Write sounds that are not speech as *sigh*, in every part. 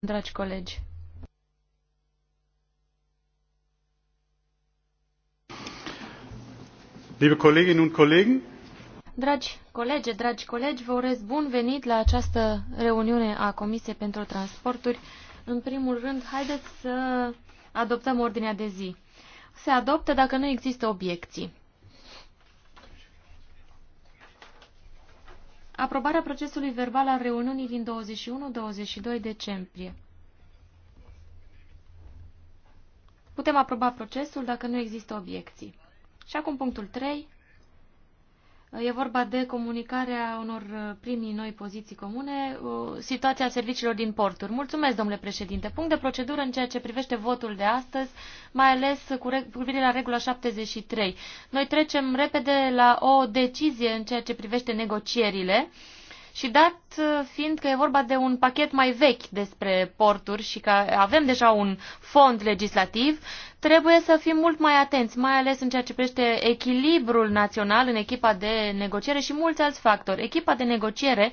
dragi colegi. Liebe Kolleginnen und Kollegen, Dragi colegi, dragi colegi, vă urez bun venit la această reuniune a Comisiei pentru Transporturi. În primul rând, haideți să adoptăm ordinea de zi. Se adoptă dacă nu există obiecții. Aprobarea procesului verbal al reuniunii din 21-22 decembrie. Putem aproba procesul dacă nu există obiecții. Și acum punctul 3. E vorba de comunicarea unor uh, primii noi poziții comune, uh, situația serviciilor din porturi. Mulțumesc, domnule președinte. Punct de procedură în ceea ce privește votul de astăzi, mai ales cu privire la regula 73. Noi trecem repede la o decizie în ceea ce privește negocierile. Și dat fiind că e vorba de un pachet mai vechi despre porturi și că avem deja un fond legislativ, trebuie să fim mult mai atenți, mai ales în ceea ce privește echilibrul național în echipa de negociere și mulți alți factori. Echipa de negociere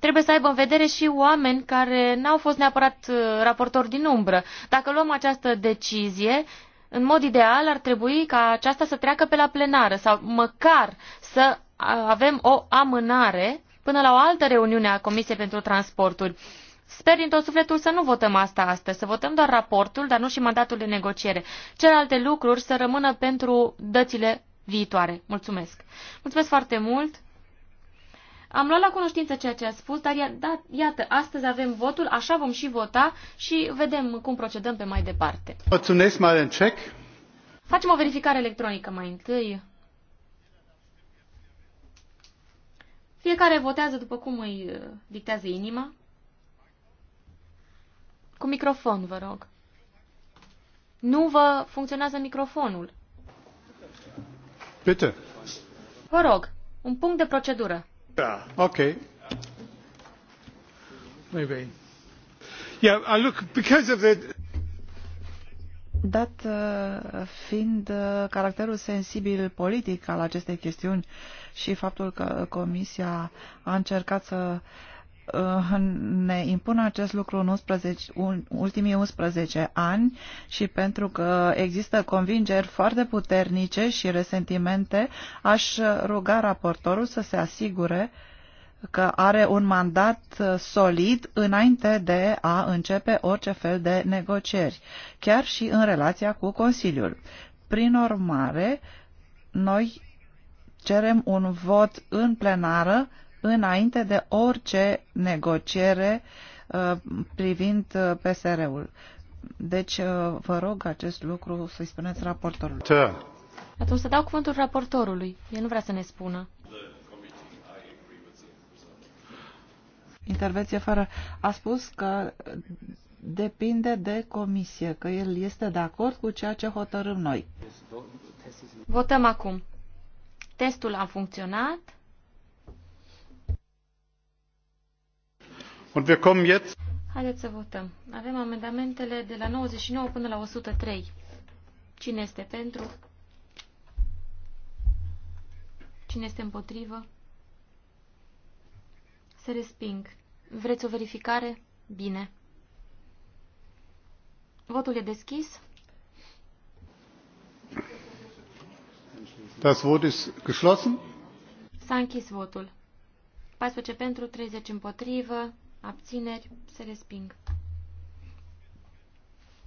trebuie să aibă în vedere și oameni care n-au fost neapărat uh, raportori din umbră. Dacă luăm această decizie, în mod ideal ar trebui ca aceasta să treacă pe la plenară sau măcar să avem o amânare până la o altă reuniune a Comisiei pentru Transporturi. Sper din tot sufletul să nu votăm asta astăzi, să votăm doar raportul, dar nu și mandatul de negociere. Celelalte lucruri să rămână pentru dățile viitoare. Mulțumesc! Mulțumesc foarte mult! Am luat la cunoștință ceea ce a spus, dar da, iată, astăzi avem votul, așa vom și vota și vedem cum procedăm pe mai departe. Mulțumesc, Facem o verificare electronică mai întâi. Fiecare votează după cum îi uh, dictează inima. Cu microfon, vă rog. Nu vă funcționează microfonul. Bitte. Vă rog, un punct de procedură. Da, ok. Maybe. Yeah, I look because of the dat uh, fiind uh, caracterul sensibil politic al acestei chestiuni și faptul că Comisia a încercat să uh, ne impună acest lucru în 11, ultimii 11 ani și pentru că există convingeri foarte puternice și resentimente, aș ruga raportorul să se asigure uh, că are un mandat uh, solid înainte de a începe orice fel de negocieri, chiar și în relația cu Consiliul. Prin urmare, noi cerem un vot în plenară înainte de orice negociere uh, privind uh, PSR-ul. Deci vă rog acest lucru să-i spuneți raportorului. Atunci să dau cuvântul raportorului. El nu vrea să ne spună. intervenție fără... A spus că depinde de comisie, că el este de acord cu ceea ce hotărâm noi. Votăm acum. Testul a funcționat. Und wir kommen jetzt... Haideți să votăm. Avem amendamentele de la 99 până la 103. Cine este pentru? Cine este împotrivă? Se resping. Vreți o verificare? Bine. Votul e deschis. Das Vot ist geschlossen. S-a închis votul. 14 pentru, 30 împotrivă, abțineri, se resping.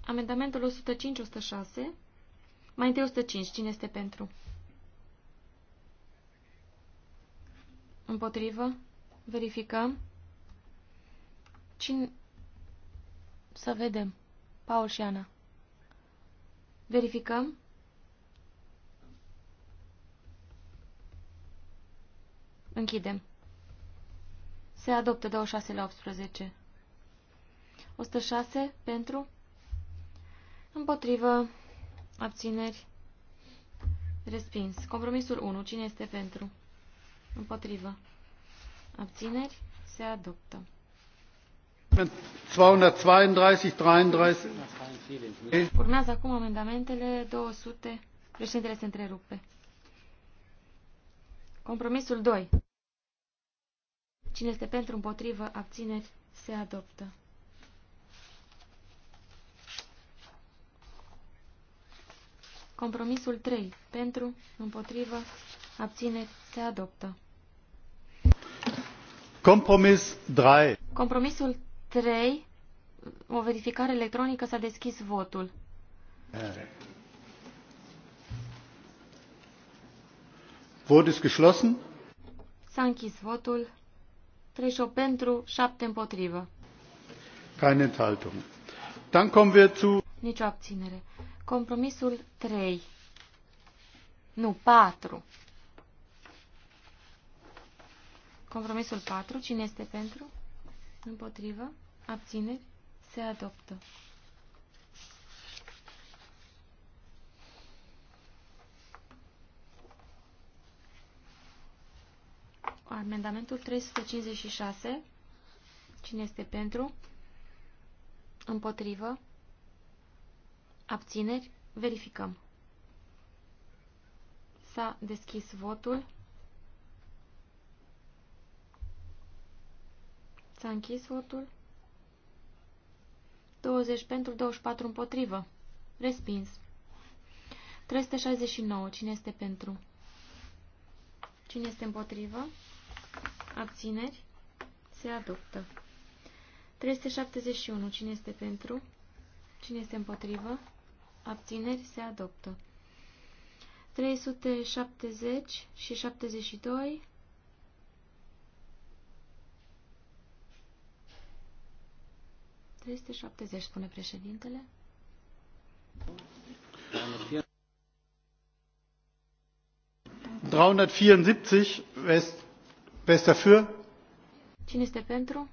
Amendamentul 105-106. Mai întâi 105. Cine este pentru? Împotrivă? Verificăm. Cine... Să vedem. Paul și Ana. Verificăm. Închidem. Se adoptă 26 la 18. 106 pentru. Împotrivă. Abțineri. Respins. Compromisul 1. Cine este pentru? Împotrivă. Abțineri? Se adoptă. 232, 33. Urmează acum amendamentele 200. Președintele se întrerupe. Compromisul 2. Cine este pentru, împotrivă, abțineri, se adoptă. Compromisul 3. Pentru, împotrivă, abțineri, se adoptă. Compromisul 3. O verificare electronică s-a deschis votul. S-a închis votul. 38 pentru, 7 împotrivă. Keine Enthaltung. Dann kommen wir zu... Nicio abținere. Compromisul 3. Nu, 4. Compromisul 4. Cine este pentru? Împotrivă. Abțineri. Se adoptă. Amendamentul 356. Cine este pentru? Împotrivă. Abțineri. Verificăm. S-a deschis votul. S-a închis votul. 20 pentru, 24 împotrivă. Respins. 369. Cine este pentru? Cine este împotrivă? Abțineri? Se adoptă. 371. Cine este pentru? Cine este împotrivă? Abțineri? Se adoptă. 370 și 72 370, spune președintele. Cine este pentru?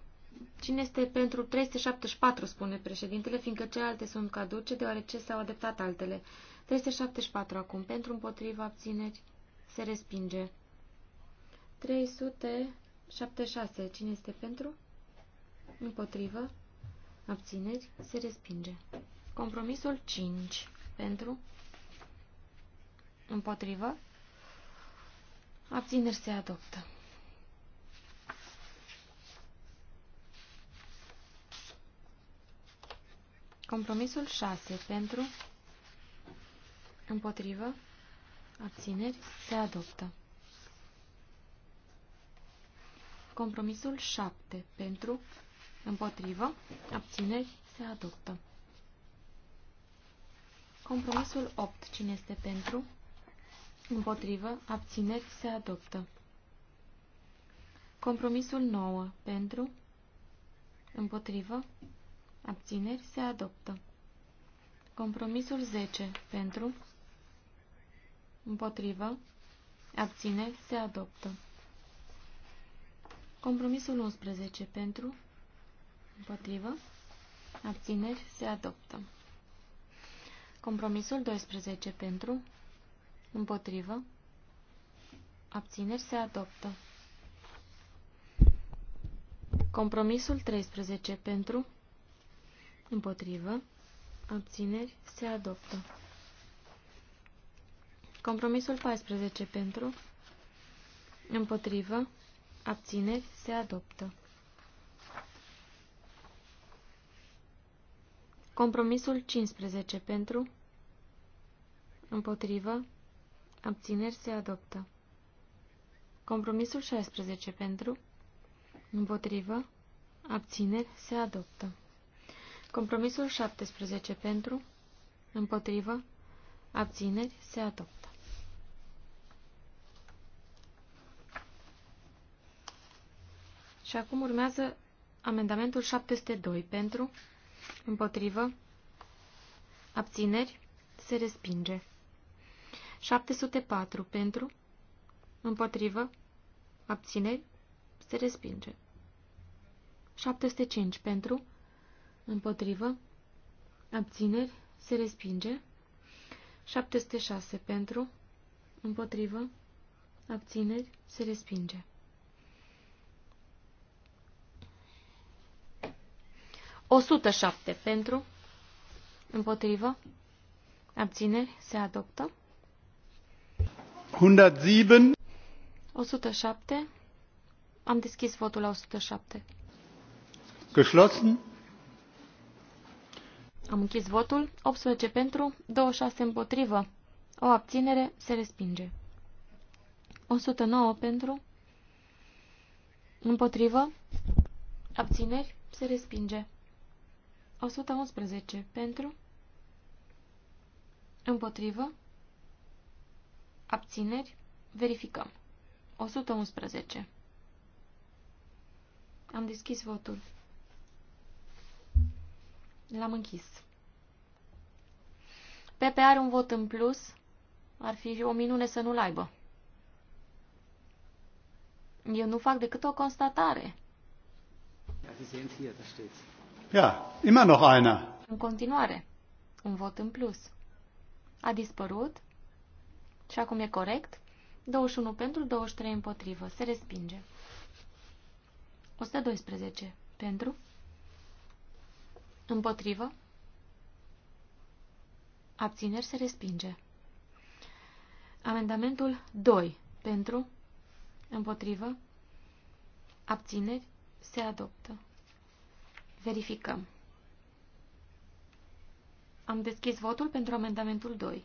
Cine este pentru 374, spune președintele, fiindcă celelalte sunt caduce, deoarece s-au adaptat altele. 374 acum. Pentru împotriva abțineri se respinge. 376. Cine este pentru? Împotrivă. Abțineri. Se respinge. Compromisul 5. Pentru. Împotrivă. Abțineri se adoptă. Compromisul 6. Pentru. Împotrivă. Abțineri se adoptă. Compromisul 7. Pentru. Împotrivă. Abțineri. Se adoptă. Compromisul 8. Cine este pentru? Împotrivă. Abțineri. Se adoptă. Compromisul 9. Pentru? Împotrivă. Abțineri. Se adoptă. Compromisul 10. Pentru? Împotrivă. Abțineri. Se adoptă. Compromisul 11. Pentru? Împotrivă. Abțineri. Se adoptă. Compromisul 12 pentru. Împotrivă. Abțineri. Se adoptă. Compromisul 13 pentru. Împotrivă. Abțineri. Se adoptă. Compromisul 14 pentru. Împotrivă. Abțineri. Se adoptă. Compromisul 15 pentru, împotrivă, abțineri se adoptă. Compromisul 16 pentru, împotrivă, abțineri se adoptă. Compromisul 17 pentru, împotrivă, abțineri se adoptă. Și acum urmează amendamentul 702 pentru, Împotrivă. Abțineri. Se respinge. 704 pentru. Împotrivă. Abțineri. Se respinge. 705 pentru. Împotrivă. Abțineri. Se respinge. 706 pentru. Împotrivă. Abțineri. Se respinge. 107 pentru, împotrivă, abțineri, se adoptă. 107. 107. Am deschis votul la 107. Geschlossen. Am închis votul. 18 pentru, 26 împotrivă. O abținere se respinge. 109 pentru, împotrivă, abțineri se respinge. 111 pentru, împotrivă, abțineri, verificăm. 111. Am deschis votul. L-am închis. Pepe are un vot în plus. Ar fi o minune să nu-l aibă. Eu nu fac decât o constatare. Ja, Sie sehen es hier, da steht's. Ja, immer noch einer. În continuare, un vot în plus. A dispărut și acum e corect. 21 pentru, 23 împotrivă. Se respinge. 112 pentru, împotrivă, abțineri se respinge. Amendamentul 2 pentru, împotrivă, abțineri se adoptă. Verificăm. Am deschis votul pentru amendamentul 2.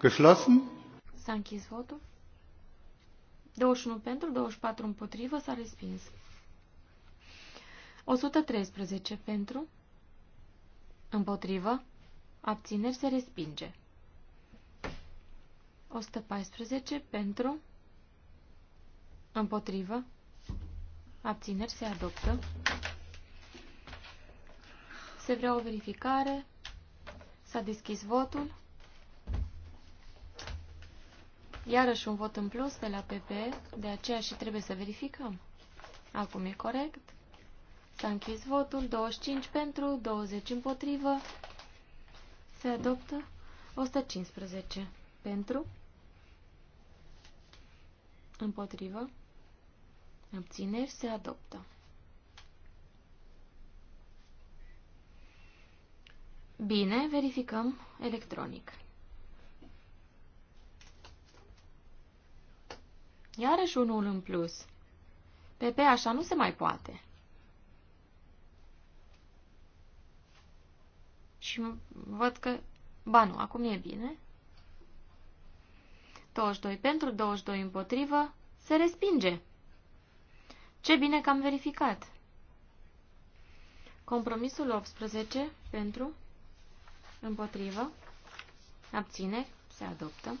Geschlossen? S-a închis votul. 21 pentru, 24 împotrivă, s-a respins. 113 pentru, împotrivă, abțineri se respinge. 114 pentru, Împotrivă. Abțineri se adoptă. Se vrea o verificare. S-a deschis votul. Iarăși un vot în plus de la PP, de aceea și trebuie să verificăm. Acum e corect. S-a închis votul, 25 pentru, 20 împotrivă. Se adoptă 115 pentru, Împotrivă. Abțineri se adoptă. Bine, verificăm electronic. Iarăși unul în plus. Pepe, așa nu se mai poate. Și văd că... Ba nu, acum e bine. 22 pentru, 22 împotrivă, se respinge. Ce bine că am verificat. Compromisul 18 pentru, împotrivă, abține se adoptă.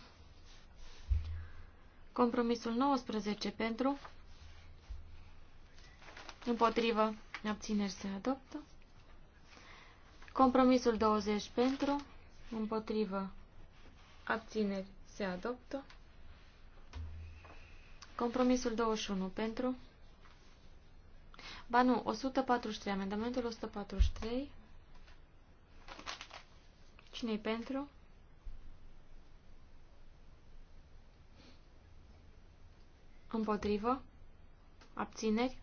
Compromisul 19 pentru, împotrivă, abțineri, se adoptă. Compromisul 20 pentru, împotrivă, abțineri, se adoptă. Compromisul 21 pentru. Ba nu, 143, amendamentul 143. cine pentru? Împotrivă? Abțineri?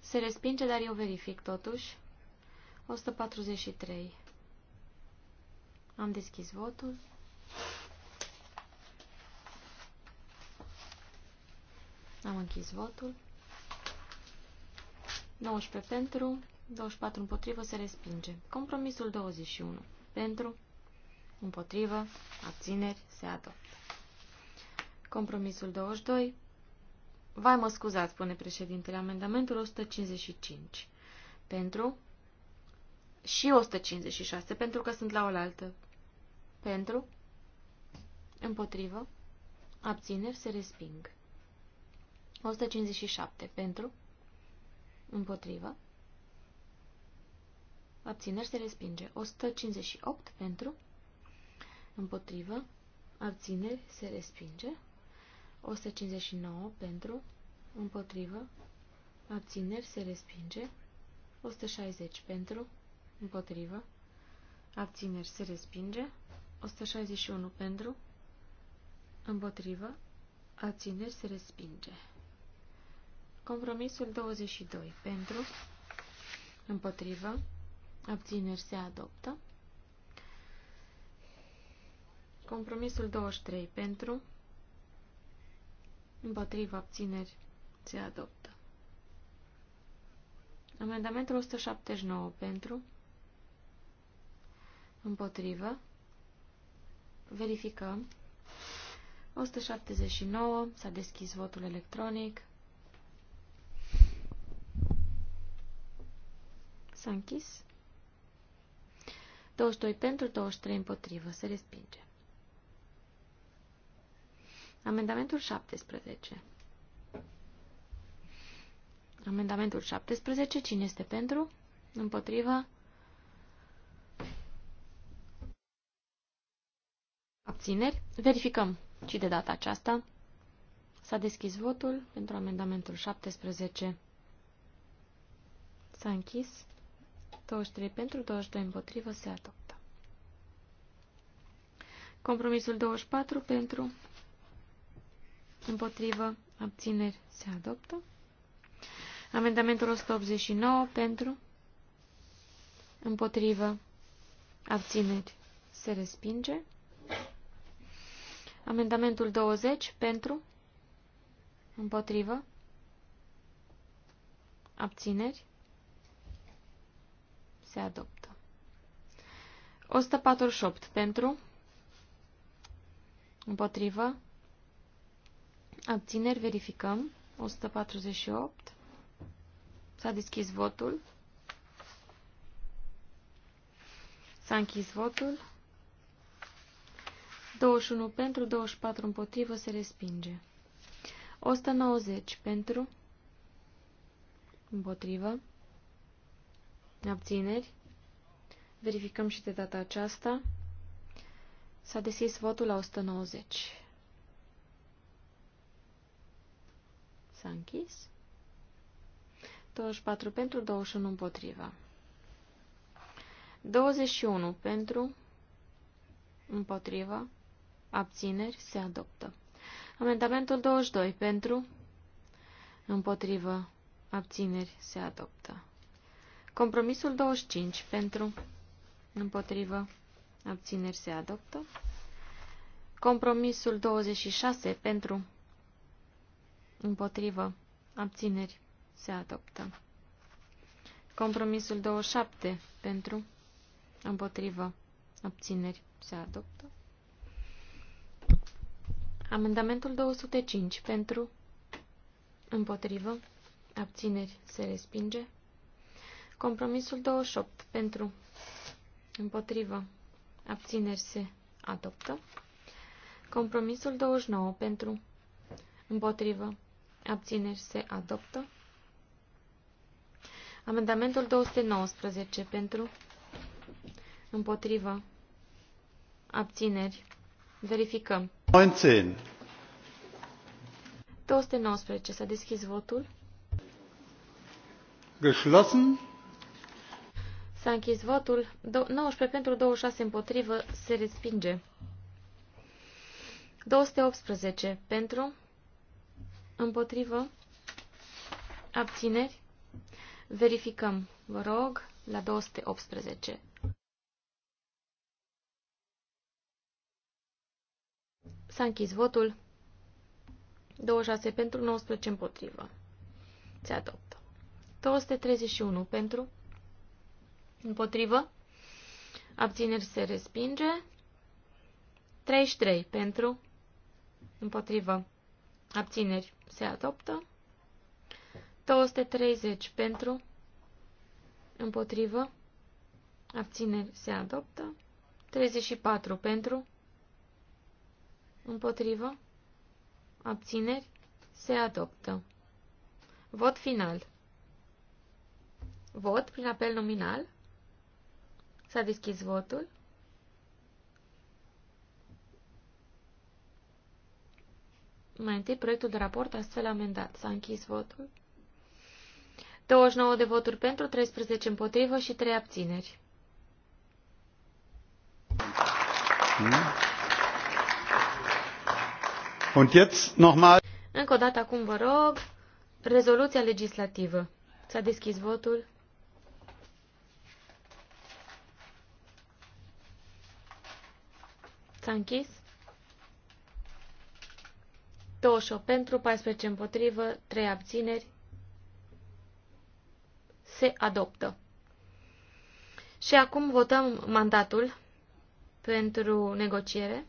Se respinge, dar eu verific totuși. 143. Am deschis votul. Am închis votul. 19 pentru, 24 împotrivă, se respinge. Compromisul 21. Pentru, împotrivă, abțineri, se adoptă. Compromisul 22. Vai, mă scuzați, spune președintele, amendamentul 155. Pentru și 156, pentru că sunt la oaltă. Pentru, împotrivă, abțineri, se resping. 157 pentru, împotrivă, abțineri se respinge. 158 pentru, împotrivă, abțineri se respinge. 159 pentru, împotrivă, abțineri se respinge. 160 pentru, împotrivă, abțineri se respinge. 161 pentru, împotrivă, abțineri se respinge. Compromisul 22. Pentru, împotrivă, abțineri se adoptă. Compromisul 23. Pentru, împotrivă, abțineri se adoptă. Amendamentul 179. Pentru, împotrivă, verificăm. 179. S-a deschis votul electronic. S-a închis. 22 pentru, 23 împotrivă. Se respinge. Amendamentul 17. Amendamentul 17. Cine este pentru? Împotrivă? Abțineri? Verificăm. Și de data aceasta s-a deschis votul pentru amendamentul 17. S-a închis. 23 pentru, 22 împotrivă, se adoptă. Compromisul 24 pentru, împotrivă, abțineri, se adoptă. Amendamentul 189 pentru, împotrivă, abțineri, se respinge. Amendamentul 20 pentru, împotrivă, abțineri, se adoptă. 148 pentru, împotrivă, abțineri, verificăm, 148, s-a deschis votul, s-a închis votul, 21 pentru, 24 împotrivă, se respinge. 190 pentru, împotrivă, Abțineri. Verificăm și de data aceasta. S-a deschis votul la 190. S-a închis. 24 pentru, 21 împotriva. 21 pentru, împotriva, abțineri, se adoptă. Amendamentul 22 pentru, împotrivă, abțineri, se adoptă. Compromisul 25 pentru, împotrivă, abțineri se adoptă. Compromisul 26 pentru, împotrivă, abțineri se adoptă. Compromisul 27 pentru, împotrivă, abțineri se adoptă. Amendamentul 205 pentru, împotrivă, abțineri se respinge. Compromisul 28 pentru împotrivă abțineri se adoptă. Compromisul 29 pentru împotrivă abțineri se adoptă. Amendamentul 219 pentru împotrivă abțineri verificăm. 19. 219 s-a deschis votul. Geschlossen. S-a închis votul. 19 pentru 26 împotrivă se respinge. 218 pentru împotrivă abțineri. Verificăm, vă rog, la 218. S-a închis votul. 26 pentru, 19 împotrivă. Se adoptă. 231 pentru, Împotrivă. Abțineri se respinge. 33 pentru. Împotrivă. Abțineri se adoptă. 230 pentru. Împotrivă. Abțineri se adoptă. 34 pentru. Împotrivă. Abțineri se adoptă. Vot final. Vot prin apel nominal. S-a deschis votul. Mai întâi proiectul de raport astfel amendat. S-a închis votul. 29 de voturi pentru, 13 împotrivă și 3 abțineri. Hmm? Und jetzt noch mal. Încă o dată acum vă rog, rezoluția legislativă. S-a deschis votul. S-a închis. 28 pentru, 14 împotrivă, 3 abțineri. Se adoptă. Și acum votăm mandatul pentru negociere.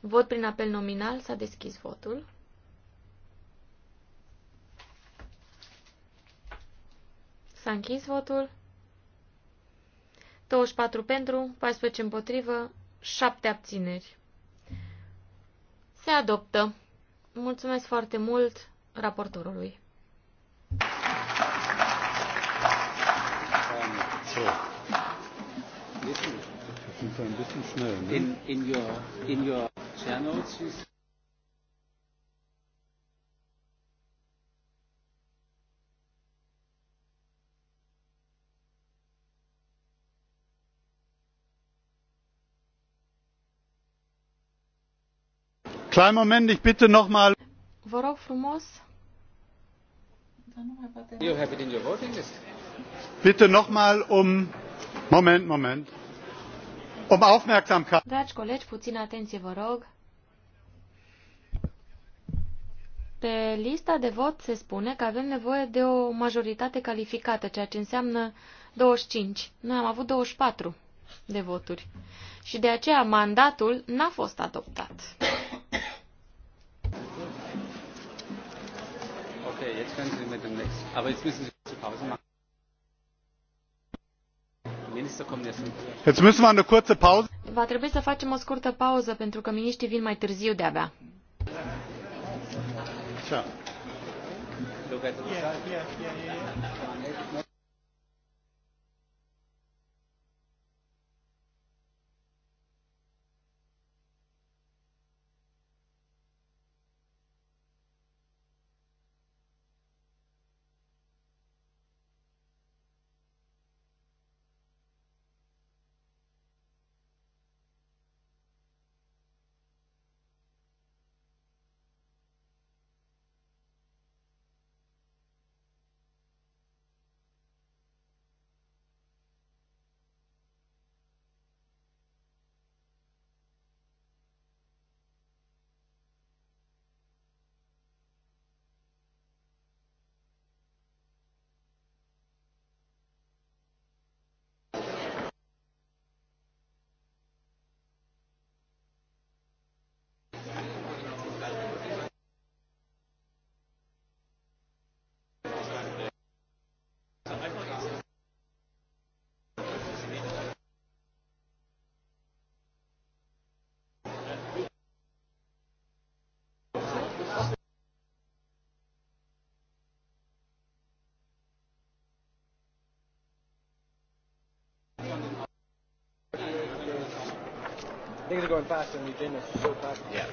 Vot prin apel nominal. S-a deschis votul. S-a închis votul. 24 pentru, 14 împotrivă, 7 abțineri. Se adoptă. Mulțumesc foarte mult raportorului. In, in your, in your channels, Klein moment, ich bitte noch mal. Vă rog frumos. You have it in your voting list. Bitte noch mal um Moment, Moment. Um Aufmerksamkeit. Dragi colegi, puțin atenție, vă rog. Pe lista de vot se spune că avem nevoie de o majoritate calificată, ceea ce înseamnă 25. Noi am avut 24 de voturi. Și de aceea mandatul n-a fost adoptat. jetzt können Sie mit dem nächsten. Aber jetzt müssen Sie Pause machen. Um Va trebui să facem o scurtă pauză pentru că miniștrii vin mai târziu de-abia. Yeah, yeah, yeah, yeah. things are going fast in Eugenics so fast. Yeah.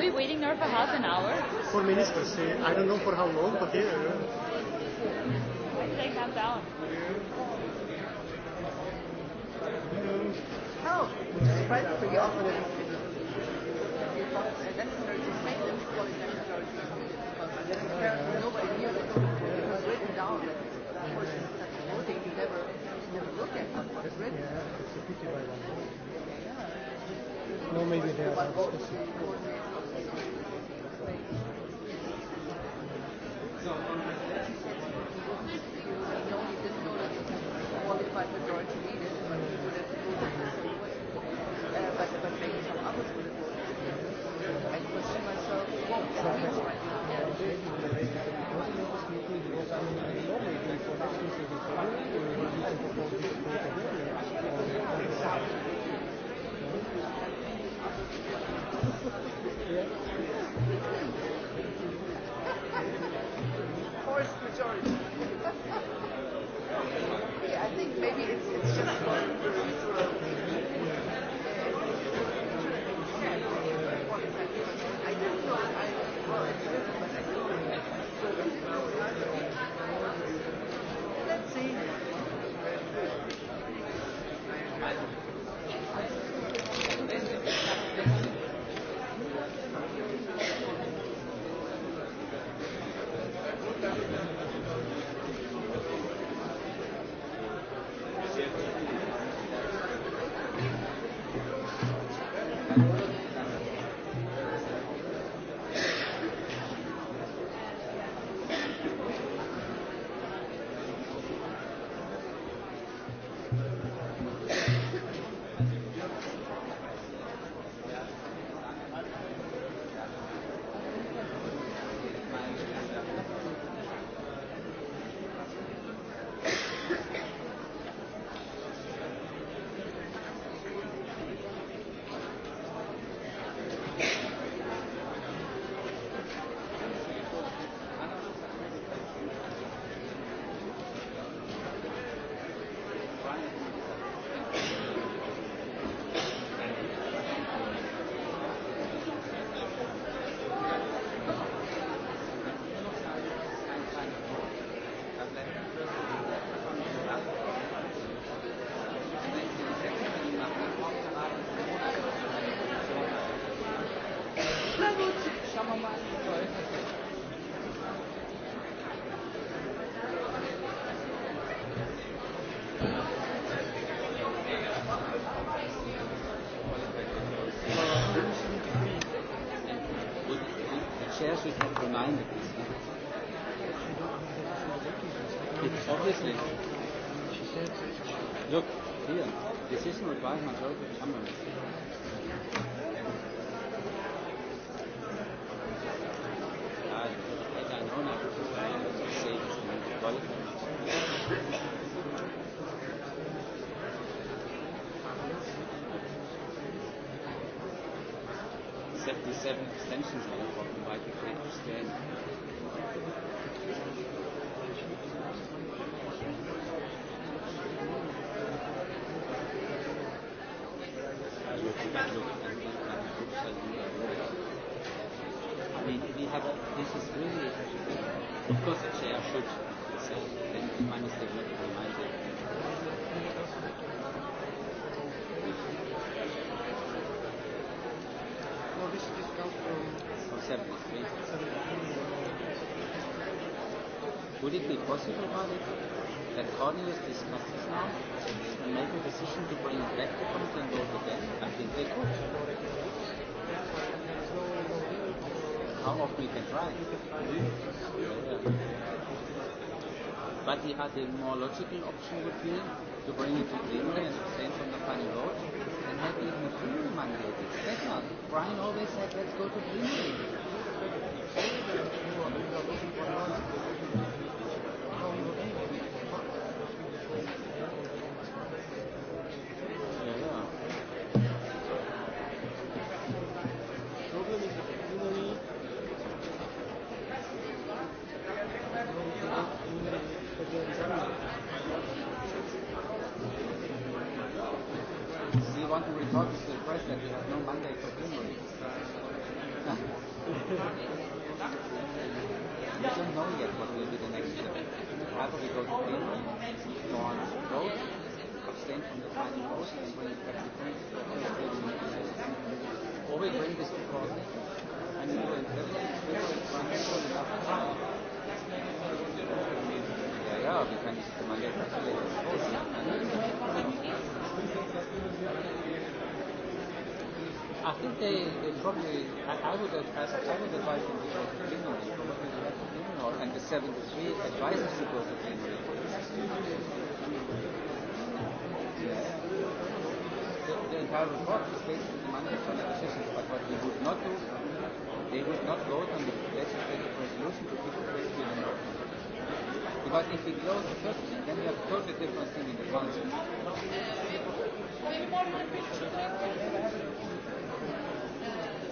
Are we waiting there for half an hour? For ministers, uh, I don't know for how long, but yeah. Uh, I take them down. How? Oh, that down Yeah, it's a pity by No, maybe they are. qualified exact. majority decision requires majority of chambers. I, I know now, I say qualified. seventy seven abstentions we have, this is really, of course say, this, from... Would it be possible, Mother, that Cornelius discusses now? make a decision to bring back the constant vote again? I think they could. How often you can try? But he had a more logical option would be to bring it to Greenway and abstain from the funny road and have even a full mandate. It's better. Brian always said, let's go to Greenway. not surprised that you have no mandate for Greenland. we don't know yet what will be the next step. Either we go to Greenland, go on the road, abstain from the final post, and bring it back to Greenland. Or we bring this to court, and we will Ja, wir können das gemeinsam I think they, they probably, I, I would advise, I would advise them to go to Greenland, Greenland, and the 73 advises to go to Greenland. Yeah. The, the entire report is based on the money from acquisitions, but what they would not do, they would not vote on the legislative resolution to keep the place to the Because if we close the first thing, then we have totally different thing in the council.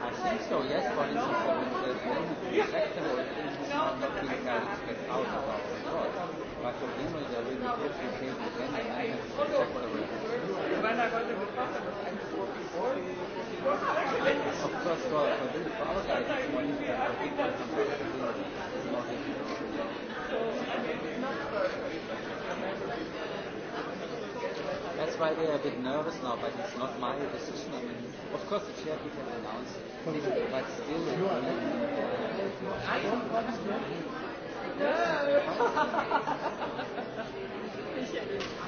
I think so, yes, for instance, so when the injectable is not being get out of our control. But for example, there will be different cases then, and I have injectable Of course, for, for, this, for our guys, it's more difficult, I think, for some people, it's more difficult. So, I mean, it's not That's why they are a bit nervous now, but it's not my decision. I mean, Of course, the chair could have announced but still. You *laughs*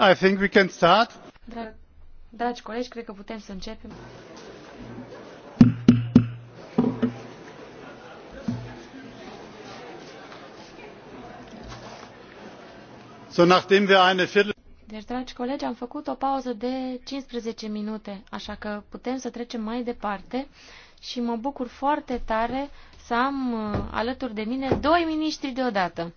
I think we can start. dragi colegi, cred că putem să începem. So, nachdem wir eine Viertel deci, dragi colegi, am făcut o pauză de 15 minute, așa că putem să trecem mai departe și mă bucur foarte tare să am uh, alături de mine doi miniștri deodată.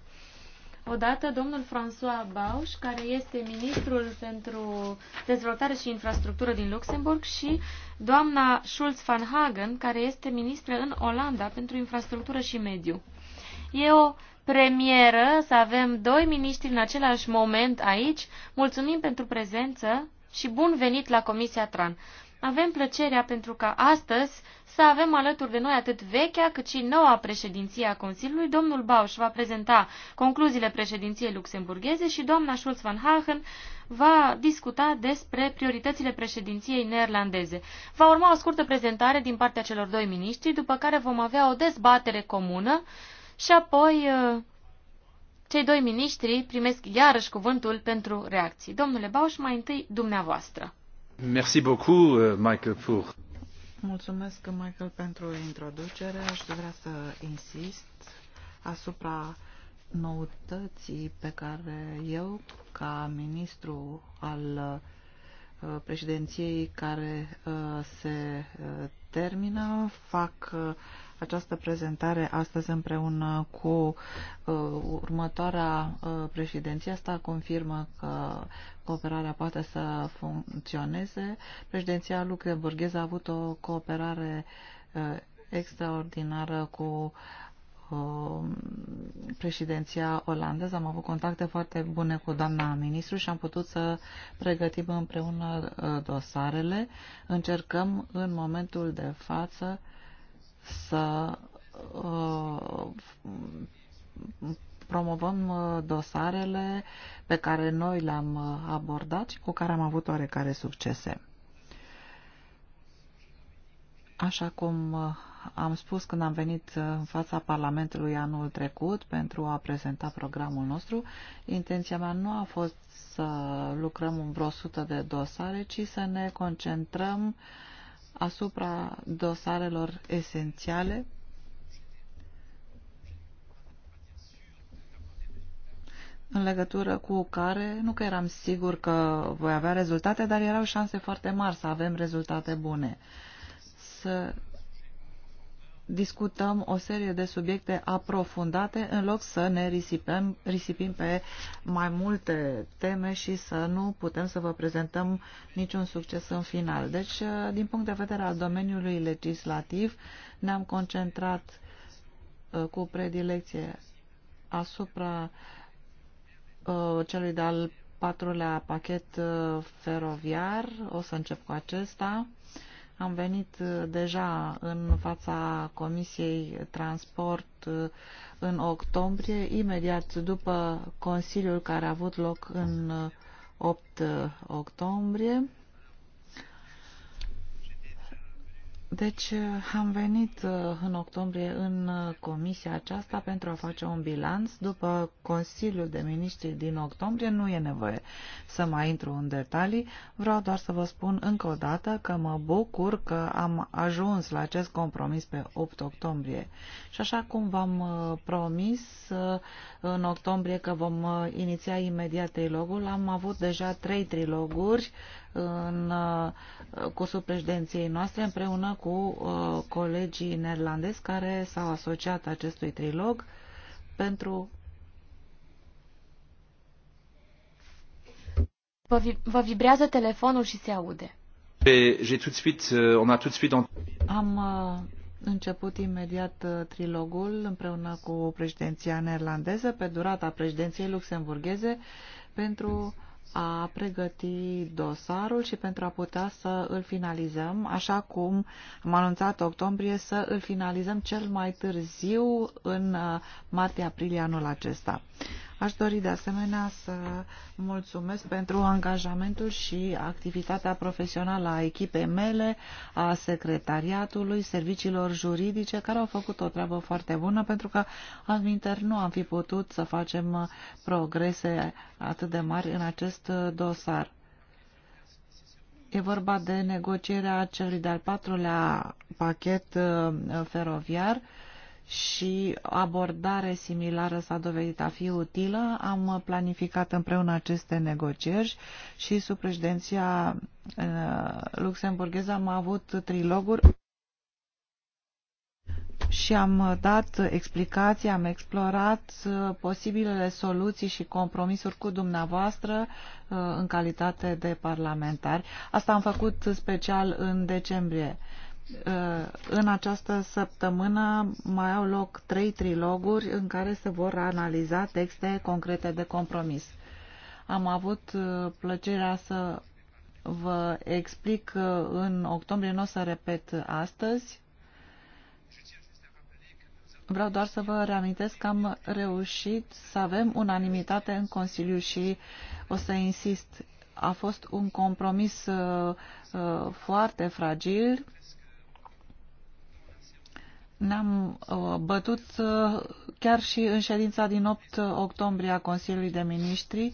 Odată, domnul François Bauș, care este ministrul pentru dezvoltare și infrastructură din Luxemburg, și doamna Schulz van Hagen, care este ministră în Olanda pentru infrastructură și mediu. E o premieră să avem doi miniștri în același moment aici. Mulțumim pentru prezență și bun venit la Comisia TRAN. Avem plăcerea pentru ca astăzi să avem alături de noi atât vechea cât și noua președinție a Consiliului. Domnul Bauș va prezenta concluziile președinției luxemburgheze și doamna Schulz van Hagen va discuta despre prioritățile președinției neerlandeze. Va urma o scurtă prezentare din partea celor doi miniștri, după care vom avea o dezbatere comună și apoi uh, cei doi miniștri primesc iarăși cuvântul pentru reacții. Domnule Bauș, mai întâi dumneavoastră. Merci beaucoup, euh, Michael, pour... Mulțumesc, Michael, pentru introducere. Aș vrea să insist asupra noutății pe care eu, ca ministru al Uh, președinției care uh, se uh, termină. Fac această prezentare astăzi împreună cu următoarea președinție. Asta confirmă că cooperarea poate să funcționeze. Președinția luxemburgheză a avut o cooperare extraordinară cu Um, președinția olandeză. Am avut contacte foarte bune cu doamna ministru și am putut să pregătim împreună uh, dosarele. Încercăm în momentul de față să uh, promovăm uh, dosarele pe care noi le-am abordat și cu care am avut oarecare succese. Așa cum am spus când am venit uh, în fața Parlamentului anul trecut pentru a prezenta programul nostru, intenția mea nu a fost să lucrăm în vreo sută de dosare, ci să ne concentrăm asupra dosarelor esențiale în legătură cu care nu că eram sigur că voi avea rezultate, dar erau șanse foarte mari să avem rezultate bune. Să discutăm o serie de subiecte aprofundate în loc să ne risipem, risipim pe mai multe teme și să nu putem să vă prezentăm niciun succes în final. Deci, din punct de vedere al domeniului legislativ, ne-am concentrat uh, cu predilecție asupra uh, celui de-al patrulea pachet uh, feroviar. O să încep cu acesta am venit uh, deja în fața Comisiei Transport uh, în octombrie, imediat după Consiliul care a avut loc în 8 uh, octombrie. Deci eh, am venit eh, în octombrie în eh, comisia aceasta pentru a face un bilanț. După Consiliul de Miniștri din octombrie nu e nevoie să mai intru în detalii. Vreau doar să vă spun încă o dată că mă bucur că am ajuns la acest compromis pe 8 octombrie. Și așa cum v-am promis în octombrie că vom iniția imediat trilogul, am avut deja trei triloguri în uh, cursul președinției noastre împreună cu uh, colegii neerlandezi care s-au asociat acestui trilog pentru Vă, vi vă vibrează telefonul și se aude. Euh, Am uh, început imediat trilogul împreună cu președinția neerlandeză pe durata președinției luxemburgheze pentru a pregăti dosarul și pentru a putea să îl finalizăm, așa cum am anunțat octombrie, să îl finalizăm cel mai târziu în uh, martie-aprilie anul acesta. Aș dori de asemenea să mulțumesc pentru angajamentul și activitatea profesională a echipei mele, a secretariatului, serviciilor juridice, care au făcut o treabă foarte bună, pentru că adminter nu am fi putut să facem progrese atât de mari în acest dosar. E vorba de negocierea celui de-al patrulea pachet uh, feroviar, și abordare similară s-a dovedit a fi utilă. Am planificat împreună aceste negocieri și sub președinția uh, luxemburgheză am avut triloguri și am dat explicații, am explorat uh, posibilele soluții și compromisuri cu dumneavoastră uh, în calitate de parlamentari. Asta am făcut special în decembrie. În această săptămână mai au loc trei triloguri în care se vor analiza texte concrete de compromis. Am avut uh, plăcerea să vă explic uh, în octombrie, nu o să repet astăzi. Vreau doar să vă reamintesc că am reușit să avem unanimitate în Consiliu și o să insist. A fost un compromis uh, foarte fragil, ne-am uh, bătut uh, chiar și în ședința din 8 octombrie a Consiliului de Ministri.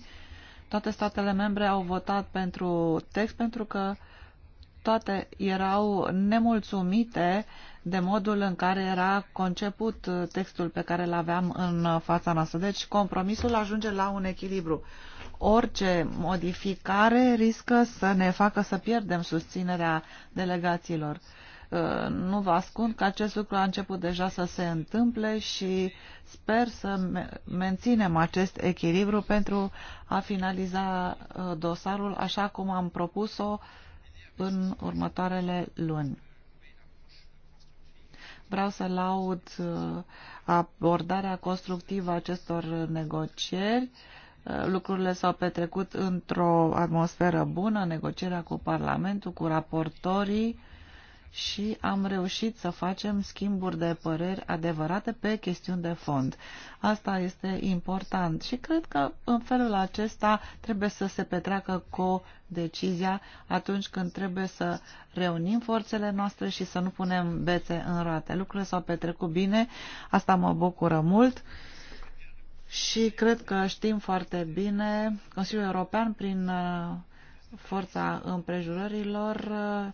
Toate statele membre au votat pentru text pentru că toate erau nemulțumite de modul în care era conceput uh, textul pe care îl aveam în fața noastră. Deci compromisul ajunge la un echilibru. Orice modificare riscă să ne facă să pierdem susținerea delegațiilor. Uh, nu vă ascund că acest lucru a început deja să se întâmple și sper să menținem acest echilibru pentru a finaliza uh, dosarul așa cum am propus-o în următoarele luni. Vreau să laud uh, abordarea constructivă a acestor negocieri. Lucrurile s-au petrecut într-o atmosferă bună, negocierea cu Parlamentul, cu raportorii, și am reușit să facem schimburi de păreri adevărate pe chestiuni de fond. Asta este important și cred că în felul acesta trebuie să se petreacă cu decizia atunci când trebuie să reunim forțele noastre și să nu punem bețe în roate. Lucrurile s-au petrecut bine, asta mă bucură mult. Și cred că știm foarte bine, Consiliul European, prin uh, forța împrejurărilor, uh,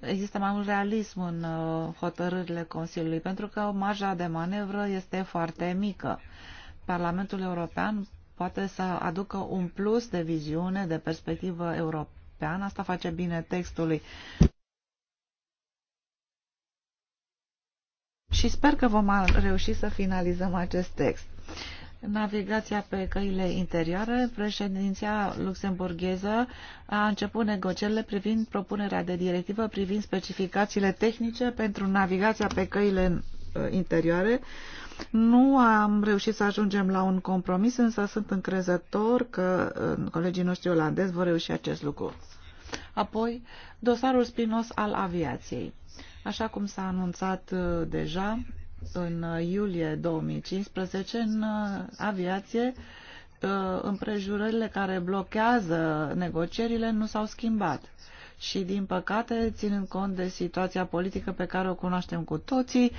există mai mult realism în uh, hotărârile Consiliului, pentru că marja de manevră este foarte mică. Parlamentul European poate să aducă un plus de viziune, de perspectivă europeană. Asta face bine textului. Și sper că vom reuși să finalizăm acest text navigația pe căile interioare, președinția luxemburgheză a început negocierile privind propunerea de directivă privind specificațiile tehnice pentru navigația pe căile uh, interioare. Nu am reușit să ajungem la un compromis, însă sunt încrezător că uh, colegii noștri olandezi vor reuși acest lucru. Apoi, dosarul spinos al aviației. Așa cum s-a anunțat uh, deja, în uh, iulie 2015 în uh, aviație uh, împrejurările care blochează negocierile nu s-au schimbat. Și, din păcate, ținând cont de situația politică pe care o cunoaștem cu toții,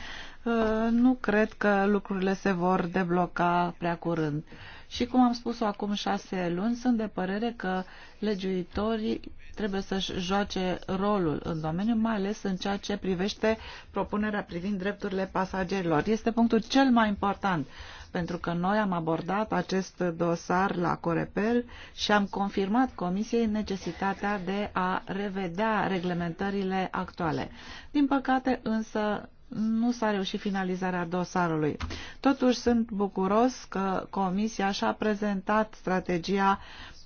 nu cred că lucrurile se vor debloca prea curând. Și cum am spus-o acum șase luni, sunt de părere că legiuitorii trebuie să-și joace rolul în domeniu, mai ales în ceea ce privește propunerea privind drepturile pasagerilor. Este punctul cel mai important, pentru că noi am abordat acest dosar la Corepel și am confirmat Comisiei necesitatea de a revedea reglementările actuale. Din păcate, însă, nu s-a reușit finalizarea dosarului. Totuși sunt bucuros că Comisia și-a prezentat strategia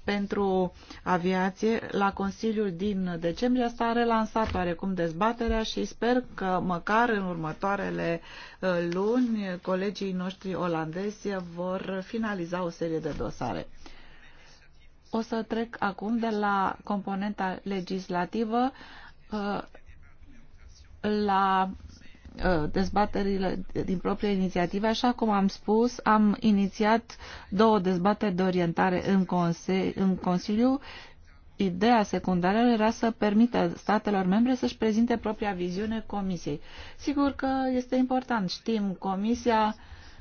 pentru aviație la Consiliul din decembrie. Asta a relansat oarecum dezbaterea și sper că măcar în următoarele uh, luni colegii noștri olandezi vor finaliza o serie de dosare. O să trec acum de la componenta legislativă uh, la Uh, dezbaterile din proprie inițiativă, Așa cum am spus, am inițiat două dezbateri de orientare în, conse în Consiliu. Ideea secundară era să permită statelor membre să-și prezinte propria viziune Comisiei. Sigur că este important. Știm, Comisia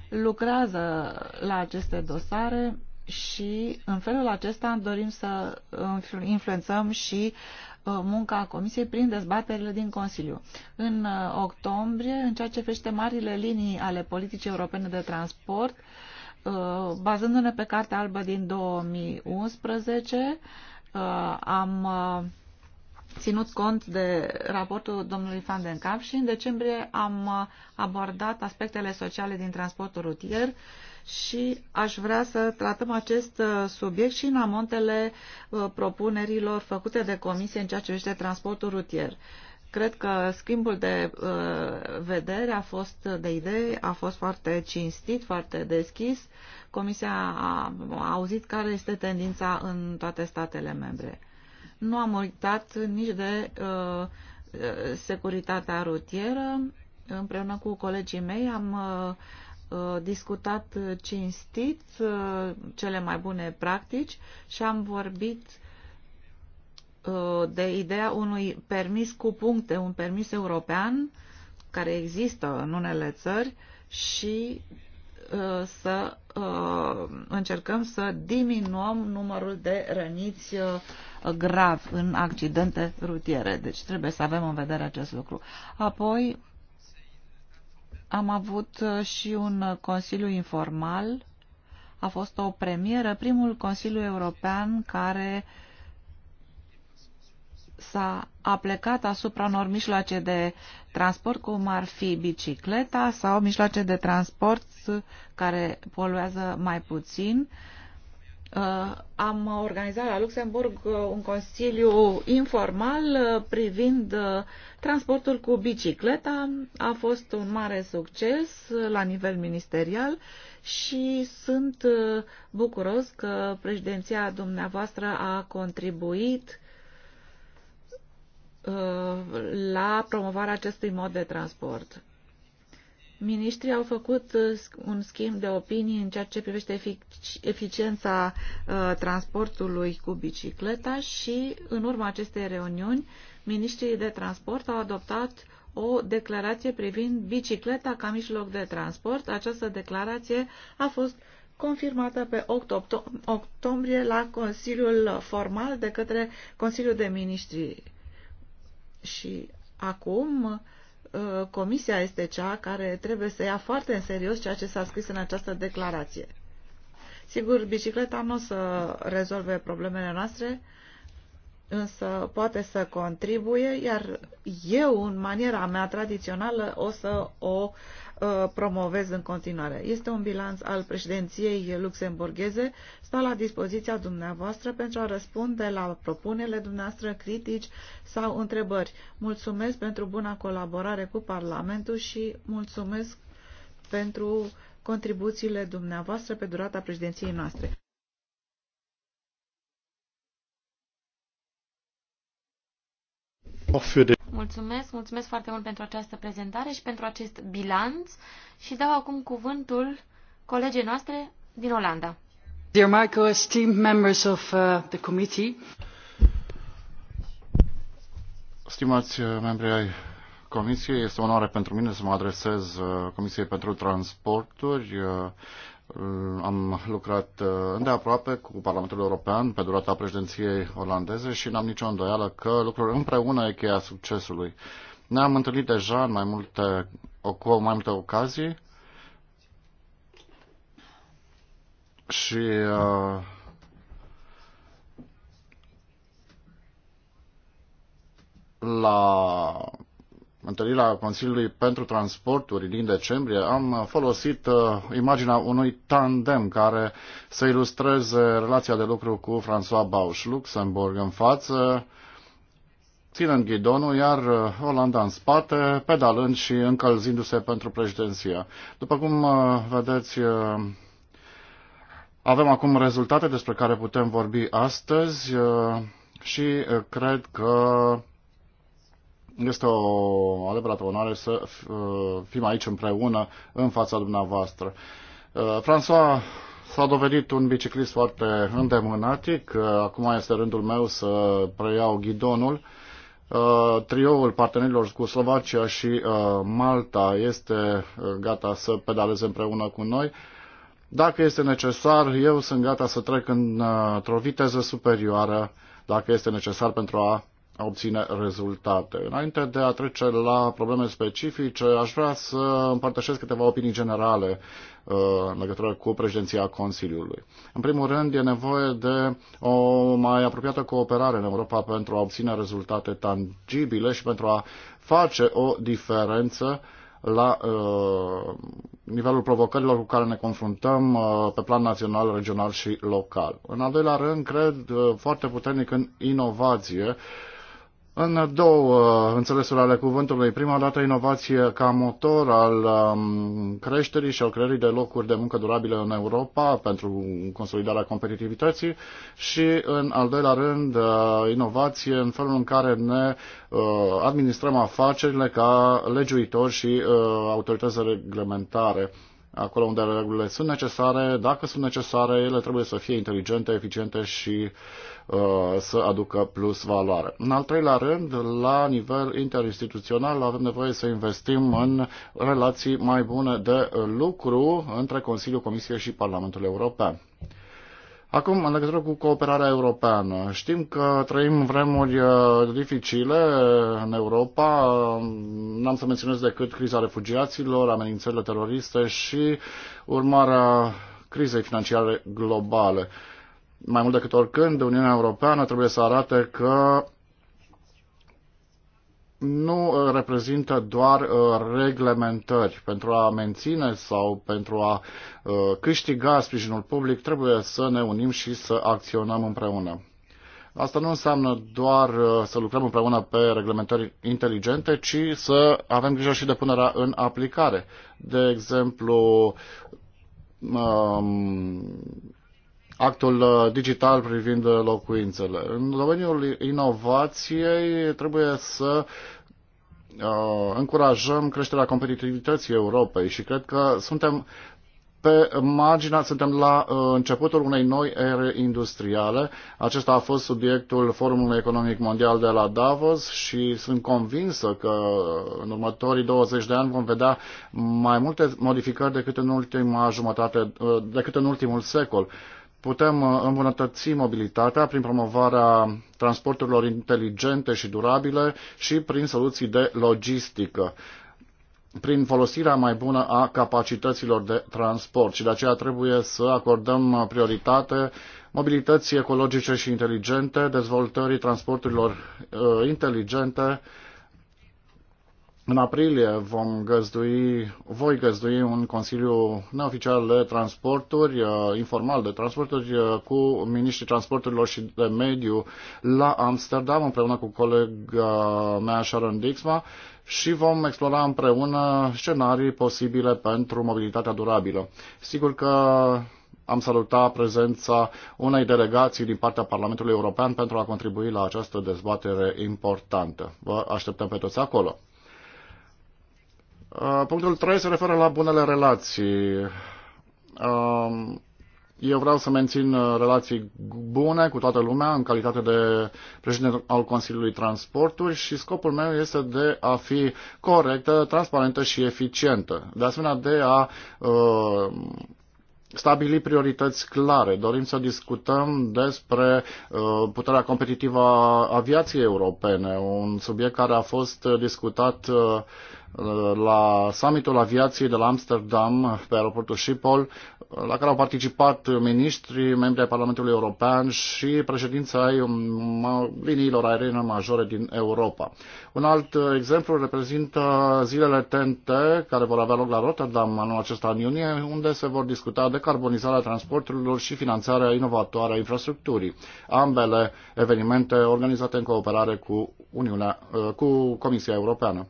lucrează la aceste dosare, și în felul acesta dorim să influențăm și uh, munca Comisiei prin dezbaterile din Consiliu. În uh, octombrie, în ceea ce privește marile linii ale politicii europene de transport, uh, bazându-ne pe Cartea Albă din 2011, am ținut cont de raportul domnului Van den Kamp și în decembrie am abordat aspectele sociale din transportul rutier și aș vrea să tratăm acest uh, subiect și în amontele uh, propunerilor făcute de comisie în ceea ce privește transportul rutier. Cred că schimbul de uh, vedere a fost de idei, a fost foarte cinstit, foarte deschis. Comisia a auzit care este tendința în toate statele membre. Nu am uitat nici de uh, securitatea rutieră. Împreună cu colegii mei am uh, Uh, discutat uh, cinstit uh, cele mai bune practici și am vorbit de ideea unui permis cu puncte, un permis european care există în unele țări și să încercăm să diminuăm numărul de răniți grav în accidente rutiere. Deci trebuie să avem în vedere acest lucru. Apoi, am avut uh, și un uh, consiliu informal. A fost o premieră, primul consiliu european care s-a aplecat asupra unor mijloace de transport, cum ar fi bicicleta sau mijloace de transport uh, care poluează mai puțin. Uh, Uh, am organizat la Luxemburg uh, un consiliu informal uh, privind transportul cu bicicleta. A fost un mare succes la nivel ministerial și sunt bucuros că președinția dumneavoastră a contribuit la promovarea acestui mod de transport. Ministrii au făcut uh, un schimb de opinii în ceea ce privește efic- eficiența uh, transportului cu bicicleta și, în urma acestei reuniuni, ministrii de transport au adoptat o declarație privind bicicleta ca mijloc de transport. Această declarație a fost confirmată pe 8 octombrie la Consiliul Formal de către Consiliul de Ministri. Și acum Uh, comisia este cea care trebuie să ia foarte în serios ceea ce s-a scris în această declarație. Sigur, bicicleta nu o să rezolve problemele noastre, însă poate să contribuie, iar eu, în maniera mea tradițională, o să o uh, Uh, promovez în continuare. Este un bilanț al președinției luxemburgheze. Stau la dispoziția dumneavoastră pentru a răspunde la propunerile dumneavoastră, critici sau întrebări. Mulțumesc pentru buna colaborare cu Parlamentul și mulțumesc pentru contribuțiile dumneavoastră pe durata președinției noastre. Mulțumesc, mulțumesc foarte mult pentru această prezentare și pentru acest bilanț și dau acum cuvântul colegii noastre din Olanda. Dear Marco, esteemed members of uh, the committee. Stimați uh, membri ai Comisiei, este onoare pentru mine să mă adresez uh, Comisiei pentru Transporturi uh, Uh, am lucrat uh, îndeaproape cu Parlamentul European pe durata președinției olandeze și n-am nicio îndoială că lucrurile împreună e cheia succesului. Ne-am întâlnit deja în mai multe, cu mai multe ocazii și uh, la întâlnirea Consiliului pentru Transporturi din decembrie, am folosit uh, imaginea unui tandem care să ilustreze relația de lucru cu François Bausch, Luxemburg în față, ținând ghidonul, iar uh, Olanda în spate, pedalând și încălzindu-se pentru președinția. După cum uh, vedeți, avem acum rezultate despre care putem vorbi astăzi și cred că este o adevărată onoare să uh, fim aici împreună în fața dumneavoastră. Uh, François s-a dovedit un biciclist foarte îndemânatic. Uh, acum este rândul meu să preiau ghidonul. Trioul partenerilor cu Slovacia și Malta este gata să pedaleze împreună cu noi. Dacă este necesar, eu sunt gata să trec într-o viteză superioară, dacă este necesar pentru a a obține rezultate. Înainte de a trece la probleme specifice, aș vrea să împărtășesc câteva opinii generale uh, în legătură cu președinția Consiliului. În primul rând, e nevoie de o mai apropiată cooperare în Europa pentru a obține rezultate tangibile și pentru a face o diferență la uh, nivelul provocărilor cu care ne confruntăm uh, pe plan național, regional și local. În al doilea rând, cred uh, foarte puternic în inovație uh, în două uh, înțelesuri ale cuvântului. Prima dată inovație ca motor al um, creșterii și al creării de locuri de muncă durabile în Europa pentru consolidarea competitivității și în al doilea rând uh, inovație în felul în care ne uh, administrăm afacerile ca legiuitori și autorități de reglementare. Acolo unde regulile sunt necesare, dacă sunt necesare, ele trebuie să fie inteligente, eficiente și uh, Uh, să aducă plus valoare. În al treilea rând, la nivel interinstituțional avem nevoie să investim în relații mai bune de lucru între Consiliul, Comisie și Parlamentul European. Acum, în legătură cu cooperarea europeană, știm că trăim vremuri uh, dificile în Europa, n-am să menționez decât criza refugiaților, amenințările teroriste și urmarea crizei financiare globale mai mult decât oricând, Uniunea Europeană trebuie să arate că nu uh, reprezintă doar uh, reglementări. Pentru a menține sau pentru a uh, câștiga sprijinul public, trebuie să ne unim și să acționăm împreună. Asta nu înseamnă doar să lucrăm împreună pe reglementări inteligente, ci să avem grijă și de punerea în aplicare. De exemplu, uh, actul uh, digital privind uh, locuințele. În domeniul inovației trebuie să uh, încurajăm creșterea competitivității Europei și cred că suntem pe marginea, suntem la începutul unei noi ere industriale. Acesta a fost subiectul Forumului Economic Mondial de la Davos și sunt convinsă că în următorii 20 de ani vom vedea mai multe modificări decât în ultima jumătate, decât în ultimul secol. Putem uh, îmbunătăți mobilitatea prin promovarea transporturilor inteligente și durabile și prin soluții de logistică prin folosirea mai bună a capacităților de transport și de aceea trebuie să acordăm uh, prioritate mobilității ecologice și inteligente, dezvoltării transporturilor uh, inteligente, în aprilie vom găzdui, voi găzdui un consiliu neoficial de transporturi, uh, informal de transporturi, uh, cu miniștrii transporturilor și de mediu la Amsterdam, împreună cu colega mea Sharon Dixma, și vom explora împreună scenarii posibile pentru mobilitatea durabilă. Sigur că am salutat prezența unei delegații din partea Parlamentului European pentru a contribui la această dezbatere importantă. Vă așteptăm pe toți acolo. Uh, punctul 3 se referă la bunele relații. Um, eu vreau să mențin uh, relații bune cu toată lumea în calitate de președinte al Consiliului Transporturi și scopul meu este de a fi corectă, transparentă și eficientă. De asemenea, de a uh, stabili priorități clare. Dorim să discutăm despre uh, puterea competitivă a aviației europene, un subiect care a fost discutat uh, la summitul aviației de la Amsterdam pe aeroportul Schiphol, la care au participat miniștri, membri ai Parlamentului European și președința ai liniilor aeriene majore din Europa. Un alt exemplu reprezintă zilele TNT, care vor avea loc la Rotterdam anul acesta în iunie, unde se vor discuta decarbonizarea transporturilor și finanțarea inovatoare a infrastructurii. Ambele evenimente organizate în cooperare cu, Uniunea, cu Comisia Europeană.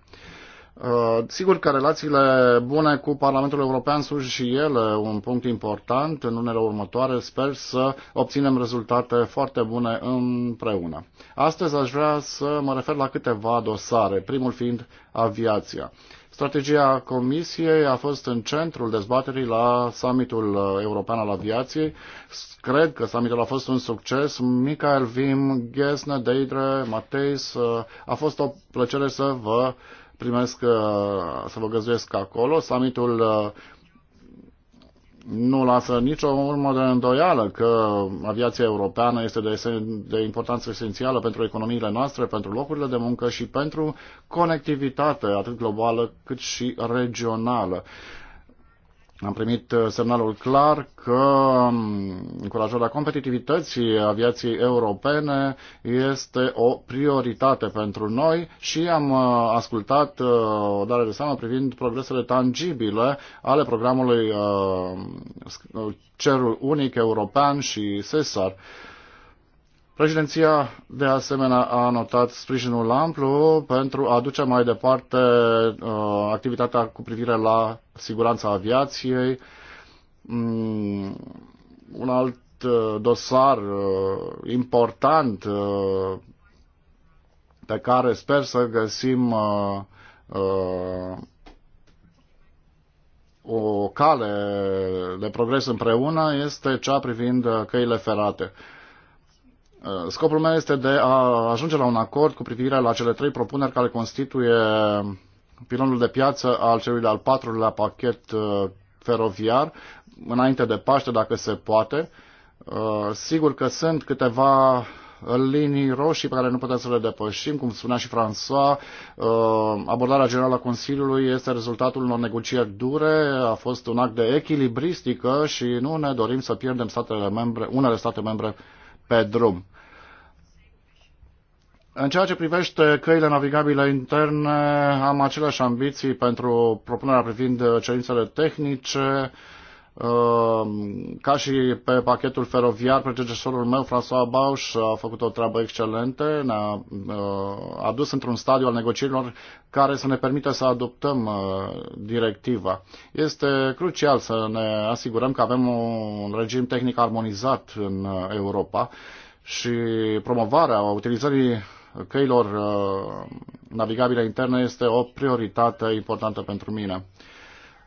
Uh, sigur că relațiile bune cu Parlamentul European sunt și ele un punct important. În lunile următoare sper să obținem rezultate foarte bune împreună. Astăzi aș vrea să mă refer la câteva dosare, primul fiind aviația. Strategia Comisiei a fost în centrul dezbaterii la summitul uh, european al aviației. Cred că summitul a fost un succes. Michael Vim, Gesne, Deidre, Mateis, uh, a fost o plăcere să vă primesc, uh, să vă găzduiesc acolo. Summitul uh, nu lasă nicio urmă de îndoială că aviația europeană este de, esen, de importanță esențială pentru economiile noastre, pentru locurile de muncă și pentru conectivitate, atât globală cât și regională. Am primit uh, semnalul clar că um, încurajarea competitivității aviației europene este o prioritate pentru noi și am uh, ascultat uh, o dare de seamă privind progresele tangibile ale programului Cerul Unic European și SESAR. Președinția, de asemenea, a anotat sprijinul amplu pentru a duce mai departe uh, activitatea cu privire la siguranța aviației. Mm, un alt uh, dosar uh, important uh, pe care sper să găsim uh, uh, o cale de progres împreună este cea privind uh, căile ferate. Uh, Uh, scopul meu este de a ajunge la un acord cu privire la cele trei propuneri care constituie pilonul de piață al celui de-al patrulea pachet uh, feroviar, înainte de Paște, dacă se poate. Uh, sigur că sunt câteva linii roșii pe care nu putem să le depășim, cum spunea și François, abordarea generală a Consiliului este rezultatul unor negocieri dure, a fost un act de echilibristică și nu ne dorim să pierdem statele membre, unele state membre pe drum. În ceea ce privește căile navigabile interne, am aceleași ambiții pentru propunerea privind cerințele tehnice, uh, ca și pe pachetul feroviar, predecesorul meu, François Bauș, a făcut o treabă excelentă, ne-a uh, adus într-un stadiu al negocierilor care să ne permită să adoptăm uh, directiva. Este crucial să ne asigurăm că avem un regim tehnic armonizat în Europa și promovarea utilizării căilor uh, navigabile interne este o prioritate importantă pentru mine.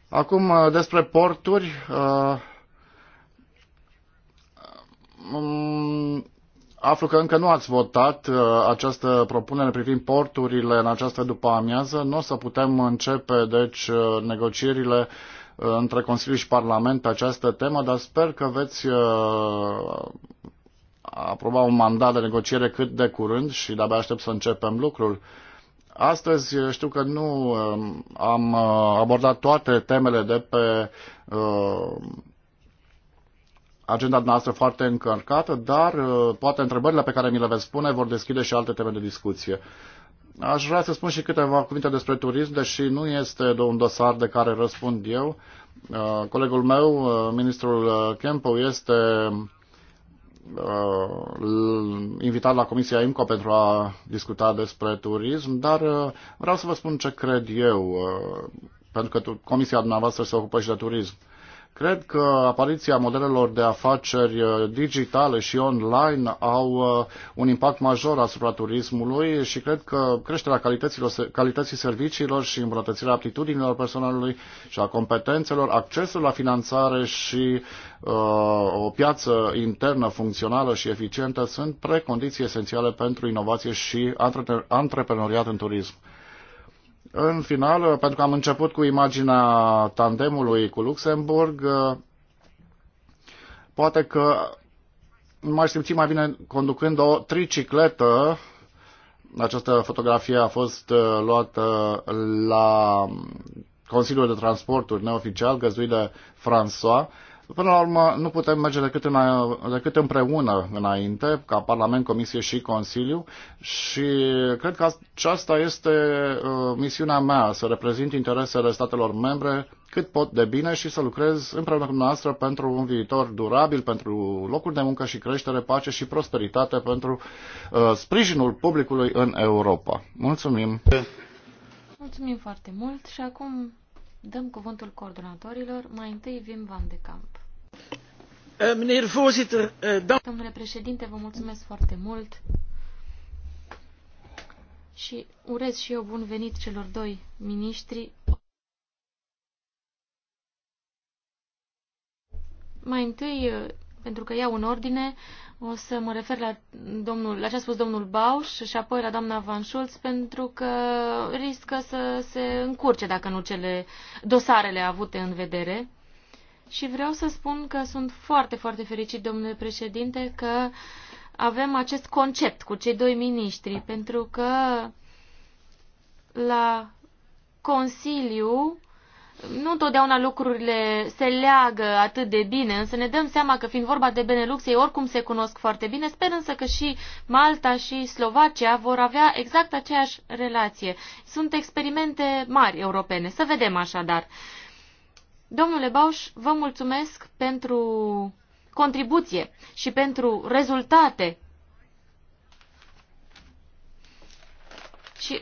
Acum, uh, despre porturi. Uh, um, aflu că încă nu ați votat această propunere privind porturile în această după amiază. Nu o să putem începe, deci, negocierile între Consiliu și Parlament pe această temă, dar sper că veți aproba un mandat de negociere cât de curând și de-abia aștept să începem lucrul. Astăzi eh, știu că nu eh, am eh, abordat toate temele de pe agenda noastră foarte încărcată, dar poate întrebările pe care mi le veți spune vor deschide și alte teme de discuție. Aș vrea să spun și câteva cuvinte despre turism, deși nu este un dosar de care răspund eu. Colegul meu, ministrul Kempo, este Uh, invitat la Comisia IMCO pentru a discuta despre turism, dar uh, vreau să vă spun ce cred eu, uh, pentru că Comisia dumneavoastră se ocupă și de turism. Cred că apariția modelelor de afaceri uh, digitale și online au uh, un impact major asupra turismului și cred că creșterea calității serviciilor și îmbunătățirea aptitudinilor personalului și a competențelor, accesul la finanțare și uh, o piață internă funcțională și eficientă sunt precondiții esențiale pentru inovație și antreprenoriat în turism. În final, pentru că am început cu imaginea tandemului cu Luxemburg, poate că m-aș simți mai bine conducând o tricicletă. Această fotografie a fost uh, luată la Consiliul de Transporturi neoficial, găzduit de François. Până la urmă, nu putem merge decât, în, decât împreună înainte, ca Parlament, Comisie și Consiliu și cred că aceasta este uh, misiunea mea, să reprezint interesele statelor membre cât pot de bine și să lucrez împreună cu noastră pentru un viitor durabil, pentru locuri de muncă și creștere, pace și prosperitate, pentru uh, sprijinul publicului în Europa. Mulțumim! Mulțumim foarte mult și acum Dăm cuvântul coordonatorilor. Mai întâi Vim Van de Camp. Eh, eh, Domnule președinte, vă mulțumesc foarte mult și urez și eu bun venit celor doi miniștri. Mai întâi, eh, pentru că iau în ordine, o să mă refer la, domnul, la ce a spus domnul Bauș și apoi la doamna Van Schulz, pentru că riscă să se încurce, dacă nu cele dosarele avute în vedere. Și vreau să spun că sunt foarte, foarte fericit, domnule președinte, că avem acest concept cu cei doi miniștri, pentru că la Consiliu nu întotdeauna lucrurile se leagă atât de bine, însă ne dăm seama că fiind vorba de Benelux, ei oricum se cunosc foarte bine. Sper însă că și Malta și Slovacia vor avea exact aceeași relație. Sunt experimente mari europene. Să vedem așadar. Domnule Bauș, vă mulțumesc pentru contribuție și pentru rezultate. Și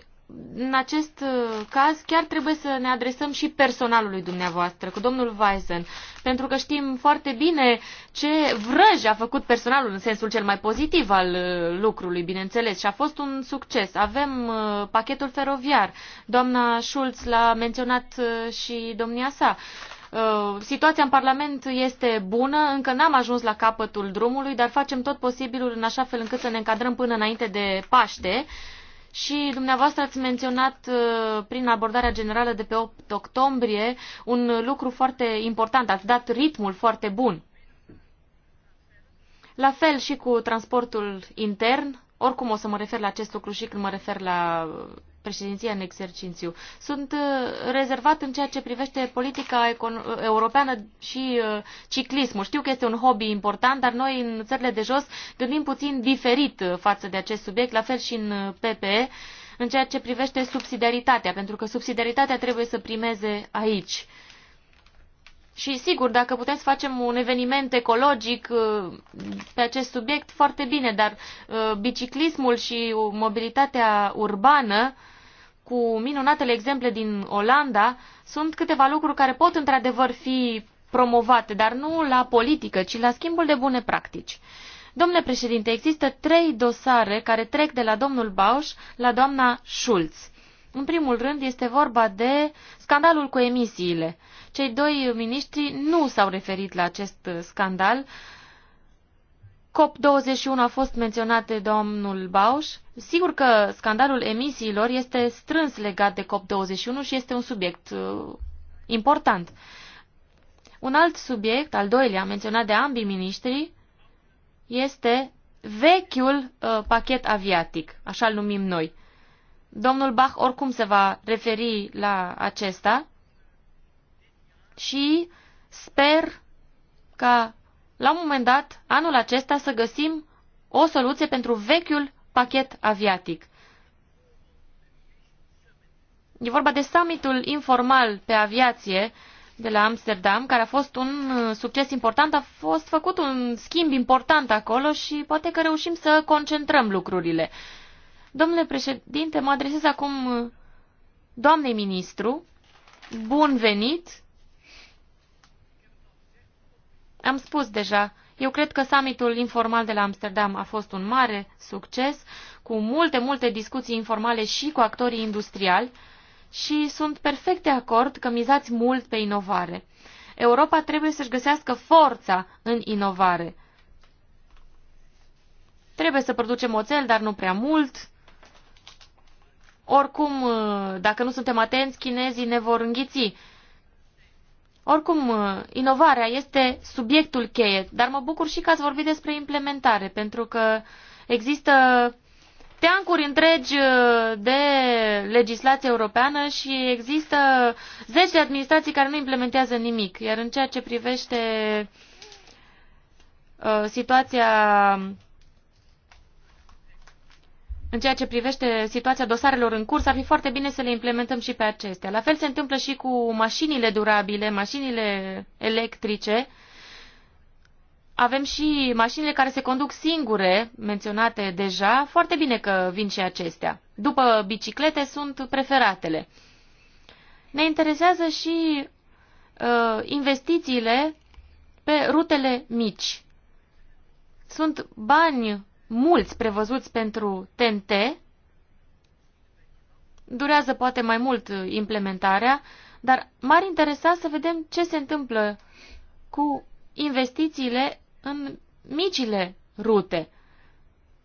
în acest uh, caz chiar trebuie să ne adresăm și personalului dumneavoastră, cu domnul Weizen, pentru că știm foarte bine ce vrăj a făcut personalul în sensul cel mai pozitiv al uh, lucrului, bineînțeles, și a fost un succes. Avem uh, pachetul feroviar, doamna Schulz l-a menționat și domnia sa. Situația în Parlament este bună, încă n-am ajuns la capătul drumului, dar facem tot posibilul în așa fel încât să ne încadrăm până înainte de Paște și dumneavoastră ați menționat uh, prin abordarea generală de pe 8 octombrie un lucru foarte important, ați dat ritmul foarte bun. La fel și cu transportul intern, oricum o să mă refer la acest lucru și când mă refer la uh, președinția în exercițiu. Sunt uh, rezervat în ceea ce privește politica europeană și uh, ciclismul. Știu că este un hobby important, dar noi în țările de jos gândim puțin diferit uh, față de acest subiect, la fel și în PPE, în ceea ce privește subsidiaritatea, pentru că subsidiaritatea trebuie să primeze aici. Și sigur, dacă putem să facem un eveniment ecologic pe acest subiect, foarte bine, dar biciclismul și mobilitatea urbană cu minunatele exemple din Olanda, sunt câteva lucruri care pot într-adevăr fi promovate, dar nu la politică, ci la schimbul de bune practici. Domnule președinte, există trei dosare care trec de la domnul Bauș la doamna Schulz. În primul rând este vorba de scandalul cu emisiile. Cei doi miniștri nu s-au referit la acest scandal, COP21 a fost menționat de domnul Bauș. Sigur că scandalul emisiilor este strâns legat de COP21 și este un subiect uh, important. Un alt subiect, al doilea, menționat de ambii miniștri, este vechiul uh, pachet aviatic, așa îl numim noi. Domnul Bach oricum se va referi la acesta și sper ca la un moment dat, anul acesta, să găsim o soluție pentru vechiul pachet aviatic. E vorba de summitul informal pe aviație de la Amsterdam, care a fost un uh, succes important, a fost făcut un schimb important acolo și poate că reușim să concentrăm lucrurile. Domnule președinte, mă adresez acum uh, doamnei ministru. Bun venit! Am spus deja, eu cred că summitul informal de la Amsterdam a fost un mare succes, cu multe, multe discuții informale și cu actorii industriali și sunt perfect de acord că mizați mult pe inovare. Europa trebuie să-și găsească forța în inovare. Trebuie să producem oțel, dar nu prea mult. Oricum, dacă nu suntem atenți, chinezii ne vor înghiți oricum, uh, inovarea este subiectul cheie, dar mă bucur și că ați vorbit despre implementare, pentru că există teancuri întregi uh, de legislație europeană și există zeci de administrații care nu implementează nimic. Iar în ceea ce privește uh, situația în ceea ce privește situația dosarelor în curs, ar fi foarte bine să le implementăm și pe acestea. La fel se întâmplă și cu mașinile durabile, mașinile electrice. Avem și mașinile care se conduc singure, menționate deja. Foarte bine că vin și acestea. După biciclete sunt preferatele. Ne interesează și uh, investițiile pe rutele mici. Sunt bani mulți prevăzuți pentru TNT, durează poate mai mult uh, implementarea, dar m-ar interesa să vedem ce se întâmplă cu investițiile în micile rute,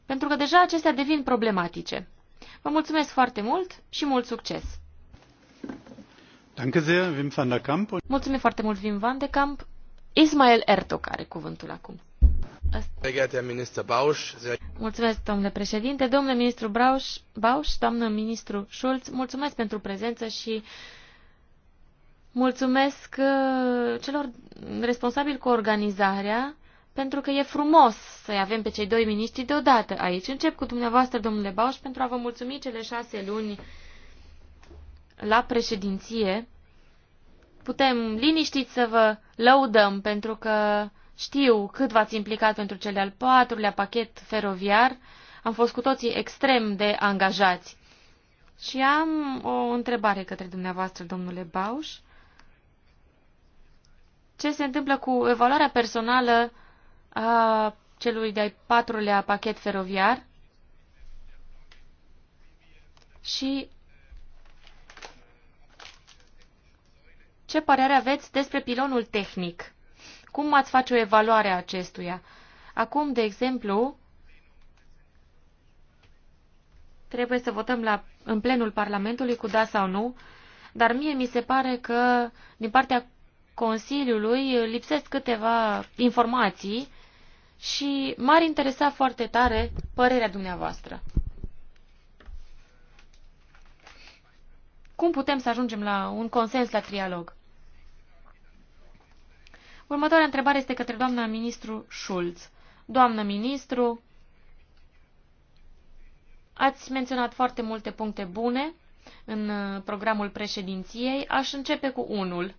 pentru că deja acestea devin problematice. Vă mulțumesc foarte mult și mult succes! Mulțumim foarte mult, Wim van de Kamp. Ismael Ertok are cuvântul acum. Mulțumesc, domnule președinte. Domnule ministru Brauș, Bauș, doamnă ministru Schulz, mulțumesc pentru prezență și mulțumesc uh, celor responsabili cu organizarea, pentru că e frumos să-i avem pe cei doi miniștri deodată aici. Încep cu dumneavoastră, domnule Bauș, pentru a vă mulțumi cele șase luni la președinție. Putem liniștiți să vă lăudăm, pentru că știu cât v-ați implicat pentru cel de-al patrulea pachet feroviar. Am fost cu toții extrem de angajați. Și am o întrebare către dumneavoastră, domnule Bauș. Ce se întâmplă cu evaluarea personală a celui de-al patrulea pachet feroviar? Și ce părere aveți despre pilonul tehnic? Cum ați face o evaluare a acestuia? Acum, de exemplu, trebuie să votăm la, în plenul Parlamentului cu da sau nu, dar mie mi se pare că din partea Consiliului lipsesc câteva informații și m-ar interesa foarte tare părerea dumneavoastră. Cum putem să ajungem la un consens la trialog? Următoarea întrebare este către doamna ministru Schulz. Doamnă ministru, ați menționat foarte multe puncte bune în uh, programul președinției. Aș începe cu unul,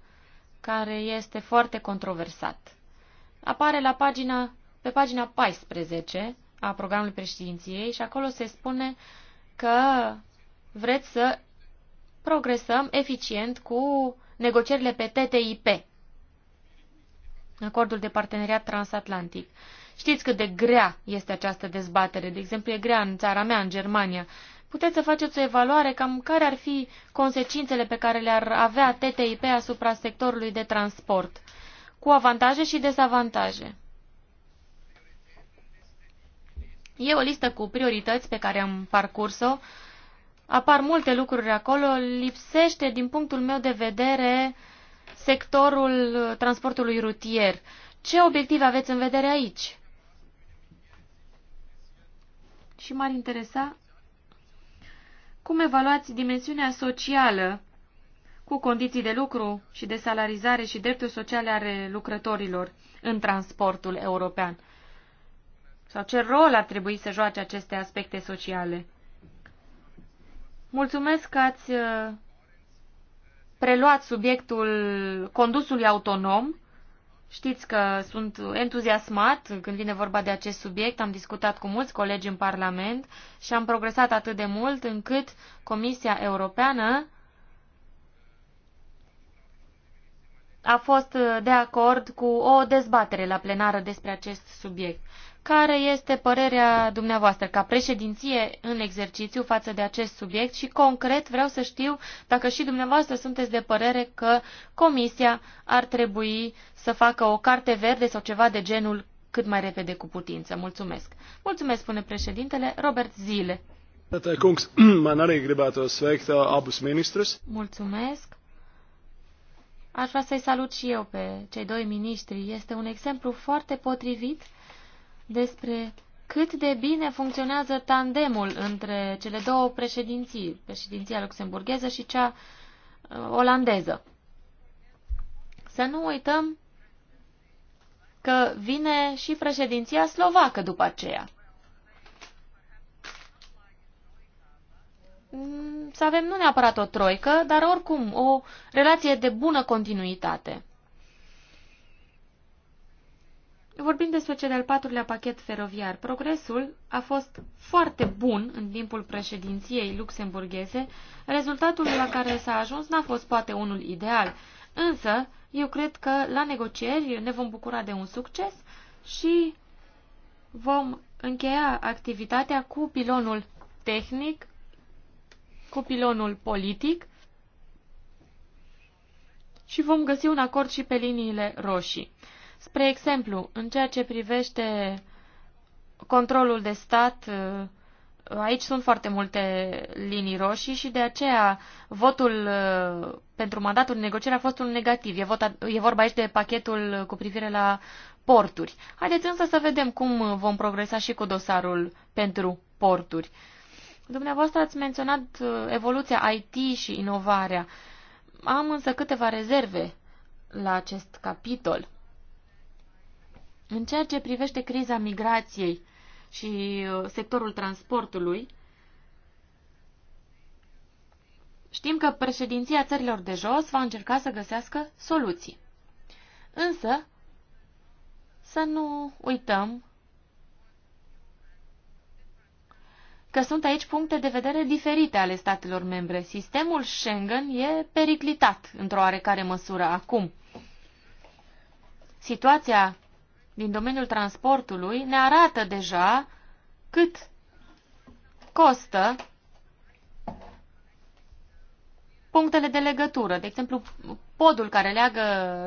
care este foarte controversat. Apare la pagina, pe pagina 14 a programului președinției și acolo se spune că vreți să progresăm eficient cu negocierile pe TTIP acordul de parteneriat transatlantic. Știți cât de grea este această dezbatere. De exemplu, e grea în țara mea, în Germania. Puteți să faceți o evaluare cam care ar fi consecințele pe care le-ar avea TTIP asupra sectorului de transport, cu avantaje și dezavantaje. E o listă cu priorități pe care am parcurs-o. Apar multe lucruri acolo. Lipsește, din punctul meu de vedere, uh, sectorul transportului rutier. Ce obiective aveți în vedere aici? Și m-ar interesa cum evaluați dimensiunea socială cu condiții de lucru și de salarizare și drepturi sociale ale lucrătorilor în transportul european? Sau ce rol ar trebui să joace aceste aspecte sociale? Mulțumesc că ați preluat subiectul condusului autonom. Știți că sunt entuziasmat când vine vorba de acest subiect, am discutat cu mulți colegi în Parlament și am progresat atât de mult încât Comisia Europeană a fost de acord cu o dezbatere la plenară despre acest subiect. Care este părerea dumneavoastră ca președinție în exercițiu față de acest subiect și concret vreau să știu dacă și dumneavoastră sunteți de părere că Comisia ar trebui să facă o carte verde sau ceva de genul cât mai repede cu putință. Mulțumesc. Mulțumesc, spune președintele Robert Zile. *clears throat* Uh, Mulțumesc. Aș vrea să-i salut și eu pe cei doi miniștri. Este un exemplu foarte potrivit despre cât de bine funcționează tandemul între cele două președinții, președinția luxemburgheză și cea uh, olandeză. Să nu uităm că vine și președinția slovacă după aceea. Mm, să avem nu neapărat o troică, dar oricum o relație de bună continuitate. Vorbim despre cel de-al patrulea pachet feroviar. Progresul a fost foarte bun în timpul președinției luxemburgheze. Rezultatul la care s-a ajuns n-a fost poate unul ideal, însă eu cred că la negocieri ne vom bucura de un succes și vom încheia activitatea cu pilonul tehnic, cu pilonul politic și vom găsi un acord și pe liniile roșii. Spre exemplu, în ceea ce privește controlul de stat, uh, aici sunt foarte multe linii roșii și de aceea votul uh, pentru mandatul de negociere a fost un negativ. E, vota, e vorba aici de pachetul cu privire la porturi. Haideți însă să vedem cum vom progresa și cu dosarul pentru porturi. Dumneavoastră ați menționat uh, evoluția IT și inovarea. Am însă câteva rezerve la acest capitol. În ceea ce privește criza migrației și uh, sectorul transportului, știm că președinția țărilor de jos va încerca să găsească soluții. Însă, să nu uităm că sunt aici puncte de vedere diferite ale statelor membre. Sistemul Schengen e periclitat într-o oarecare măsură acum. Situația din domeniul transportului ne arată deja cât costă punctele de legătură, de exemplu podul care leagă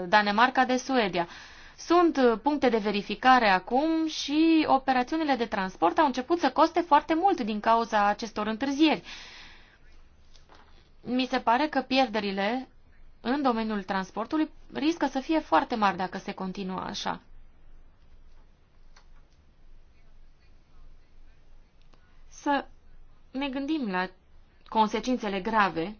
Danemarca de Suedia. Sunt puncte de verificare acum și operațiunile de transport au început să coste foarte mult din cauza acestor întârzieri. Mi se pare că pierderile în domeniul transportului riscă să fie foarte mari dacă se continuă așa. să ne gândim la consecințele grave.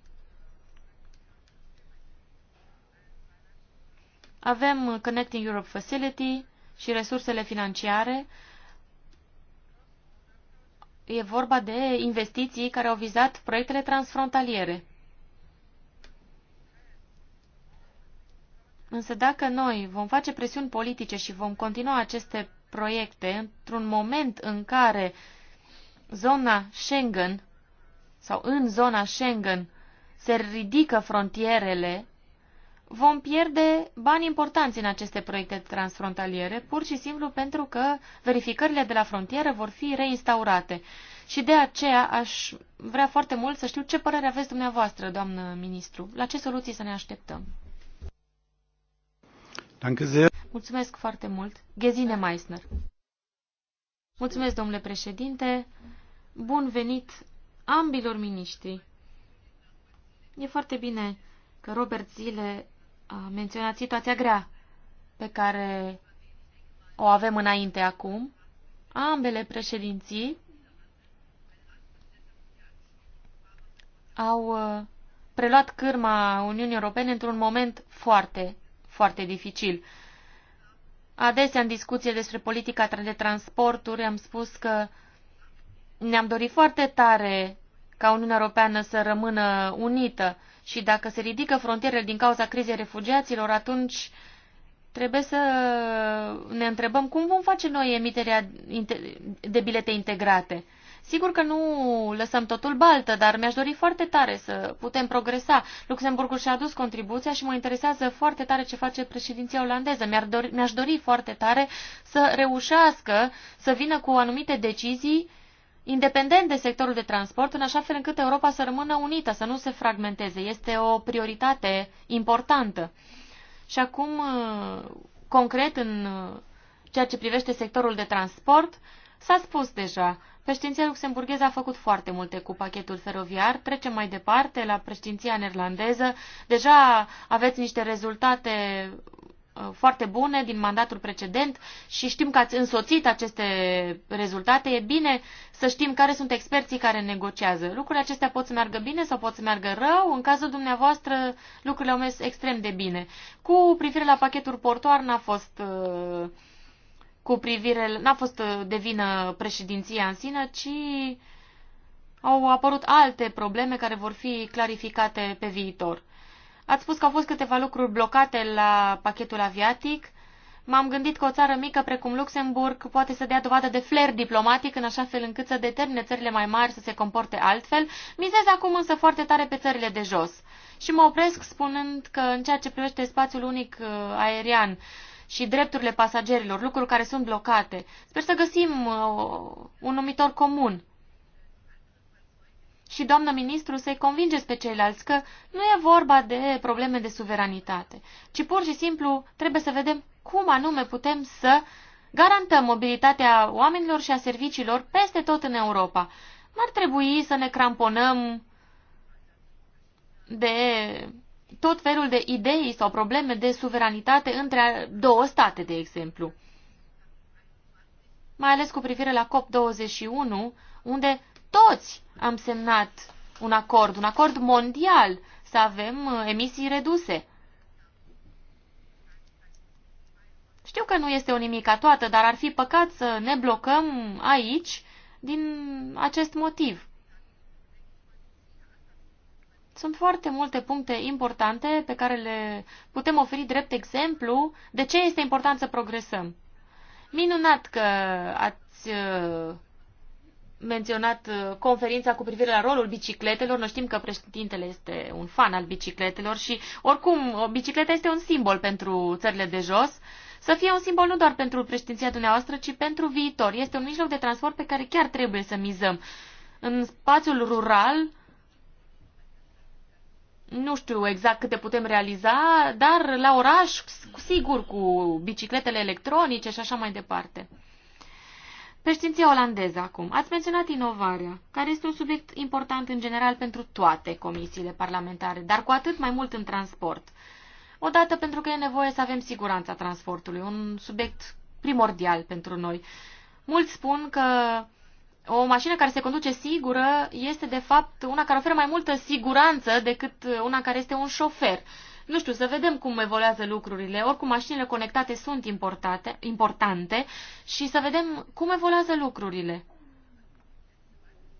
Avem Connecting Europe Facility și resursele financiare. E vorba de investiții care au vizat proiectele transfrontaliere. Însă dacă noi vom face presiuni politice și vom continua aceste proiecte într-un moment în care uh, zona Schengen sau în zona Schengen se ridică frontierele, vom pierde bani importanți în aceste proiecte transfrontaliere, pur și simplu pentru că verificările de la frontieră vor fi reinstaurate. Și de aceea aș vrea foarte mult să știu ce părere aveți dumneavoastră, doamnă ministru, la ce soluții să ne așteptăm. Mulțumesc foarte mult. Gezine Meissner. Mulțumesc, domnule președinte bun venit ambilor miniștri. E foarte bine că Robert Zile a menționat situația grea pe care o avem înainte acum. Ambele președinții au uh, preluat cârma Uniunii Europene într-un moment foarte, foarte dificil. Adesea, în discuție despre politica de transporturi, am spus că ne-am dorit foarte tare ca Uniunea Europeană să rămână unită și dacă se ridică frontierele din cauza crizei refugiaților, atunci trebuie să ne întrebăm cum vom face noi emiterea de bilete integrate. Sigur că nu lăsăm totul baltă, dar mi-aș dori foarte tare să putem progresa. Luxemburgul și-a adus contribuția și mă interesează foarte tare ce face președinția olandeză. Mi-aș dori, mi dori foarte tare să reușească să vină cu anumite decizii independent de sectorul de transport, în așa fel încât Europa să rămână unită, să nu se fragmenteze. Este o prioritate importantă. Și acum, uh, concret, în uh, ceea ce privește sectorul de transport, s-a spus deja. Președinția luxemburgheză a făcut foarte multe cu pachetul feroviar. Trecem mai departe la președinția neerlandeză. Deja aveți niște rezultate Uh, foarte bune din mandatul precedent și știm că ați însoțit aceste rezultate, e bine să știm care sunt experții care negociază. Lucrurile acestea pot să meargă bine sau pot să meargă rău. În cazul dumneavoastră, lucrurile au mers extrem de bine. Cu privire la pachetul portoar, n-a fost uh, cu privire, n-a fost uh, de vină președinția în sine, ci au apărut alte probleme care vor fi clarificate pe viitor. Ați spus că au fost câteva lucruri blocate la pachetul aviatic. M-am gândit că o țară mică precum Luxemburg poate să dea dovadă de flair diplomatic în așa fel încât să determine țările mai mari să se comporte altfel. Mizez acum însă foarte tare pe țările de jos. Și mă opresc spunând că în ceea ce privește spațiul unic uh, aerian și drepturile pasagerilor, lucruri care sunt blocate, sper să găsim uh, un numitor comun și, doamnă ministru, să-i convingeți pe ceilalți că nu e vorba de probleme de suveranitate, ci pur și simplu trebuie să vedem cum anume putem să garantăm mobilitatea oamenilor și a serviciilor peste tot în Europa. N-ar trebui să ne cramponăm de tot felul de idei sau probleme de suveranitate între două state, de exemplu. Mai ales cu privire la COP21, unde toți am semnat un acord, un acord mondial, să avem uh, emisii reduse. Știu că nu este o nimica toată, dar ar fi păcat să ne blocăm aici din acest motiv. Sunt foarte multe puncte importante pe care le putem oferi drept exemplu de ce este important să progresăm. Minunat că ați uh, menționat uh, conferința cu privire la rolul bicicletelor. Noi știm că președintele este un fan al bicicletelor și, oricum, bicicleta este un simbol pentru țările de jos. Să fie un simbol nu doar pentru președinția dumneavoastră, ci pentru viitor. Este un mijloc de transport pe care chiar trebuie să mizăm. În spațiul rural, nu știu exact câte putem realiza, dar la oraș, sigur, cu bicicletele electronice și așa mai departe. Președinția olandeză acum. Ați menționat inovarea, care este un subiect important în general pentru toate comisiile parlamentare, dar cu atât mai mult în transport. Odată pentru că e nevoie să avem siguranța transportului, un subiect primordial pentru noi. Mulți spun că o mașină care se conduce sigură este de fapt una care oferă mai multă siguranță decât una care este un șofer. Nu știu, să vedem cum evoluează lucrurile. Oricum, mașinile conectate sunt importate, importante și să vedem cum evoluează lucrurile.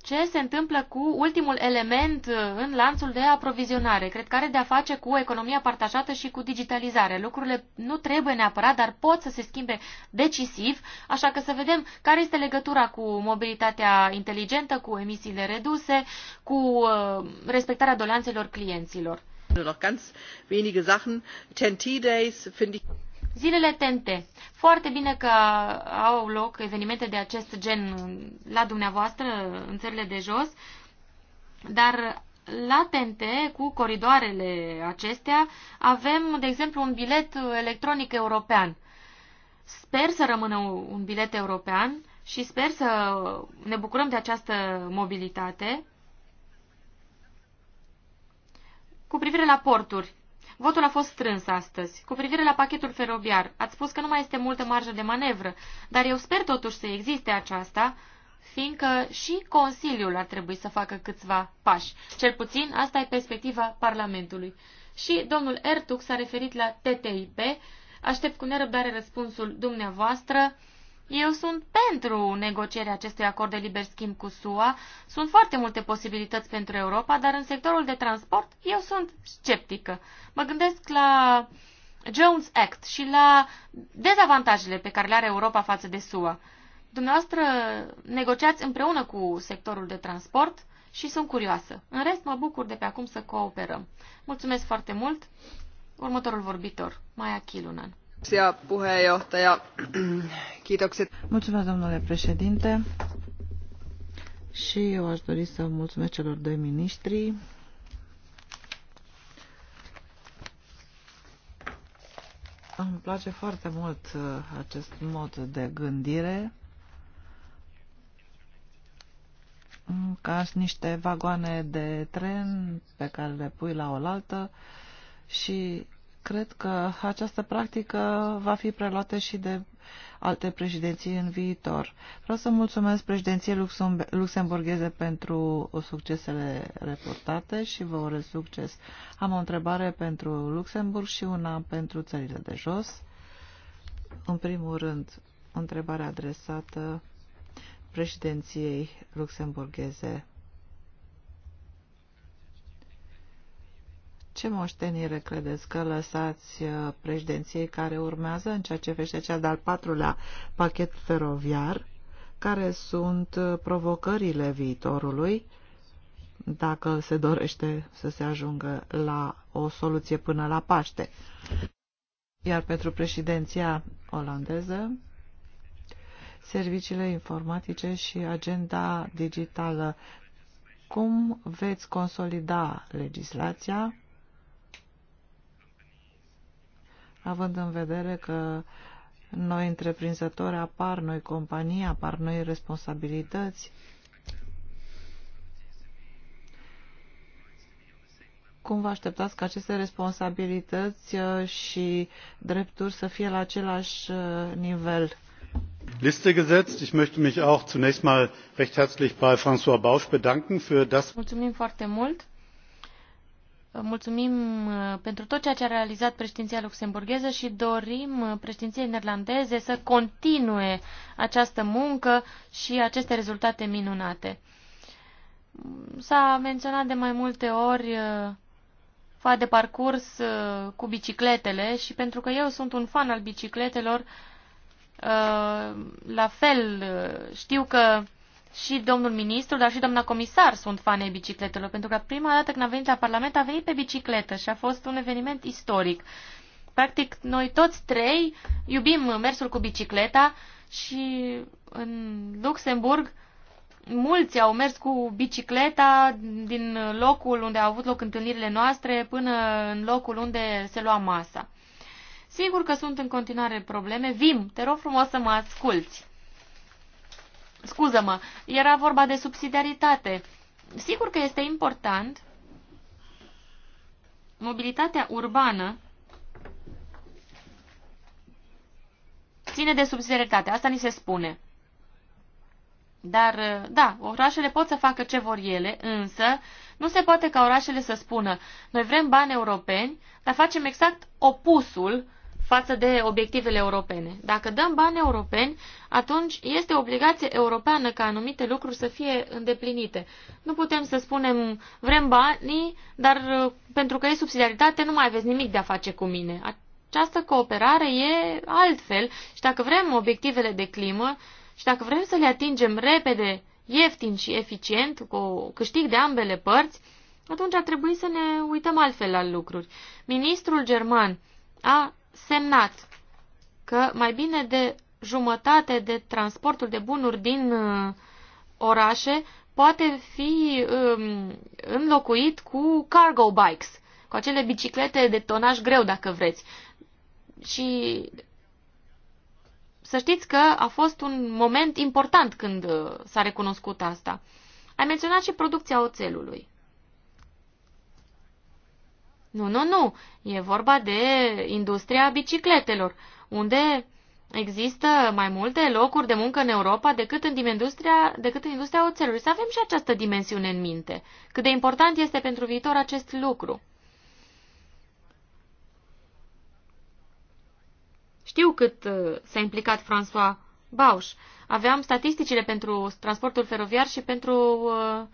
Ce se întâmplă cu ultimul element uh, în lanțul de aprovizionare? Cred că are de-a face cu economia partajată și cu digitalizare. Lucrurile nu trebuie neapărat, dar pot să se schimbe decisiv, așa că să vedem care este legătura cu mobilitatea inteligentă, cu emisiile reduse, cu uh, respectarea dolanțelor clienților. Noch ganz wenige Sachen. Days finde ich Zilele TNT. Foarte bine că au loc evenimente de acest gen la dumneavoastră, în țările de jos, dar la latente cu coridoarele acestea avem, de exemplu, un bilet electronic european. Sper să rămână un bilet european și sper să ne bucurăm de această mobilitate. Cu privire la porturi, votul a fost strâns astăzi. Cu privire la pachetul feroviar, ați spus că nu mai este multă marjă de manevră, dar eu sper totuși să existe aceasta, fiindcă și Consiliul ar trebui să facă câțiva pași. Cel puțin asta e perspectiva Parlamentului. Și domnul Ertuc s-a referit la TTIP. Aștept cu nerăbdare răspunsul dumneavoastră. Eu sunt pentru negocierea acestui acord de liber schimb cu SUA. Sunt foarte multe posibilități pentru Europa, dar în sectorul de transport eu sunt sceptică. Mă gândesc la Jones Act și la dezavantajele pe care le are Europa față de SUA. Dumneavoastră negociați împreună cu sectorul de transport și sunt curioasă. În rest, mă bucur de pe acum să cooperăm. Mulțumesc foarte mult! Următorul vorbitor, Maia Kilunan. Mulțumesc, domnule președinte. Și eu aș dori să mulțumesc celor doi miniștri. Îmi place foarte mult uh, acest mod de gândire ca niște vagoane de tren pe care le pui la oaltă și Cred că această practică va fi preluată și de alte președinții în viitor. Vreau să mulțumesc președinției luxemburgheze pentru succesele reportate și vă urez succes. Am o întrebare pentru Luxemburg și una pentru țările de jos. În primul rând, întrebarea adresată președinției luxemburgheze. Ce moștenire credeți că lăsați uh, președinției care urmează în ceea ce vește cel de-al patrulea pachet feroviar? Care sunt uh, provocările viitorului dacă se dorește să se ajungă la o soluție până la Paște? Iar pentru președinția olandeză, serviciile informatice și agenda digitală. Cum veți consolida legislația? având în vedere că noi întreprinzători apar noi companii, apar noi responsabilități. Cum vă așteptați ca aceste responsabilități uh, și drepturi să fie la același uh, nivel? liste gesetzt. ich möchte mich auch zunächst mal recht herzlich bei François Bausch bedanken für das. mulțumim foarte mult Mulțumim uh, pentru tot ceea ce a realizat președinția luxemburgheză și dorim uh, președinției neerlandeze să continue această muncă și aceste rezultate minunate. S-a menționat de mai multe ori uh, fa de parcurs cu bicicletele și pentru că eu sunt un fan al bicicletelor, la fel știu că și domnul ministru, dar și doamna comisar sunt fane bicicletelor, pentru că prima dată când a venit la Parlament a venit pe bicicletă și a fost un eveniment istoric. Practic, noi toți trei iubim mersul cu bicicleta și în Luxemburg mulți au mers cu bicicleta din locul unde au avut loc întâlnirile noastre până în locul unde se lua masa. Sigur că sunt în continuare probleme. Vim, te rog frumos să mă asculți. Scuză-mă, era vorba de subsidiaritate. Sigur că este important mobilitatea urbană ține de subsidiaritate, asta ni se spune. Dar, da, orașele pot să facă ce vor ele, însă nu se poate ca orașele să spună noi vrem bani europeni, dar facem exact opusul față de obiectivele europene. Dacă dăm bani europeni, atunci este obligație europeană ca anumite lucruri să fie îndeplinite. Nu putem să spunem vrem banii, dar uh, pentru că e subsidiaritate nu mai aveți nimic de a face cu mine. Această cooperare e altfel și dacă vrem obiectivele de climă și dacă vrem să le atingem repede, ieftin și eficient, cu câștig de ambele părți, atunci ar trebui să ne uităm altfel la lucruri. Ministrul german a semnat că mai bine de jumătate de transportul de bunuri din uh, orașe poate fi um, înlocuit cu cargo bikes, cu acele biciclete de tonaj greu, dacă vreți. Și să știți că a fost un moment important când uh, s-a recunoscut asta. Ai menționat și producția oțelului. Nu, nu, nu. E vorba de industria bicicletelor, unde există mai multe locuri de muncă în Europa decât în industria, decât în industria oțelului. Să avem și această dimensiune în minte. Cât de important este pentru viitor acest lucru. Știu cât uh, s-a implicat François Bauch. Aveam statisticile pentru transportul feroviar și pentru uh,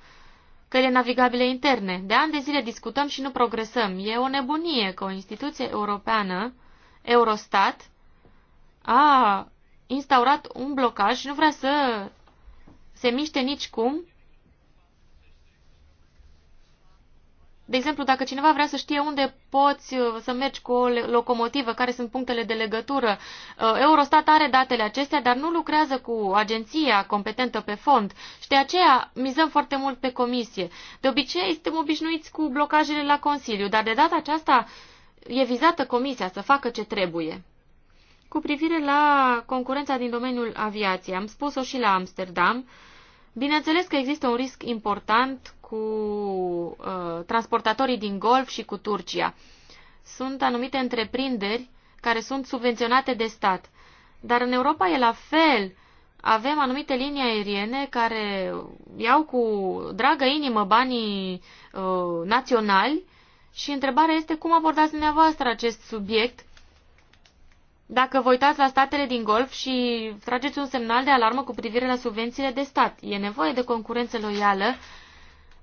căile navigabile interne. De ani de zile discutăm și nu progresăm. E o nebunie că o instituție europeană, Eurostat, a instaurat un blocaj și nu vrea să se miște nicicum De exemplu, dacă cineva vrea să știe unde poți uh, să mergi cu o locomotivă, care sunt punctele de legătură, uh, Eurostat are datele acestea, dar nu lucrează cu agenția competentă pe fond și de aceea mizăm foarte mult pe comisie. De obicei, suntem obișnuiți cu blocajele la Consiliu, dar de data aceasta e vizată comisia să facă ce trebuie. Cu privire la concurența din domeniul aviației, am spus-o și la Amsterdam, bineînțeles că există un risc important cu uh, transportatorii din Golf și cu Turcia. Sunt anumite întreprinderi care sunt subvenționate de stat. Dar în Europa e la fel. Avem anumite linii aeriene care iau cu dragă inimă banii uh, naționali și întrebarea este cum abordați dumneavoastră acest subiect dacă vă uitați la statele din Golf și trageți un semnal de alarmă cu privire la subvențiile de stat. E nevoie de concurență loială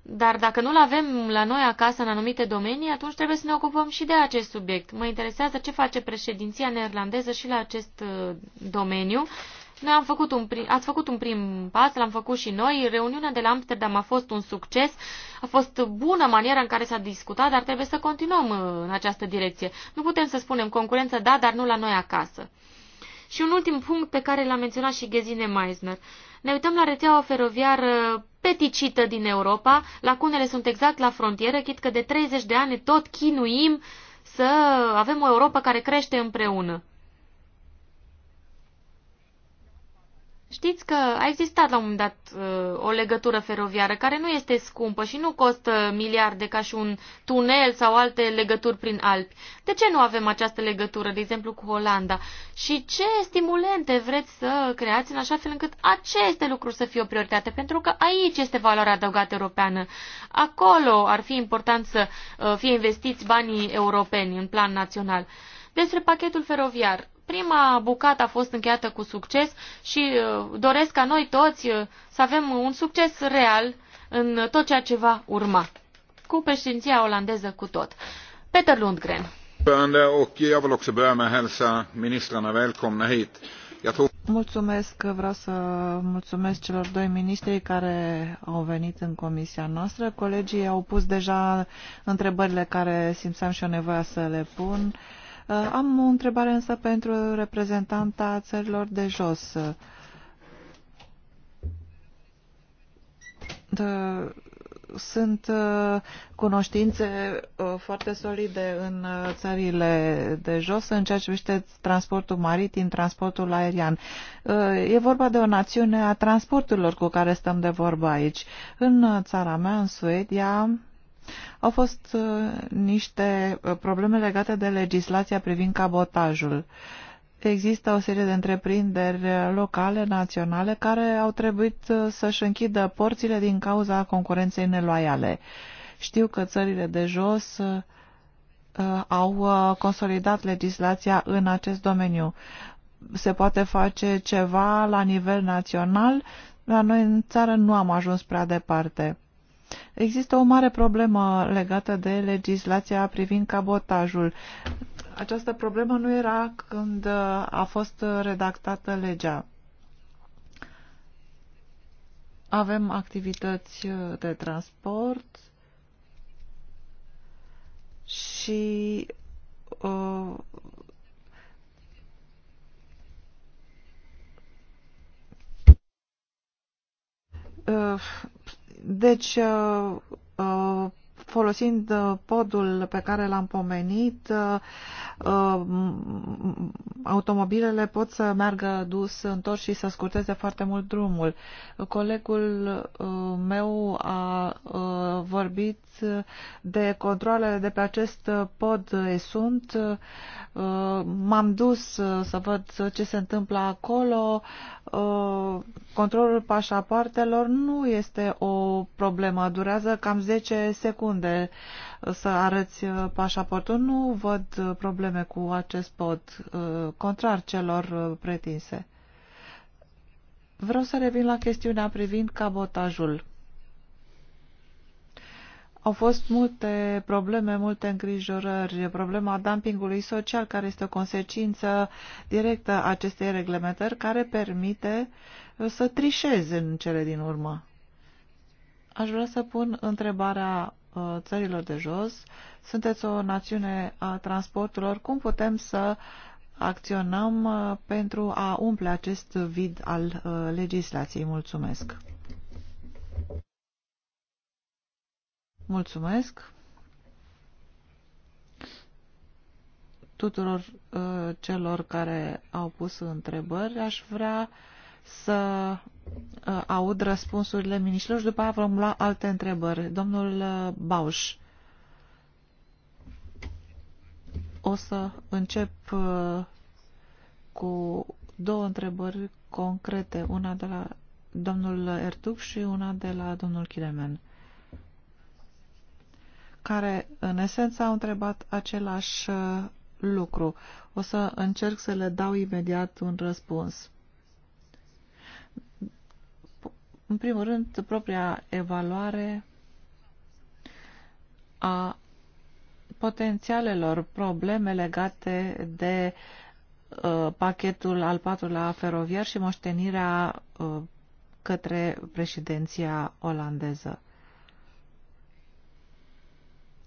dar dacă nu-l avem la noi acasă în anumite domenii, atunci trebuie să ne ocupăm și de acest subiect. Mă interesează ce face președinția neerlandeză și la acest uh, domeniu. Noi am făcut un prim, ați făcut un prim pas, l-am făcut și noi. Reuniunea de la Amsterdam a fost un succes, a fost bună maniera în care s-a discutat, dar trebuie să continuăm uh, în această direcție. Nu putem să spunem concurență da, dar nu la noi acasă. Și un ultim punct pe care l-a menționat și Gesine Meisner. Uh, ne uităm la rețeaua feroviară peticită din Europa, lacunele sunt exact la frontieră, chit că de 30 de ani tot chinuim să avem o Europa care crește împreună. Știți că a existat la un moment dat uh, o legătură feroviară care nu este scumpă și nu costă miliarde ca și un tunel sau alte legături prin Alpi. De ce nu avem această legătură, de exemplu, cu Olanda? Și ce stimulente vreți să creați în așa fel încât aceste lucruri să fie o prioritate? Pentru că aici este valoarea adăugată europeană. Acolo ar fi important să uh, fie investiți banii europeni în plan național. Despre pachetul feroviar, Prima bucată a fost încheiată cu succes și uh, doresc ca noi toți uh, să avem un succes real în tot ceea ce va urma, cu președinția olandeză cu tot. Peter Lundgren. Mulțumesc, vreau să mulțumesc celor doi ministri care au venit în comisia noastră. Colegii au pus deja întrebările care simțeam și o nevoia să le pun. Uh, Uh, am o întrebare însă pentru reprezentanta țărilor de jos. Uh, sunt uh, cunoștințe foarte solide în țările de jos în ceea ce privește transportul maritim, transportul aerian. E vorba de o națiune a transporturilor cu care stăm de vorbă aici. În țara mea, în Suedia, au fost uh, niște uh, probleme legate de legislația privind cabotajul. Există o serie de întreprinderi uh, locale, naționale, care au trebuit să-și închidă porțile din cauza concurenței neloiale. Știu că țările de jos au consolidat legislația în acest domeniu. Se poate face ceva la nivel național, la noi în țară nu am ajuns prea departe. Există o mare problemă legată de legislația privind cabotajul. Această problemă nu era când uh, a fost redactată legea. Avem activități uh, de transport și uh, uh deci, uh, uh, folosind uh, podul pe care l-am pomenit, uh, uh, automobilele pot să meargă dus întors și să scurteze foarte mult drumul. Colegul meu a vorbit de controlele de pe acest pod sunt. M-am dus să văd ce se întâmplă acolo. Controlul pașapoartelor nu este o problemă, durează cam 10 secunde unde să arăți uh, pașaportul. Nu văd uh, probleme cu acest pod, uh, contrar celor pretinse. Vreau să revin la chestiunea privind cabotajul. Au fost multe probleme, multe îngrijorări, problema dumpingului social, care este o consecință directă a acestei reglementări, care permite să trișezi în cele din urmă. Aș vrea să pun întrebarea Uh, țărilor de jos, sunteți o națiune a transporturilor, cum putem să acționăm uh, pentru a umple acest vid al uh, legislației? Mulțumesc! Mulțumesc tuturor celor care au pus întrebări. Aș vrea să Uh, aud răspunsurile miniștilor și după aia vom lua alte întrebări. Domnul uh, Bauș, o să încep uh, cu două întrebări concrete, una de la domnul Ertuc și una de la domnul Chiremen, care în esență au întrebat același lucru. O să încerc să le dau imediat un răspuns. În primul rând, propria evaluare a potențialelor probleme legate de uh, pachetul al patrulea feroviar și moștenirea uh, către președinția olandeză.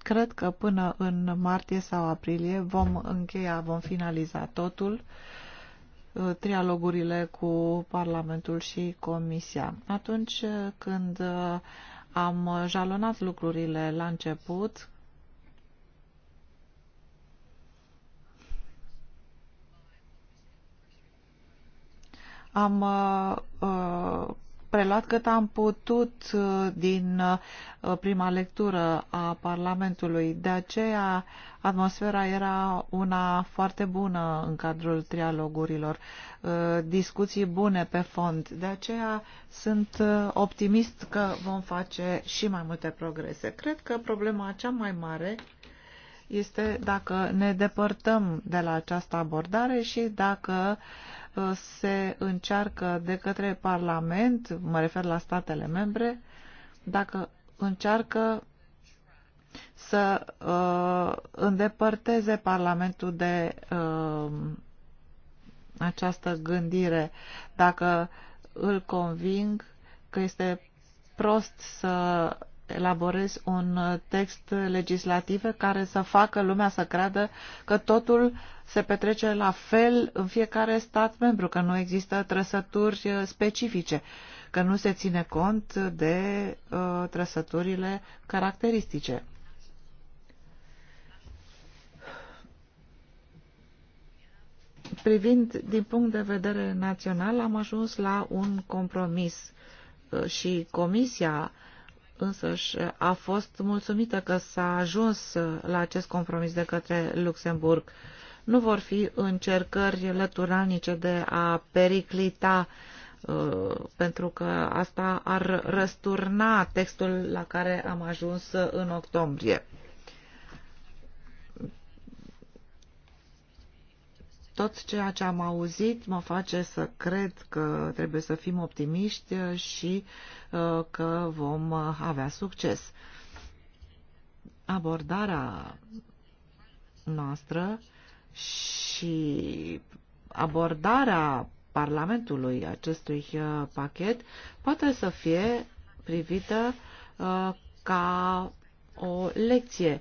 Cred că până în martie sau aprilie vom încheia, vom finaliza totul. Uh, Uh, trialogurile cu Parlamentul și Comisia. Atunci uh, când uh, am jalonat lucrurile la început, am uh, preluat cât am putut din prima lectură a Parlamentului. De aceea Atmosfera era una foarte bună în cadrul trialogurilor, uh, discuții bune pe fond. De aceea sunt uh, optimist că vom face și mai multe progrese. Cred că problema cea mai mare este dacă ne depărtăm de la această abordare și dacă uh, se încearcă de către Parlament, mă refer la statele membre, dacă încearcă să uh, îndepărteze Parlamentul de uh, această gândire. Dacă îl conving că este prost să elaborezi un text legislativ care să facă lumea să creadă că totul se petrece la fel în fiecare stat membru, că nu există trăsături specifice, că nu se ține cont de uh, trăsăturile caracteristice. privind din punct de vedere național, am ajuns la un compromis uh, și Comisia însăși a fost mulțumită că s-a ajuns uh, la acest compromis de către Luxemburg. Nu vor fi încercări lăturalnice de a periclita uh, pentru că asta ar răsturna textul la care am ajuns în octombrie. Tot ceea ce am auzit mă face să cred că trebuie să fim optimiști și uh, că vom avea succes. Abordarea noastră și abordarea Parlamentului acestui uh, pachet poate să fie privită uh, ca o lecție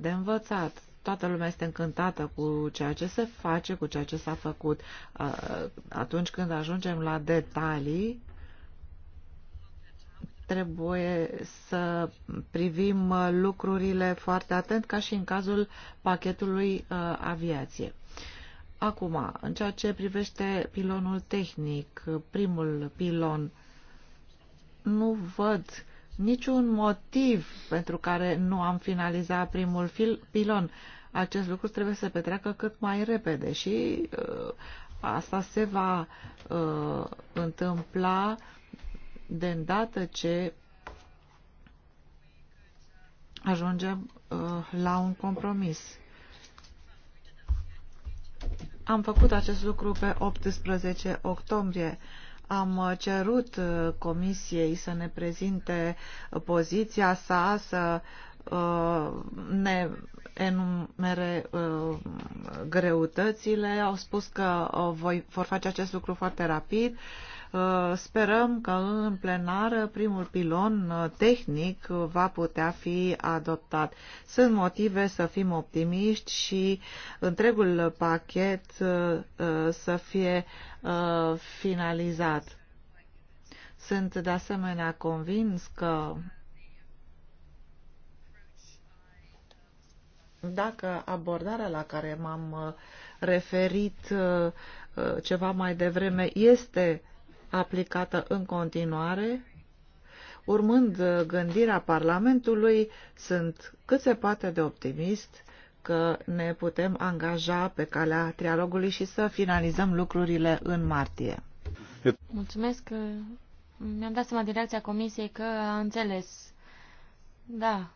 de învățat toată lumea este încântată cu ceea ce se face, cu ceea ce s-a făcut. Atunci când ajungem la detalii, trebuie să privim lucrurile foarte atent, ca și în cazul pachetului aviație. Acum, în ceea ce privește pilonul tehnic, primul pilon, nu văd niciun motiv pentru care nu am finalizat primul fil pilon. Acest lucru trebuie să petreacă cât mai repede și uh, asta se va uh, întâmpla de îndată ce ajungem uh, la un compromis. Am făcut acest lucru pe 18 octombrie. Uh, am uh, cerut uh, Comisiei să ne prezinte uh, poziția sa, să ne enumere greutățile. Au spus că voi, vor face acest lucru foarte rapid Uh, sperăm că în plenară primul pilon uh, tehnic uh, va putea fi adoptat. Sunt motive să fim optimiști și întregul pachet să fie finalizat. Sunt de asemenea convins că dacă abordarea la care m-am referit ceva mai devreme este aplicată în continuare, urmând gândirea Parlamentului, sunt cât se poate de optimist că ne putem angaja pe calea trialogului și să finalizăm lucrurile în martie. Mulțumesc. că Mi-am dat seama din reacția comisiei că a înțeles. Da.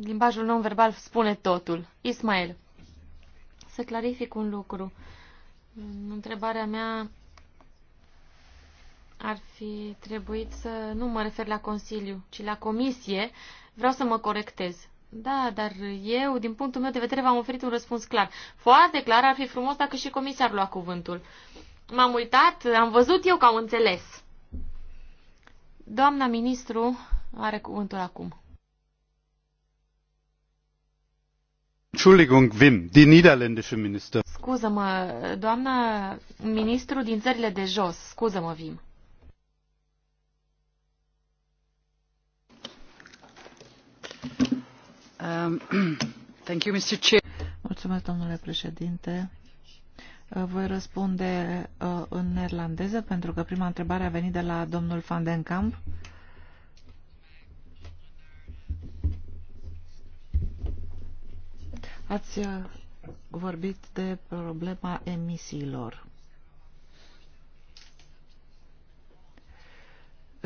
Limbajul non-verbal spune totul. Ismael, să clarific un lucru. Întrebarea mea ar fi trebuit să nu mă refer la Consiliu, ci la Comisie. Vreau să mă corectez. Da, dar eu, din punctul meu de vedere, v-am oferit un răspuns clar. Foarte clar, ar fi frumos dacă și Comisia ar lua cuvântul. M-am uitat, am văzut eu că am înțeles. Doamna ministru are cuvântul acum. Entschuldigung, Wim, die niederländische Minister. Scuză-mă, doamna ministru din țările de jos, scuză-mă, Wim. Um, *clears throat* Mulțumesc, domnule președinte. Uh, voi răspunde uh, în neerlandeză, pentru că prima întrebare a venit de la domnul Van den Kamp. Ați uh, vorbit de problema emisiilor.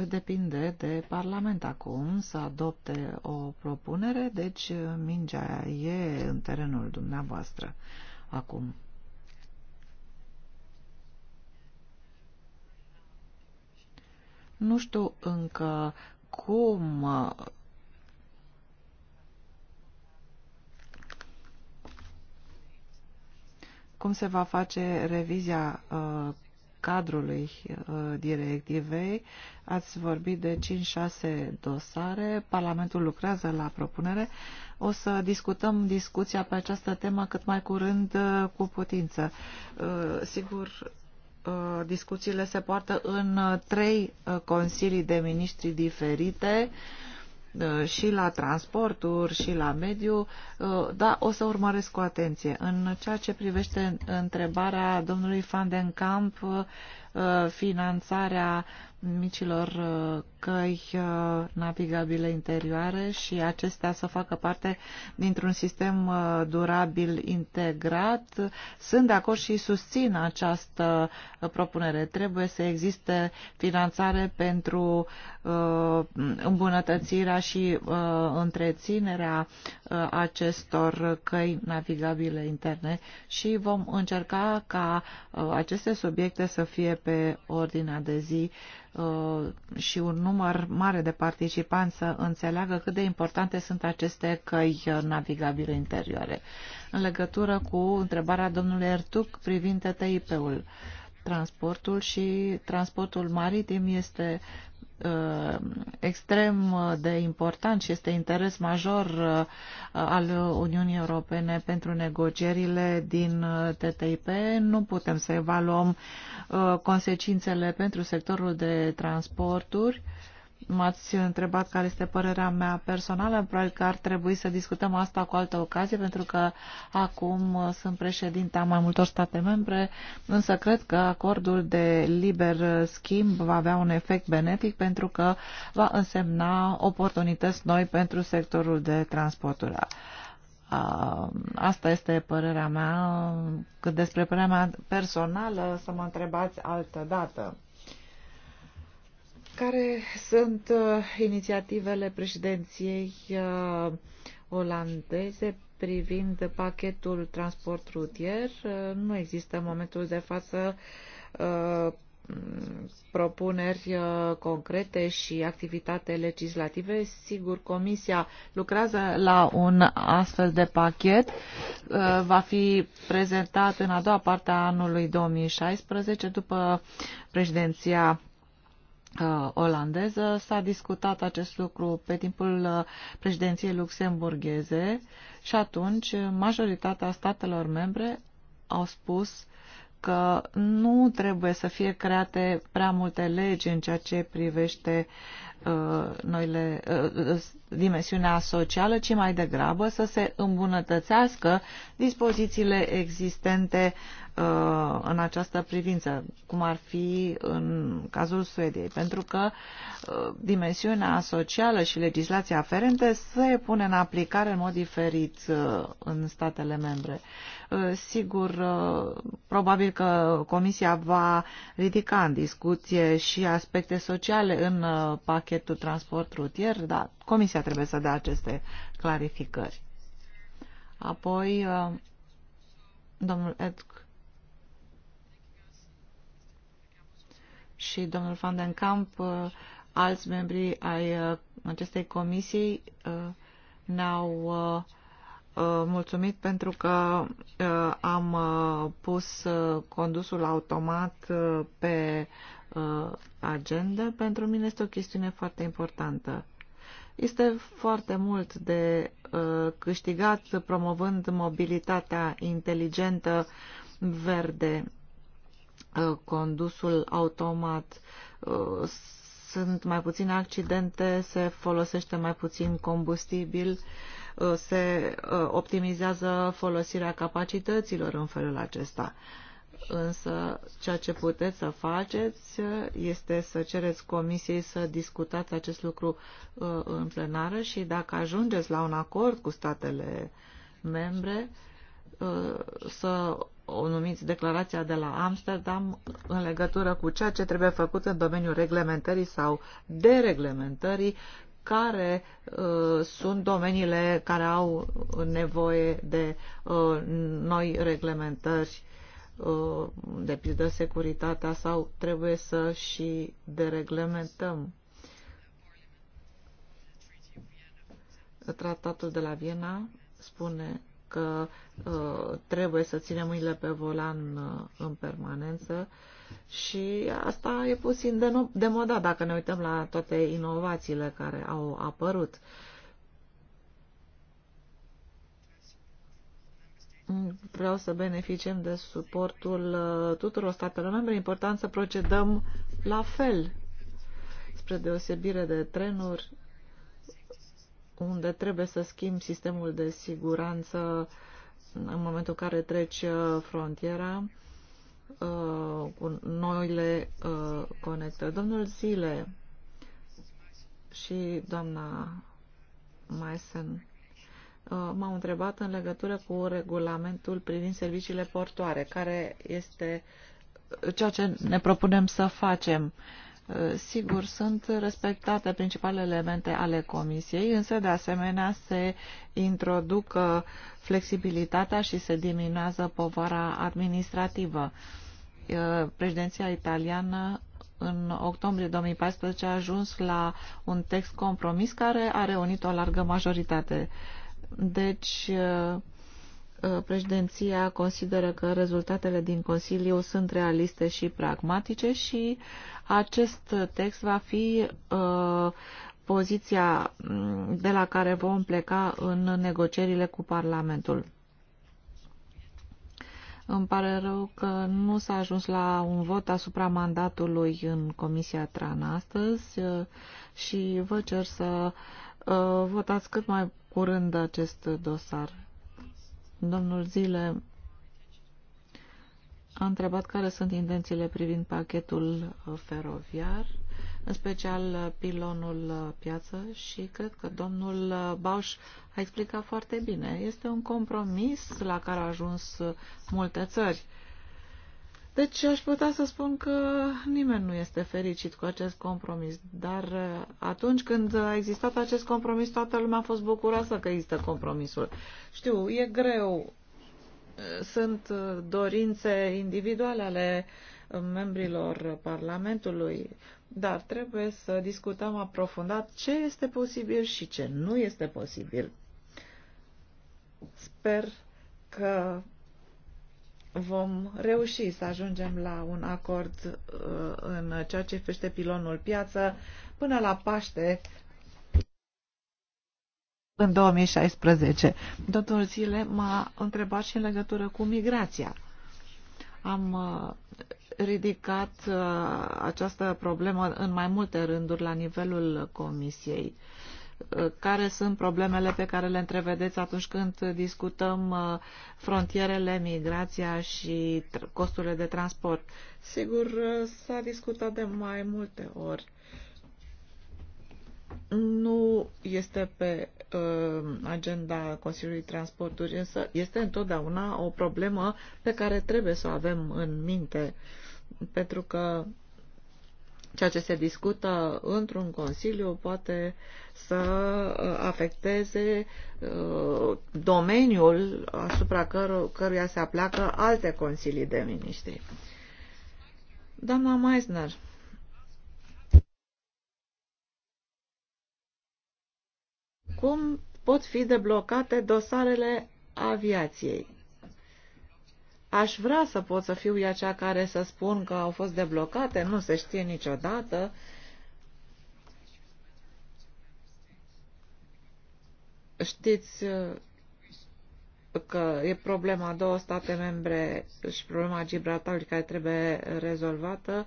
depinde de Parlament acum să adopte o propunere, deci uh, mingea e în terenul dumneavoastră acum. Nu știu încă cum uh, cum se va face revizia uh, cadrului uh, directivei. Ați vorbit de 5-6 dosare, Parlamentul lucrează la propunere. O să discutăm discuția pe această temă cât mai curând uh, cu putință. Uh, sigur, discuțiile se poartă în trei consilii de miniștri diferite. Uh, Uh, și la transporturi și la mediu, da, o să urmăresc cu atenție. În ceea ce privește întrebarea domnului Van den uh, Uh, finanțarea micilor uh, căi uh, navigabile interioare și acestea să facă parte dintr-un sistem durabil integrat. Sunt de acord și susțin această propunere. Trebuie să existe finanțare pentru îmbunătățirea și întreținerea acestor căi navigabile interne și vom încerca ca aceste subiecte să fie pe ordinea de zi uh, și un număr mare de participanți să înțeleagă cât de importante sunt aceste căi navigabile interioare. În legătură cu întrebarea domnului Ertuc privind TTIP-ul, transportul și transportul maritim este Uh, extrem uh, de important și este interes major uh, al Uniunii Europene pentru negocierile din TTIP. Nu putem să evaluăm consecințele pentru sectorul de transporturi m-ați întrebat care este părerea mea personală, probabil că ar trebui să discutăm asta cu altă ocazie, pentru că acum sunt președinta mai multor state membre, însă cred că acordul de liber schimb va avea un efect benefic pentru că va însemna oportunități noi pentru sectorul de transporturi. Asta este părerea mea. Cât despre părerea mea personală, să mă întrebați altă dată. Care sunt uh, inițiativele președinției uh, olandeze privind pachetul transport rutier? Uh, nu există în momentul de față uh, propuneri uh, concrete și activitate legislative. Sigur, Comisia lucrează la un astfel de pachet. Uh, va fi prezentat în a doua parte a anului 2016 după președinția Uh, olandeză. S-a discutat acest lucru pe timpul uh, președinției luxemburgheze și atunci majoritatea statelor membre au spus că nu trebuie să fie create prea multe legi în ceea ce privește uh, noile, uh, dimensiunea socială, ci mai degrabă să se îmbunătățească dispozițiile existente Uh, în această privință, cum ar fi în cazul Suediei, pentru că uh, dimensiunea socială și legislația aferente se pune în aplicare în mod diferit uh, în statele membre. Sigur, probabil că Comisia va ridica în discuție și aspecte sociale în pachetul transport rutier, dar Comisia trebuie să dea aceste clarificări. Apoi, domnul Edgar. și domnul Van den Kamp, uh, alți membri ai uh, acestei comisii uh, ne-au mulțumit pentru că am pus condusul automat pe agenda. Pentru mine este o chestiune foarte importantă. Este foarte mult de câștigat promovând mobilitatea inteligentă verde Uh, condusul automat, uh, sunt mai puține accidente, se folosește mai puțin combustibil, uh, se optimizează folosirea capacităților în felul acesta. Însă ceea ce puteți să faceți este să cereți comisiei să discutați acest lucru în plenară și dacă ajungeți la un acord cu statele membre, să o numiți declarația de la Amsterdam în legătură cu ceea ce trebuie făcut în domeniul reglementării sau dereglementării, care uh, sunt domeniile care au nevoie de uh, noi reglementări, uh, de pildă securitatea, sau trebuie să și dereglementăm. Tratatul de la Viena spune că uh, trebuie să ținem mâinile pe volan uh, în permanență și asta e puțin de no- moda dacă ne uităm la toate inovațiile care au apărut. Vreau să beneficiem de suportul uh, tuturor statelor membre. important să procedăm la fel, spre deosebire de trenuri unde trebuie să schimbi sistemul de siguranță în momentul în care treci uh, frontiera uh, cu noile uh, conectări. Domnul Zile și doamna Maisen m-au întrebat în legătură cu regulamentul privind serviciile portoare, care este ceea ce ne propunem să facem. Uh, Sigur, sunt respectate principalele elemente ale Comisiei, însă de asemenea se introduc flexibilitatea și se diminuează povara administrativă. Președinția italiană în octombrie 2014 a ajuns la un text compromis care a reunit o largă majoritate. Deci, Uh, președinția consideră că rezultatele din Consiliu sunt realiste și pragmatice și acest text va fi uh, poziția mm, de la care vom pleca în negocierile cu Parlamentul. Îmi pare rău că nu s-a ajuns la un vot asupra mandatului în Comisia Tran astăzi uh, și vă cer să votați cât mai curând acest dosar. Domnul Zile a întrebat care sunt intențiile privind pachetul feroviar, în special pilonul piață și cred că domnul Bauș a explicat foarte bine. Este un compromis la care au ajuns multe țări deci aș putea să spun că nimeni nu este fericit cu acest compromis, dar uh, atunci când a existat acest compromis, toată lumea a fost bucuroasă că există compromisul. Știu, e greu, uh, sunt uh, dorințe individuale ale membrilor Parlamentului, dar trebuie să discutăm aprofundat ce este posibil și ce nu este posibil. Sper că vom reuși să ajungem la un acord uh, în ceea ce fește pilonul piață până la Paște în 2016. Domnul Zile m-a întrebat și în legătură cu migrația. Am uh, ridicat uh, această problemă în mai multe rânduri la nivelul Comisiei care sunt problemele pe care le întrevedeți atunci când discutăm uh, frontierele, migrația și costurile de transport. Sigur, uh, s-a discutat de mai multe ori. Nu este pe uh, agenda Consiliului Transporturi, însă este întotdeauna o problemă pe care trebuie să o avem în minte, pentru că ceea ce se discută într-un consiliu poate să uh, afecteze uh, domeniul asupra căru- căruia se apleacă alte consilii de miniștri. Doamna Meisner, cum pot fi deblocate dosarele aviației? Aș vrea să pot să fiu ea cea care să spun că au fost deblocate, nu se știe niciodată. Știți uh, că e problema două state membre și problema Gibraltarului care trebuie rezolvată.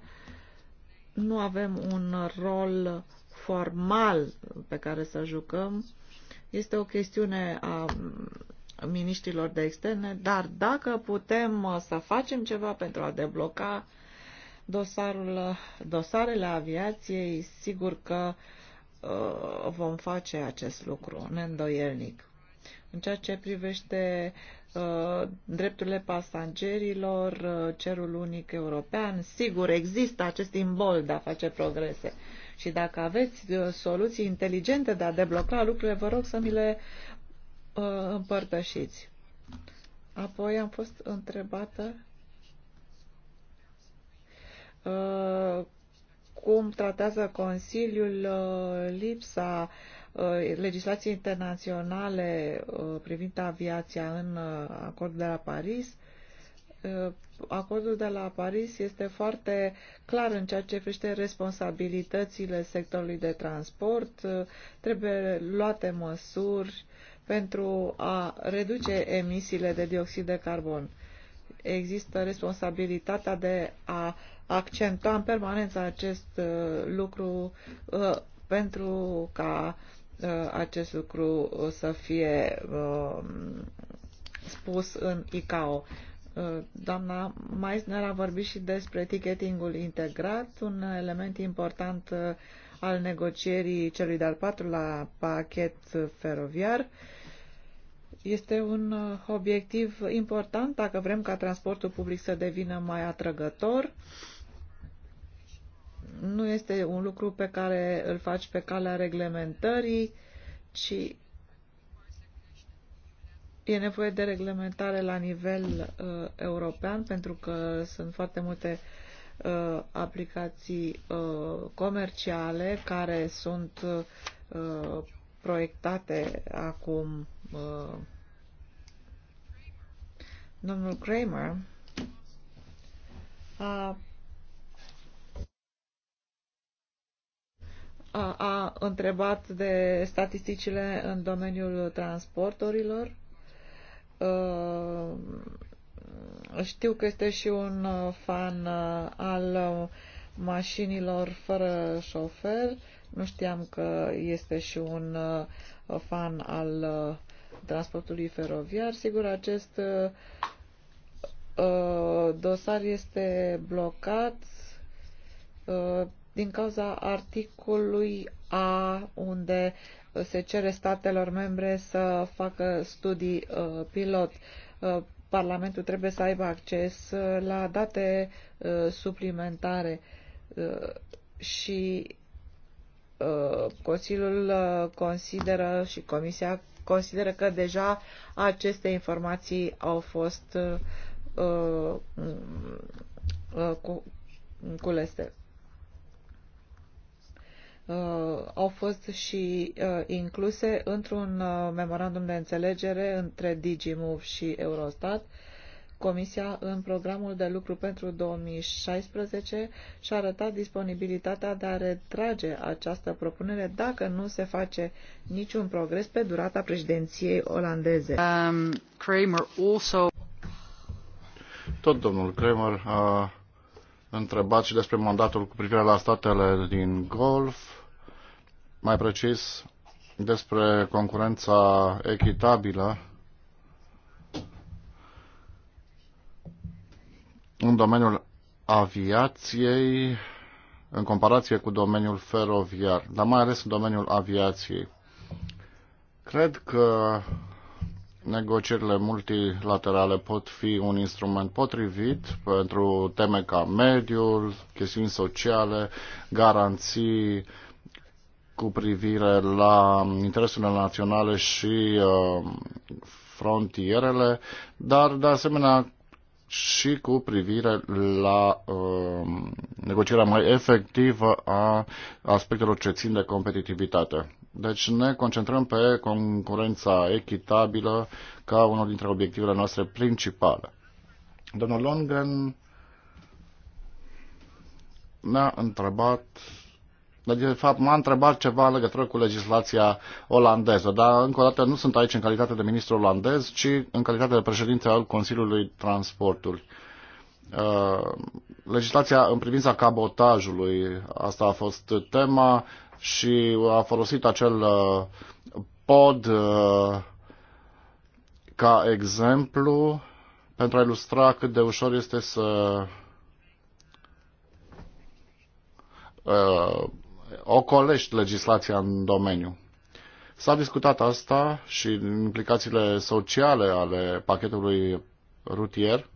Nu avem un rol formal pe care să jucăm. Este o chestiune a miniștilor de externe, dar dacă putem uh, să facem ceva pentru a debloca dosarul, uh, dosarele aviației, sigur că uh, vom face acest lucru, neîndoielnic. În ceea ce privește uh, drepturile pasagerilor, uh, cerul unic european, sigur există acest imbol de a face progrese. Și dacă aveți uh, soluții inteligente de a debloca lucrurile, vă rog să mi le Uh, împărtășiți. Apoi am fost întrebată uh, cum tratează Consiliul uh, lipsa legislației internaționale privind aviația în acordul de la Paris. Acordul de la Paris este foarte clar în ceea ce privește responsabilitățile sectorului de transport. Trebuie luate măsuri pentru a reduce emisiile de dioxid de carbon. Există responsabilitatea de a accentua în permanență acest uh, lucru uh, pentru ca uh, acest lucru să fie spus în ICAO. Doamna Meisner a vorbit și despre ticketingul integrat, un element important al negocierii celui de-al patrulea pachet feroviar este un uh, obiectiv important dacă vrem ca transportul public să devină mai atrăgător. Nu este un lucru pe care îl faci pe calea reglementării, ci e nevoie de reglementare la nivel uh, european pentru că sunt foarte multe uh, Uh, aplicații uh, comerciale care sunt uh, proiectate acum. Domnul Kramer a a, a întrebat de statisticile în domeniul transporturilor. Știu că este și un uh, fan uh, al uh, mașinilor fără șofer. Nu știam că este și un fan al transportului feroviar. Sigur, acest dosar este blocat din cauza articolului A, unde se cere statelor membre să facă studii pilot. Parlamentul trebuie să aibă acces uh, la date uh, suplimentare uh, și Consiliul consideră și Comisia consideră că deja aceste informații au fost culese. Uh, au fost și uh, incluse într-un uh, memorandum de înțelegere între DigiMov și Eurostat. Comisia, în programul de lucru pentru 2016, și-a arătat disponibilitatea de a retrage această propunere dacă nu se face niciun progres pe durata președinției olandeze. Um, Kramer also... Tot domnul Kramer a întrebat și despre mandatul cu privire la statele din Golf, mai precis despre concurența echitabilă în domeniul aviației în comparație cu domeniul feroviar, dar mai ales în domeniul aviației. Cred că negocierile multilaterale pot fi un instrument potrivit pentru teme ca mediul, chestiuni sociale, garanții cu privire la interesele naționale și uh, frontierele, dar de asemenea și cu privire la uh, negocierea mai efectivă a aspectelor ce țin de competitivitate. Deci ne concentrăm pe concurența echitabilă ca unul dintre obiectivele noastre principale. Domnul Longen ne-a întrebat, deci, de fapt m-a întrebat ceva în legătură cu legislația olandeză, dar încă o dată nu sunt aici în calitate de ministru olandez, ci în calitate de președinte al Consiliului Transportului. Uh, legislația în privința cabotajului, asta a fost tema, și a folosit acel uh, pod uh, ca exemplu pentru a ilustra cât de ușor este să uh, ocolești legislația în domeniu. S-a discutat asta și implicațiile sociale ale pachetului rutier.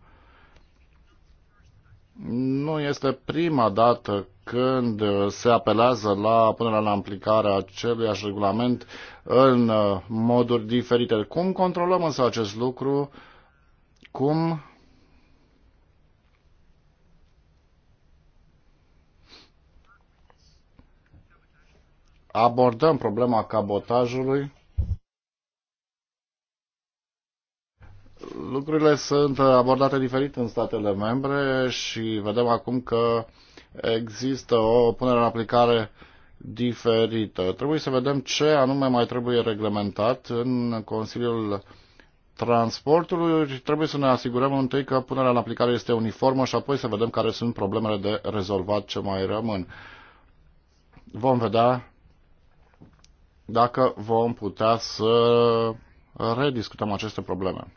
Nu este prima dată când uh, se apelează la punerea la aplicare a aceluiași regulament în uh, moduri diferite. Cum controlăm însă acest lucru? Cum abordăm problema cabotajului? Lucrurile sunt abordate diferit în statele membre și vedem acum că există o punere în aplicare diferită. Trebuie să vedem ce anume mai trebuie reglementat în Consiliul Transportului. Trebuie să ne asigurăm întâi că punerea în aplicare este uniformă și apoi să vedem care sunt problemele de rezolvat ce mai rămân. Vom vedea dacă vom putea să rediscutăm aceste probleme.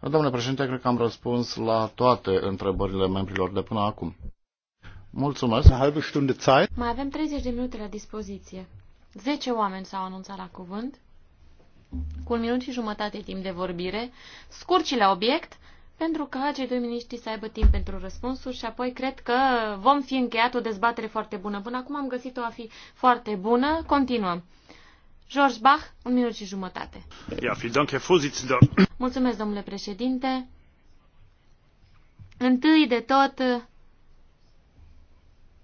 Domnule președinte, cred că am răspuns la toate întrebările membrilor de până acum. Mulțumesc. Mai avem 30 de minute la dispoziție. 10 oameni s-au anunțat la cuvânt, cu un minut și jumătate timp de vorbire, scurci la obiect, pentru ca cei doi miniștri să aibă timp pentru răspunsuri și apoi cred că vom fi încheiat o dezbatere foarte bună. Până acum am găsit-o a fi foarte bună. Continuăm. George Bach, un minut și jumătate. Ja, danke, Mulțumesc, domnule președinte. Întâi de tot,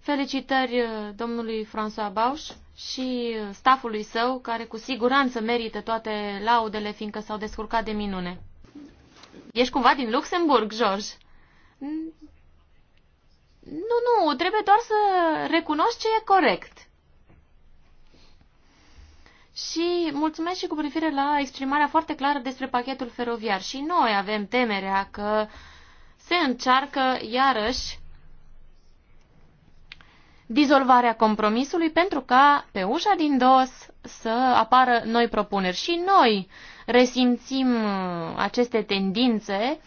Felicitări uh, domnului François Bausch și uh, stafului său, care cu siguranță merită toate laudele, fiindcă s-au descurcat de minune. Ești cumva din Luxemburg, George? Nu, nu, trebuie doar să recunoști ce e corect. Și mulțumesc și cu privire la exprimarea foarte clară despre pachetul feroviar. Și noi avem temerea că se încearcă iarăși dizolvarea compromisului pentru ca pe ușa din dos să apară noi propuneri. Și noi resimțim aceste tendințe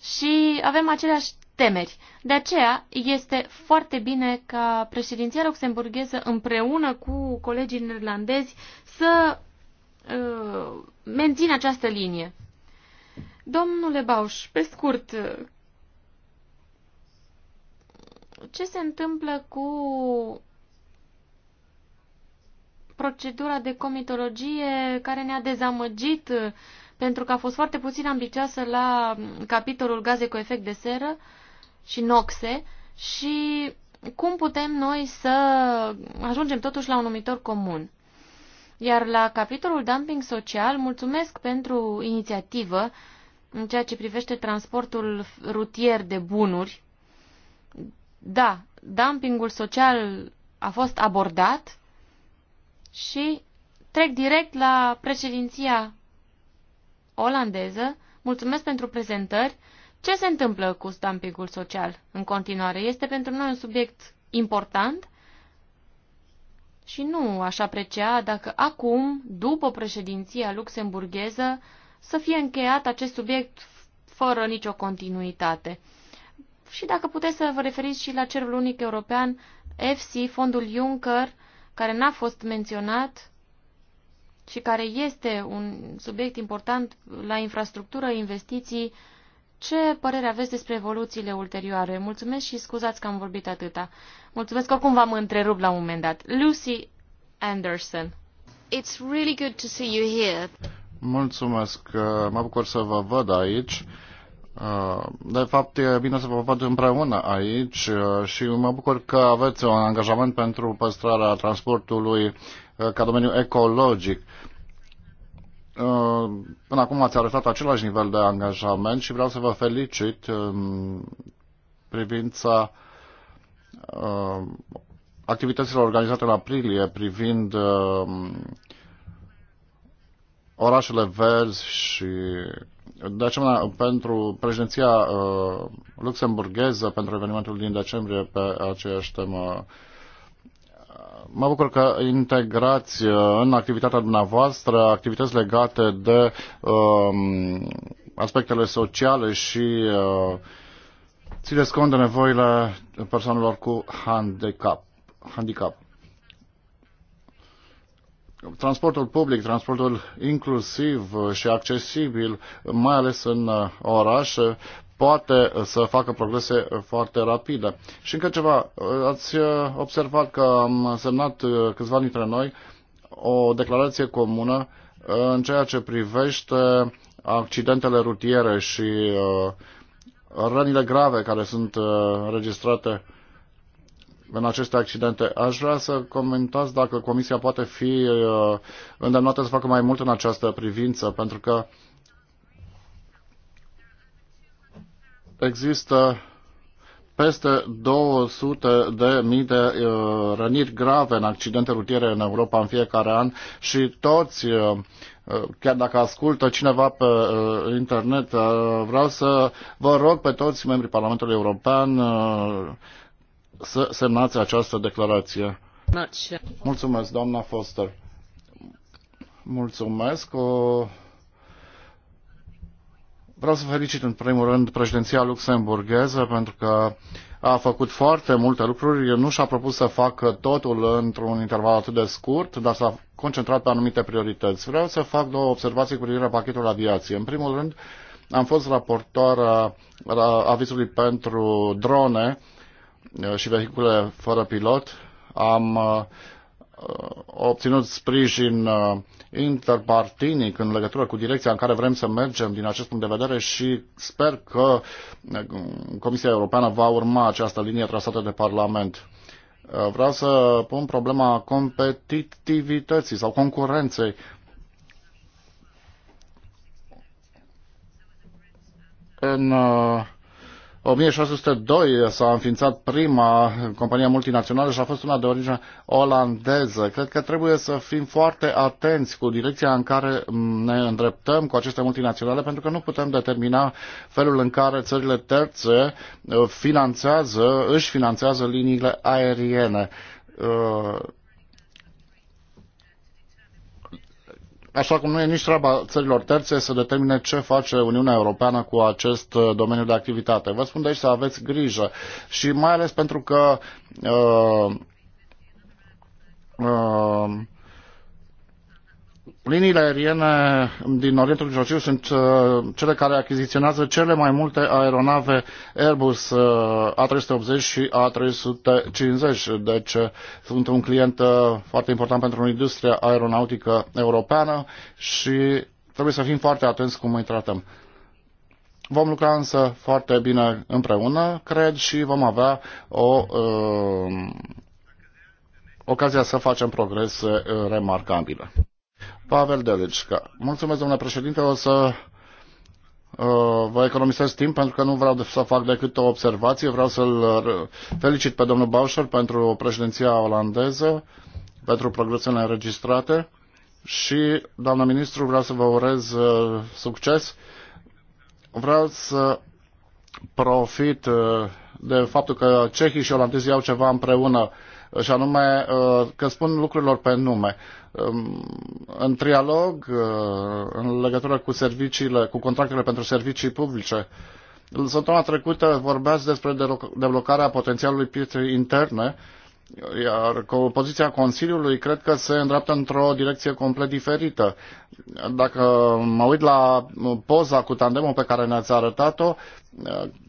și avem aceleași temeri. De aceea este foarte bine ca președinția luxemburgheză împreună cu colegii neerlandezi să uh, mențină această linie. Domnule Bauș, pe scurt, ce se întâmplă cu procedura de comitologie care ne-a dezamăgit pentru că a fost foarte puțin ambicioasă la capitolul gaze cu efect de seră și noxe și cum putem noi să ajungem totuși la un numitor comun. Iar la capitolul dumping social, mulțumesc pentru inițiativă în ceea ce privește transportul rutier de bunuri da, dumpingul social a fost abordat și trec direct la președinția olandeză. Mulțumesc pentru prezentări. Ce se întâmplă cu dumpingul social în continuare? Este pentru noi un subiect important și nu aș aprecia dacă acum, după președinția luxemburgheză, să fie încheiat acest subiect fără nicio continuitate. Și dacă puteți să vă referiți și la Cerul Unic European, FC, Fondul Juncker, care n-a fost menționat și care este un subiect important la infrastructură, investiții, ce părere aveți despre evoluțiile ulterioare? Mulțumesc și scuzați că am vorbit atâta. Mulțumesc că oricum v-am întrerupt la un moment dat. Lucy Anderson. It's really good to see you here. Mulțumesc. Mă bucur să vă văd aici. Uh, de fapt, e bine să vă văd împreună aici uh, și mă bucur că aveți un angajament pentru păstrarea transportului uh, ca domeniu ecologic. Până acum ați arătat același nivel de angajament și vreau să vă felicit în um, privința activităților organizate în aprilie privind um, orașele verzi și de asemenea, pentru președinția uh, luxemburgheză, pentru evenimentul din decembrie pe aceeași temă, mă bucur că integrați uh, în activitatea dumneavoastră activități legate de um, aspectele sociale și uh, țineți cont de nevoile persoanelor cu handicap. handicap transportul public, transportul inclusiv uh, și accesibil, mai ales în uh, orașe, uh, poate să facă progrese foarte rapide. Și încă ceva, ați observat că am semnat câțiva dintre noi o declarație comună în ceea ce privește accidentele rutiere și rănile grave care sunt înregistrate în aceste accidente. Aș vrea să comentați dacă Comisia poate fi uh, îndemnată să facă mai mult în această privință, pentru că există peste 200 de mii de uh, răniri grave în accidente rutiere în Europa în fiecare an și toți, uh, uh, chiar dacă ascultă cineva pe uh, internet, uh, vreau să vă rog pe toți membrii Parlamentului European uh, să semnați această declarație. Mulțumesc, doamna Foster. Mulțumesc. O... Vreau să felicit în primul rând președinția luxemburgheză pentru că a făcut foarte multe lucruri. Nu și-a propus să facă totul într-un interval atât de scurt, dar s-a concentrat pe anumite priorități. Vreau să fac două observații cu privire la pachetul aviație. În primul rând, am fost raportoarea avizului pentru drone Uh, și vehicule fără pilot. Am uh, uh, obținut sprijin interpartinic în legătură cu direcția în care vrem să mergem din acest punct de vedere și sper că Comisia Europeană va urma această linie trasată de Parlament. Vreau să pun problema competitivității sau concurenței. În uh, 1602 s-a înființat prima companie multinațională și a fost una de origine olandeză. Cred că trebuie să fim foarte atenți cu direcția în care ne îndreptăm cu aceste multinaționale, pentru că nu putem determina felul în care țările terțe uh, finanțează, își finanțează liniile aeriene uh, Așa cum nu e nici treaba țărilor terțe să determine ce face Uniunea Europeană cu acest uh, domeniu de activitate. Vă spun de aici să aveți grijă și mai ales pentru că uh, uh, Liniile aeriene din Orientul Mijlociu sunt uh, cele care achiziționează cele mai multe aeronave Airbus uh, A380 și A350, deci uh, sunt un client foarte important pentru industria aeronautică europeană și trebuie să fim foarte atenți cum îi tratăm. Vom lucra însă foarte bine împreună, cred, și vom avea o uh, ocazia să facem progrese remarcabile. Pavel Delicca. Mulțumesc, domnule președinte, o să uh, vă economisesc timp pentru că nu vreau să fac decât o observație. Vreau să-l uh, felicit pe domnul Bauscher pentru președinția olandeză, pentru progresele înregistrate și, doamna ministru, vreau să vă urez uh, succes. Vreau să profit de faptul că cehii și olandezii au ceva împreună și anume uh, că spun lucrurilor pe nume. Um, în trialog, uh, în legătură cu serviciile, cu contractele pentru servicii publice, Săptămâna trecută vorbeați despre deblocarea potențialului pieței interne iar poziția Consiliului cred că se îndreaptă într-o direcție complet diferită. Dacă mă uit la poza cu tandemul pe care ne-ați arătat-o,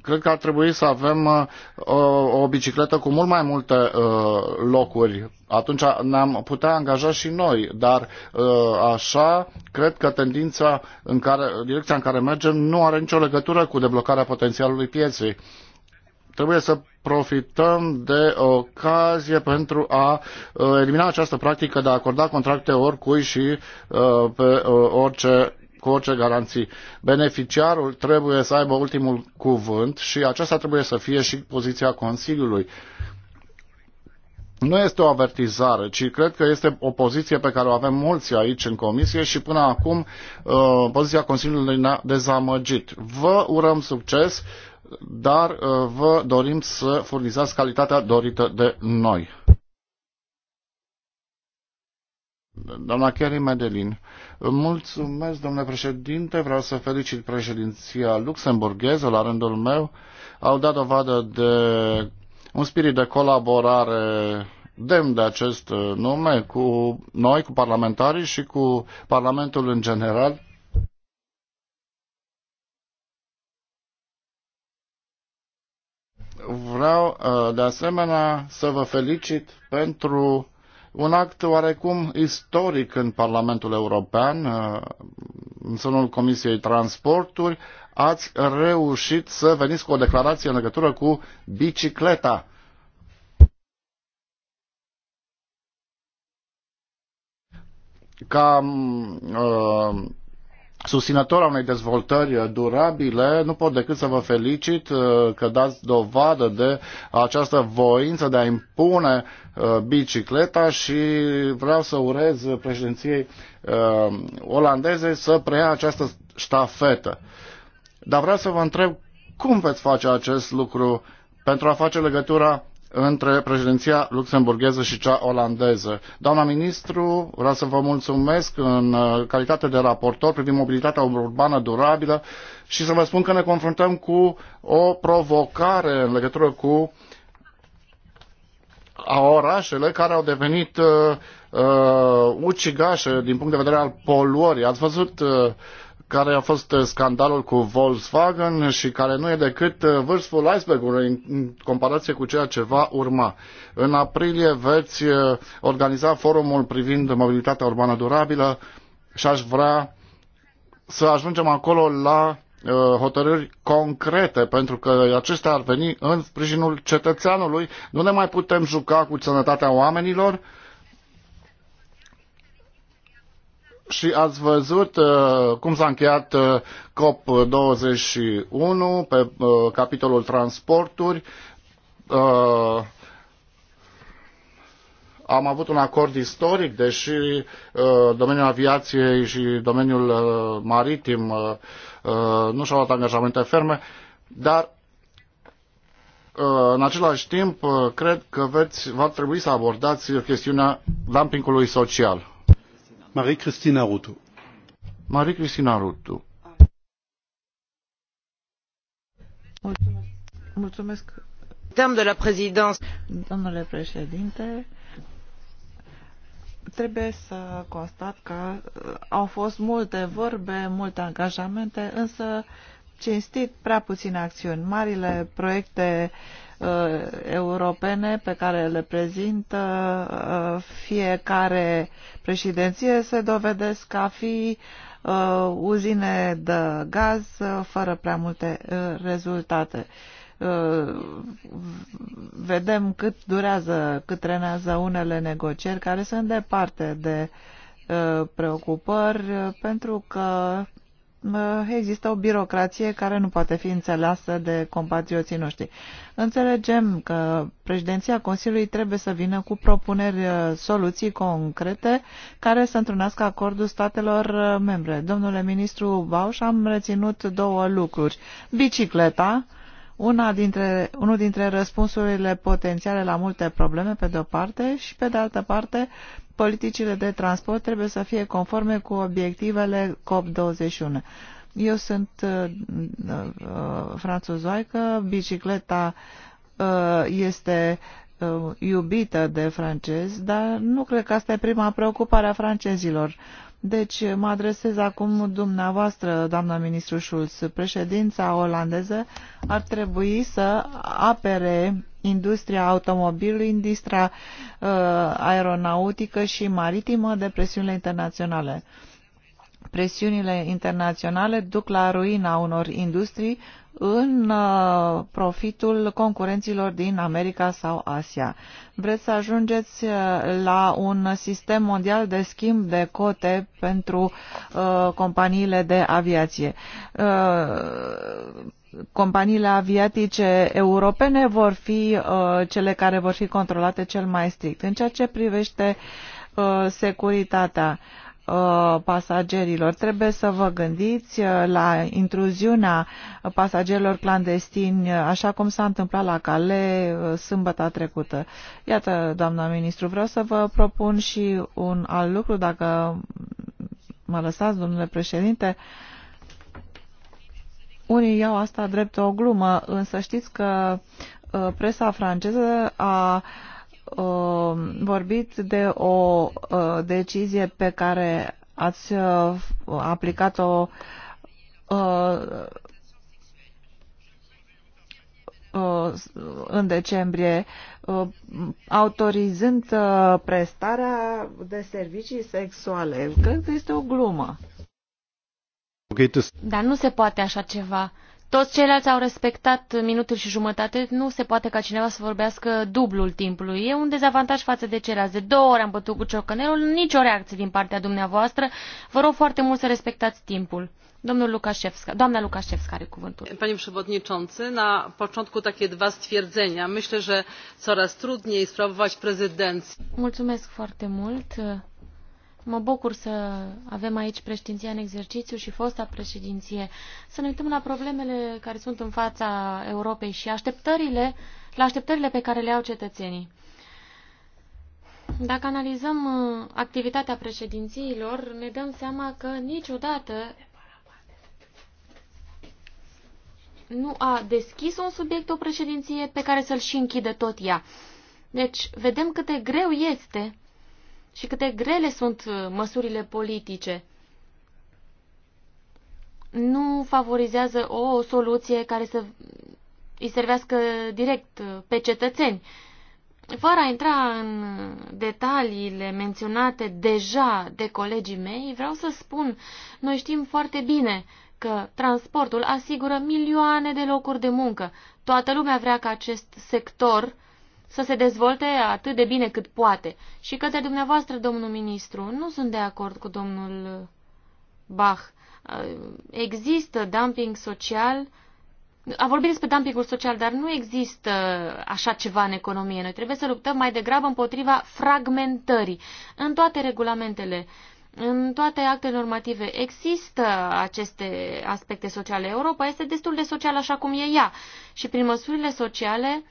cred că ar trebui să avem uh, o, o bicicletă cu mult mai multe uh, locuri. Atunci ne-am putea angaja și noi, dar uh, așa cred că tendința în care, direcția în care mergem nu are nicio legătură cu deblocarea potențialului pieței. Trebuie să profităm de ocazie pentru a uh, elimina această practică de a acorda contracte oricui și uh, pe uh, orice cu orice garanții. Beneficiarul trebuie să aibă ultimul cuvânt și aceasta trebuie să fie și poziția Consiliului. Nu este o avertizare, ci cred că este o poziție pe care o avem mulți aici în comisie și până acum poziția Consiliului ne-a dezamăgit. Vă urăm succes dar uh, vă dorim să furnizați calitatea dorită de noi. Doamna Kerry Medelin, mulțumesc, domnule președinte, vreau să felicit președinția luxemburgheză la rândul meu. Au dat dovadă de un spirit de colaborare demn de acest nume cu noi, cu parlamentarii și cu Parlamentul în general Vreau uh, de asemenea să vă felicit pentru un act oarecum istoric în Parlamentul European, uh, în sânul Comisiei Transporturi, ați reușit să veniți cu o declarație în legătură cu bicicleta. Ca uh, susținător a unei dezvoltări uh, durabile, nu pot decât să vă felicit uh, că dați dovadă de această voință de a impune uh, bicicleta și vreau să urez președinției olandeze să preia această ștafetă. Dar vreau să vă întreb cum veți face acest lucru pentru a face legătura între președinția luxemburgheză și cea olandeză. Doamna ministru, vreau să vă mulțumesc în uh, calitate de raportor privind mobilitatea urbană durabilă și să vă spun că ne confruntăm cu o provocare în legătură cu a orașele care au devenit uh, uh, ucigașe din punct de vedere al poluării. Ați văzut uh, care a fost uh, scandalul cu Volkswagen și care nu e decât uh, vârful icebergului în comparație cu ceea ce va urma. În aprilie veți uh, organiza forumul privind mobilitatea urbană durabilă și aș vrea să ajungem acolo la hotărâri concrete, pentru că acestea ar veni în sprijinul cetățeanului. Nu ne mai putem juca cu sănătatea oamenilor, și ați văzut uh, cum s-a încheiat uh, COP21 pe uh, capitolul transporturi. Uh, am avut un acord istoric, deși uh, domeniul aviației și domeniul uh, maritim uh, uh, nu și-au luat angajamente ferme, dar uh, în același timp, uh, cred că veți, va trebui să abordați chestiunea dumpingului social. Marie Cristina Rutu. Marie Cristina Rutu. Mulțumesc. Mulțumesc. De la prezidență. Domnule președinte, trebuie să constat că uh, au fost multe vorbe, multe angajamente, însă cinstit prea puține acțiuni. Marile proiecte uh, Uh, europene pe care le prezintă uh, fiecare președinție se dovedesc a fi uh, uzine de gaz fără prea multe rezultate vedem cât durează, cât trenează unele negocieri care sunt departe de preocupări pentru că Uh, există o birocrație care nu poate fi înțeleasă de compatrioții noștri. Înțelegem că președinția Consiliului trebuie să vină cu propuneri, uh, soluții concrete care să întrunească acordul statelor uh, membre. Domnule ministru Bauș, am reținut două lucruri. Bicicleta, una dintre, unul dintre răspunsurile potențiale la multe probleme, pe de-o parte, și pe de altă parte, politicile de transport trebuie să fie conforme cu obiectivele COP21. Eu sunt uh, uh, franțuzoaică, bicicleta uh, este uh, iubită de francezi, dar nu cred că asta e prima preocupare a francezilor. Uh, deci mă adresez acum dumneavoastră, doamna ministru Schulz. Președința olandeză ar trebui să apere industria automobilului, industria uh, aeronautică și maritimă de presiunile internaționale. Uh, presiunile internaționale duc la ruina unor industrii în uh, profitul concurenților din America sau Asia. Vreți să ajungeți uh, la un sistem mondial de schimb de cote pentru uh, companiile de aviație. companiile aviatice europene vor fi cele care vor fi controlate cel mai strict. În ceea ce privește securitatea, Uh, pasagerilor. Trebuie să vă gândiți uh, la intruziunea pasagerilor clandestini, uh, așa cum s-a întâmplat la cale sâmbăta trecută. Iată, doamna ministru, vreau să vă propun și un alt lucru, dacă mă lăsați, domnule președinte. Unii iau asta drept o glumă, însă știți că presa franceză a uh, Uh, vorbit de o uh, decizie pe care ați uh, aplicat-o în decembrie, autorizând prestarea de servicii sexuale. Cred că este o glumă. Dar nu se poate așa ceva. Toți ceilalți au respectat minutul și jumătate. Nu se poate ca cineva să vorbească dublul timpului. E un dezavantaj față de ceilalți. De două ori am bătut cu ciocănelul, nicio reacție din partea dumneavoastră. Vă rog foarte mult să respectați timpul. Domnul Lukaszewska, doamna Lukaszewska are cuvântul. Panie Przewodniczący, na początku takie dwa stwierdzenia. Myślę, że coraz trudniej sprawować prezydencję. Mulțumesc foarte mult. Mă bucur să avem aici președinția în exercițiu și fosta președinție. Să ne uităm la problemele care sunt în fața Europei și așteptările, la așteptările pe care le au cetățenii. Dacă analizăm uh, activitatea președințiilor, ne dăm seama că niciodată nu a deschis un subiect, o președinție pe care să-l și închidă tot ea. Deci, vedem cât de greu este și cât de grele sunt uh, măsurile politice. Nu favorizează o soluție care să îi servească direct uh, pe cetățeni. Fără a intra în detaliile menționate deja de colegii mei, vreau să spun, noi știm foarte bine că transportul asigură milioane de locuri de muncă. Toată lumea vrea ca acest sector să se dezvolte atât de bine cât poate. Și către dumneavoastră, domnul ministru, nu sunt de acord cu domnul Bach. Uh, există dumping social. A vorbit despre dumpingul social, dar nu există așa ceva în economie. Noi trebuie să luptăm mai degrabă împotriva fragmentării. În toate regulamentele în toate actele normative există aceste aspecte sociale. Europa este destul de socială așa cum e ea și prin măsurile sociale uh,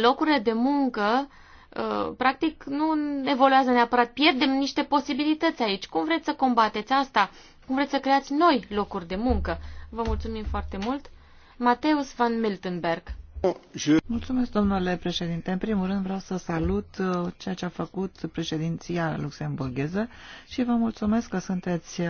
locurile de muncă uh, practic nu evoluează neapărat. Pierdem niște posibilități aici. Cum vreți să combateți asta? Cum vreți să creați noi locuri de muncă? Vă mulțumim foarte mult. Mateus van Miltenberg. Mulțumesc, domnule președinte. În primul rând vreau să salut uh, ceea ce a făcut președinția luxemburgheză și vă mulțumesc că sunteți uh,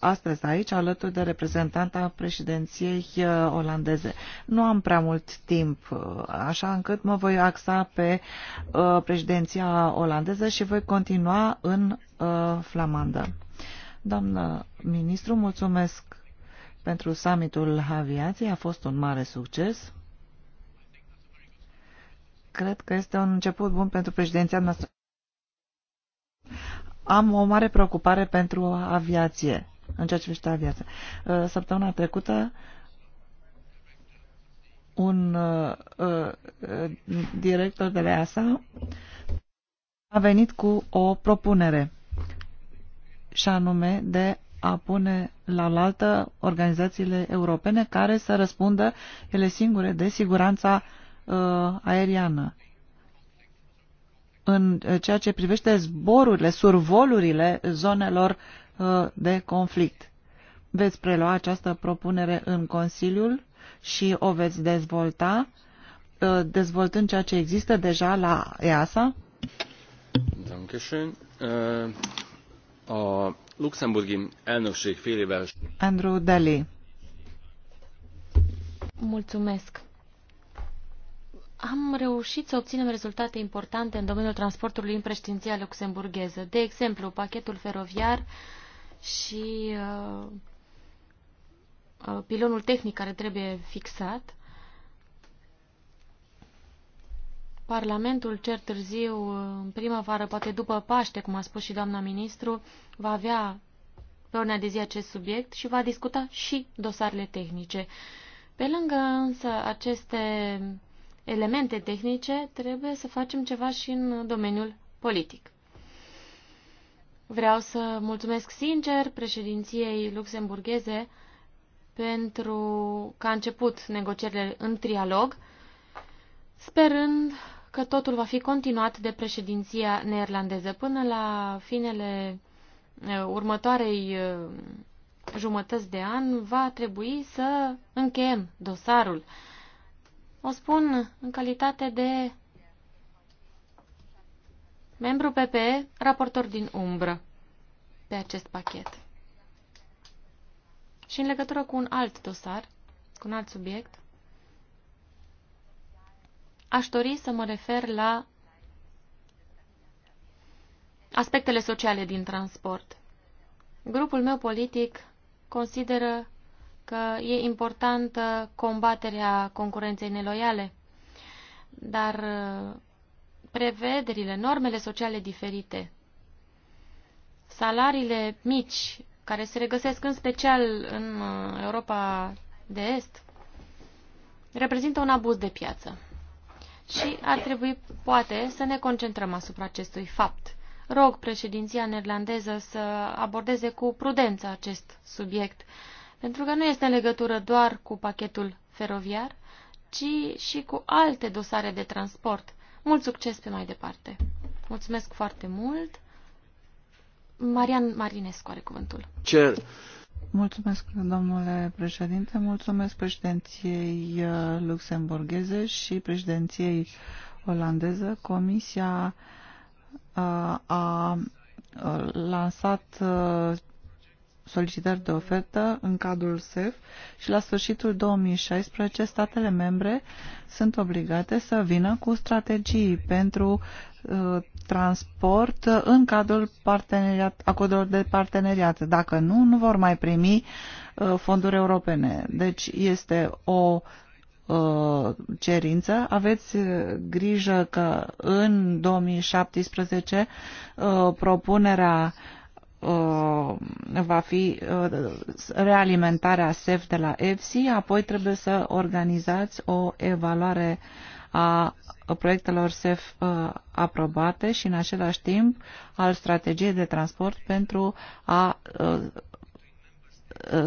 astăzi aici alături de reprezentanta președinției uh, olandeze. Nu am prea mult timp, uh, așa încât mă voi axa pe uh, președinția olandeză și voi continua în flamandă. Doamnă ministru, mulțumesc pentru summitul aviației. A fost un mare succes. Cred că este un început bun pentru președinția noastră. Am o mare preocupare pentru aviație în ceea ce privește aviația. Uh, săptămâna trecută, un uh, uh, director de la EASA a venit cu o propunere și anume de a pune la oaltă organizațiile europene care să răspundă ele singure de siguranța uh, aeriană. În ceea ce privește zborurile, survolurile zonelor Uh, de conflict. Veți prelua această propunere în Consiliul și o veți dezvolta, uh, dezvoltând ceea ce există deja la EASA? Uh, Andrew Daly. Mulțumesc. Am reușit să obținem rezultate importante în domeniul transportului în preștinția luxemburgheză. De exemplu, pachetul feroviar uh, și uh, uh, pilonul tehnic care trebuie fixat. Parlamentul, cer târziu, în primăvară, poate după Paște, cum a spus și doamna ministru, va avea pe ordinea de zi acest subiect și va discuta și dosarele tehnice. Pe lângă însă aceste elemente tehnice, trebuie să facem ceva și în domeniul politic. Vreau să mulțumesc sincer președinției luxemburgheze pentru că a început negocierile în trialog, sperând că totul va fi continuat de președinția neerlandeză până la finele următoarei jumătăți de an va trebui să încheiem dosarul. O spun în calitate de membru PPE, raportor din umbră pe acest pachet. Și în legătură cu un alt dosar, cu un alt subiect, aș dori să mă refer la aspectele sociale din transport. Grupul meu politic consideră că e importantă combaterea concurenței neloiale, dar prevederile, normele sociale diferite, salariile mici, care se regăsesc în special în uh, Europa de Est, reprezintă un abuz de piață. Și ar trebui, poate, să ne concentrăm asupra acestui fapt. Rog președinția neerlandeză să abordeze cu prudență acest subiect, pentru că nu este în legătură doar cu pachetul feroviar, ci și cu alte dosare de transport, mult succes pe mai departe! Mulțumesc foarte mult! Marian Marinescu are cuvântul. Cer. Mulțumesc, domnule președinte, mulțumesc președinției uh, luxemburgheze și președinției olandeză. Comisia uh, a uh, lansat solicitări de ofertă în cadrul SEF și la sfârșitul 2016 statele membre sunt obligate să vină cu strategii pentru uh, transport în cadrul parteneriat, acordurilor de parteneriat. Dacă nu, nu vor mai primi uh, fonduri europene. Deci este o uh, cerință. Aveți grijă că în 2017 propunerea Uh, va fi uh, realimentarea SEF de la EFSI, apoi trebuie să organizați o evaluare a proiectelor SEF uh, aprobate și în același timp al strategiei de transport pentru a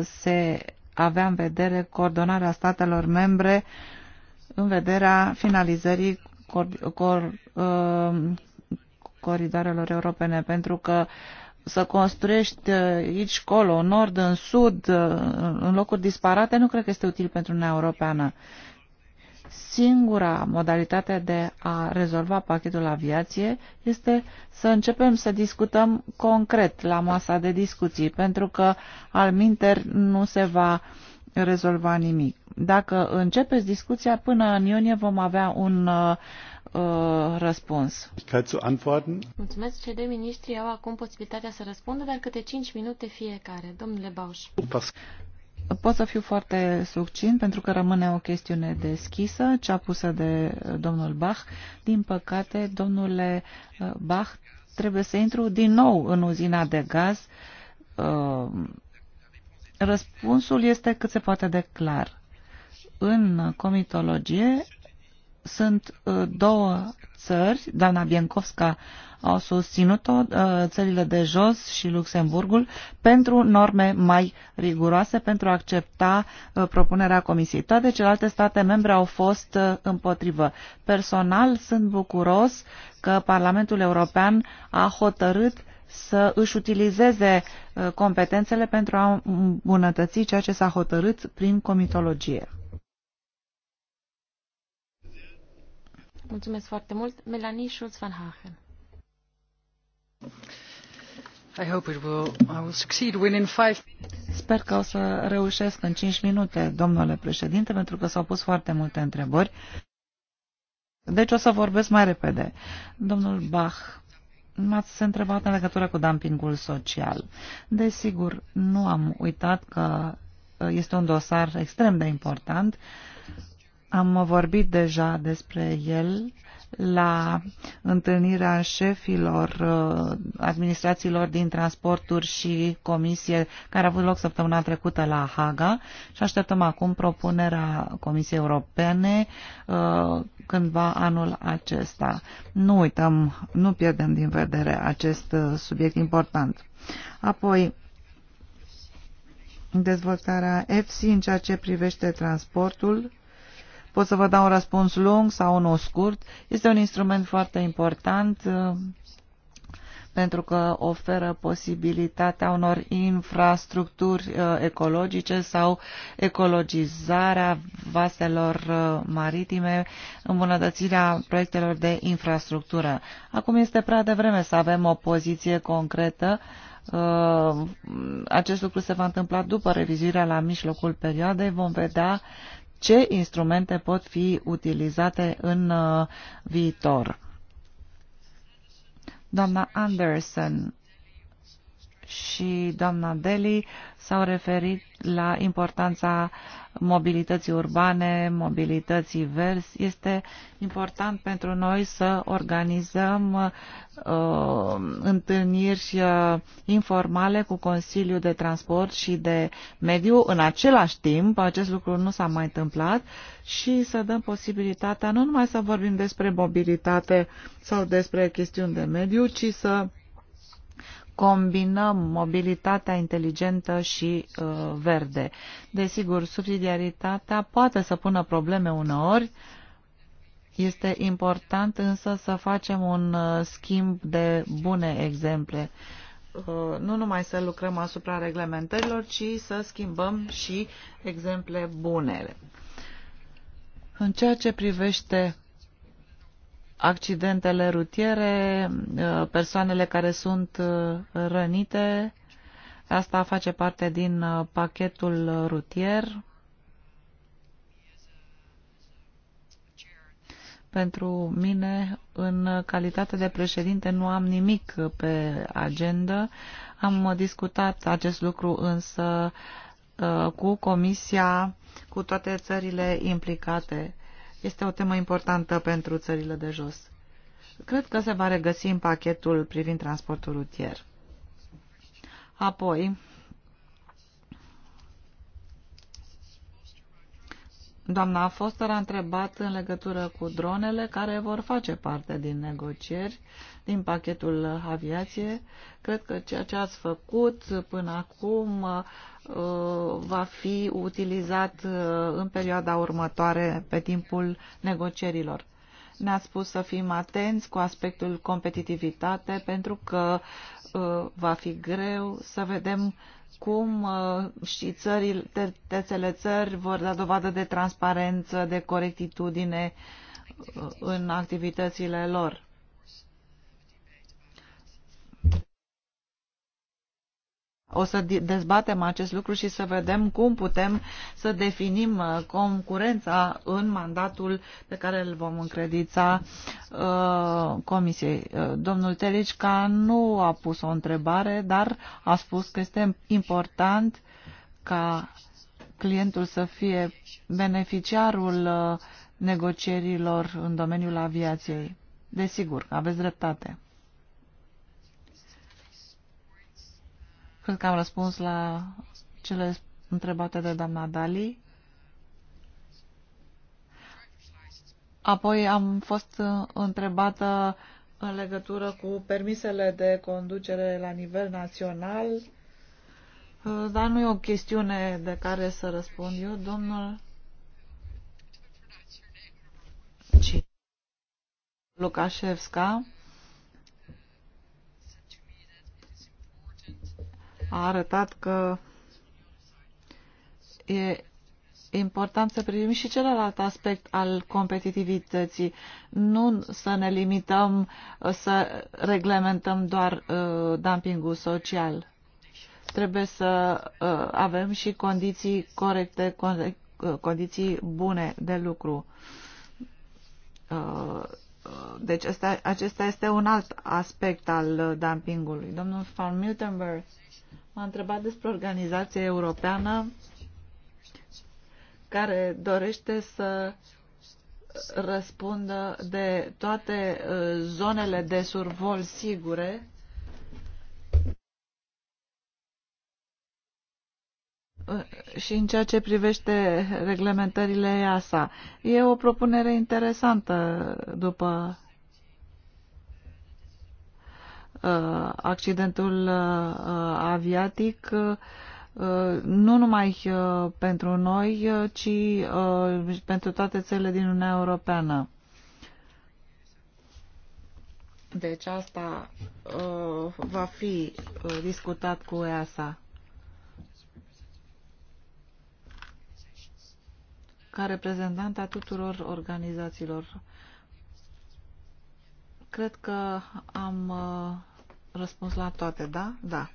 se avea în vedere coordonarea statelor membre în vederea finalizării cor, cor, coridoarelor europene, pentru că uh, să construiești uh, aici, colo, în nord, în sud, uh, în locuri disparate, nu cred că este util pentru Uniunea Europeană. Singura modalitate de a rezolva pachetul aviație este să începem să discutăm concret la masa de discuții, pentru că al minter nu se va rezolva nimic. Dacă începeți discuția, până în iunie vom avea un uh, Uh, răspuns. Mulțumesc. Cei doi ministri au acum posibilitatea să răspundă, dar câte 5 minute fiecare. Domnule Bauș. Pot să fiu foarte succint pentru că rămâne o chestiune deschisă, cea pusă de domnul Bach. Din păcate, domnule uh, Bach, trebuie să intru din nou în uzina de gaz. Uh, răspunsul este cât se poate de clar. În comitologie sunt uh, două țări, Dana Biencovska au susținut-o, uh, țările de jos și Luxemburgul, pentru norme mai riguroase, pentru a accepta uh, propunerea Comisiei. Toate celelalte state membre au fost împotrivă. Personal sunt bucuros că Parlamentul European a hotărât să își utilizeze competențele pentru a îmbunătăți ceea ce s-a hotărât prin comitologie. Mulțumesc foarte mult. Melanie Schulz-Van Hagen. I hope it will, I will succeed within five... Sper că o să reușesc în 5 minute, domnule președinte, pentru că s-au pus foarte multe întrebări. Deci o să vorbesc mai repede. Domnul Bach, m-ați întrebat în legătură cu dumpingul social. Desigur, nu am uitat că este un dosar extrem de important am vorbit deja despre el la întâlnirea șefilor uh, administrațiilor din transporturi și comisie care a avut loc săptămâna trecută la Haga și așteptăm acum propunerea Comisiei Europene uh, cândva anul acesta. Nu uităm, nu pierdem din vedere acest uh, subiect important. Apoi, dezvoltarea EFSI în ceea ce privește transportul, Pot să vă dau un răspuns lung sau unul scurt. Este un instrument foarte important uh, pentru că oferă posibilitatea unor infrastructuri uh, ecologice sau ecologizarea vaselor uh, maritime, îmbunătățirea proiectelor de infrastructură. Acum este prea devreme să avem o poziție concretă. Acest lucru se va întâmpla după revizuirea la mijlocul perioadei. Vom vedea ce instrumente pot fi utilizate în uh, viitor. Doamna Anderson și doamna Deli s-au referit la importanța mobilității urbane, mobilității verzi. Este important pentru noi să organizăm uh, întâlniri uh, informale cu Consiliul de Transport și de Mediu. În același timp, acest lucru nu s-a mai întâmplat și să dăm posibilitatea nu numai să vorbim despre mobilitate sau despre chestiuni de mediu, ci să combinăm mobilitatea inteligentă și uh, verde. Desigur, subsidiaritatea poate să pună probleme uneori, este important însă să facem un uh, schimb de bune exemple. Uh, nu numai să lucrăm asupra reglementărilor, ci să schimbăm și exemple bune. În ceea ce privește accidentele rutiere, uh, persoanele care sunt uh, rănite. Asta face parte din uh, pachetul rutier. Pentru mine, în calitate de președinte, nu am nimic pe agenda. Am discutat acest lucru însă cu Comisia, cu toate țările implicate este o temă importantă pentru țările de jos. Cred că se va regăsi în pachetul privind transportul rutier. Apoi, doamna Foster a întrebat în legătură cu dronele care vor face parte din negocieri, din pachetul aviație. Cred că ceea ce ați făcut până acum Uh, va fi utilizat uh, în perioada următoare pe timpul negocierilor. Ne-a spus să fim atenți cu aspectul competitivitate pentru că uh, va fi greu să vedem cum și țările, terțele țări vor da dovadă de transparență, de corectitudine în activitățile lor. O să dezbatem acest lucru și să vedem cum putem să definim uh, concurența în mandatul pe care îl vom încredița uh, Comisiei. Uh, domnul Telicca nu a pus o întrebare, dar a spus că este important ca clientul să fie beneficiarul negocierilor în domeniul aviației. Desigur, aveți dreptate. Cred că am răspuns la cele întrebate de doamna Dali. Apoi am fost întrebată în legătură cu permisele de conducere la nivel național, dar nu e o chestiune de care să răspund eu, domnul. Lukashevska a arătat că e important să privim și celălalt aspect al competitivității. Nu să ne limităm să reglementăm doar uh, dumpingul social. Trebuie să uh, avem și condiții corecte, con uh, condiții bune de lucru. Uh, uh, deci acesta este un alt aspect al dumpingului. Domnul Van Miltenberg. M-a întrebat despre organizația europeană care dorește să răspundă de toate uh, zonele de survol sigure uh, și în ceea ce privește reglementările EASA. E o propunere interesantă după Uh, accidentul uh, uh, aviatic nu numai pentru noi, ci pentru toate țările din Uniunea Europeană. Deci asta va fi discutat cu EASA. ca reprezentant a tuturor organizațiilor. Cred că am răspuns la toate, da? Da.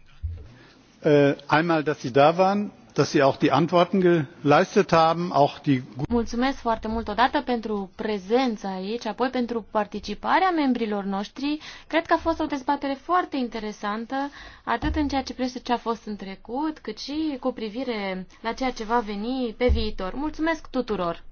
Äh, einmal, dass Sie da waren, dass Sie auch die Antworten geleistet haben, auch die... Mulțumesc foarte mult odată pentru prezența aici, apoi pentru participarea membrilor noștri. Cred că a fost o dezbatere foarte interesantă, atât în ceea ce privește ce a fost în trecut, cât și cu privire la ceea ce va veni pe viitor. Mulțumesc tuturor!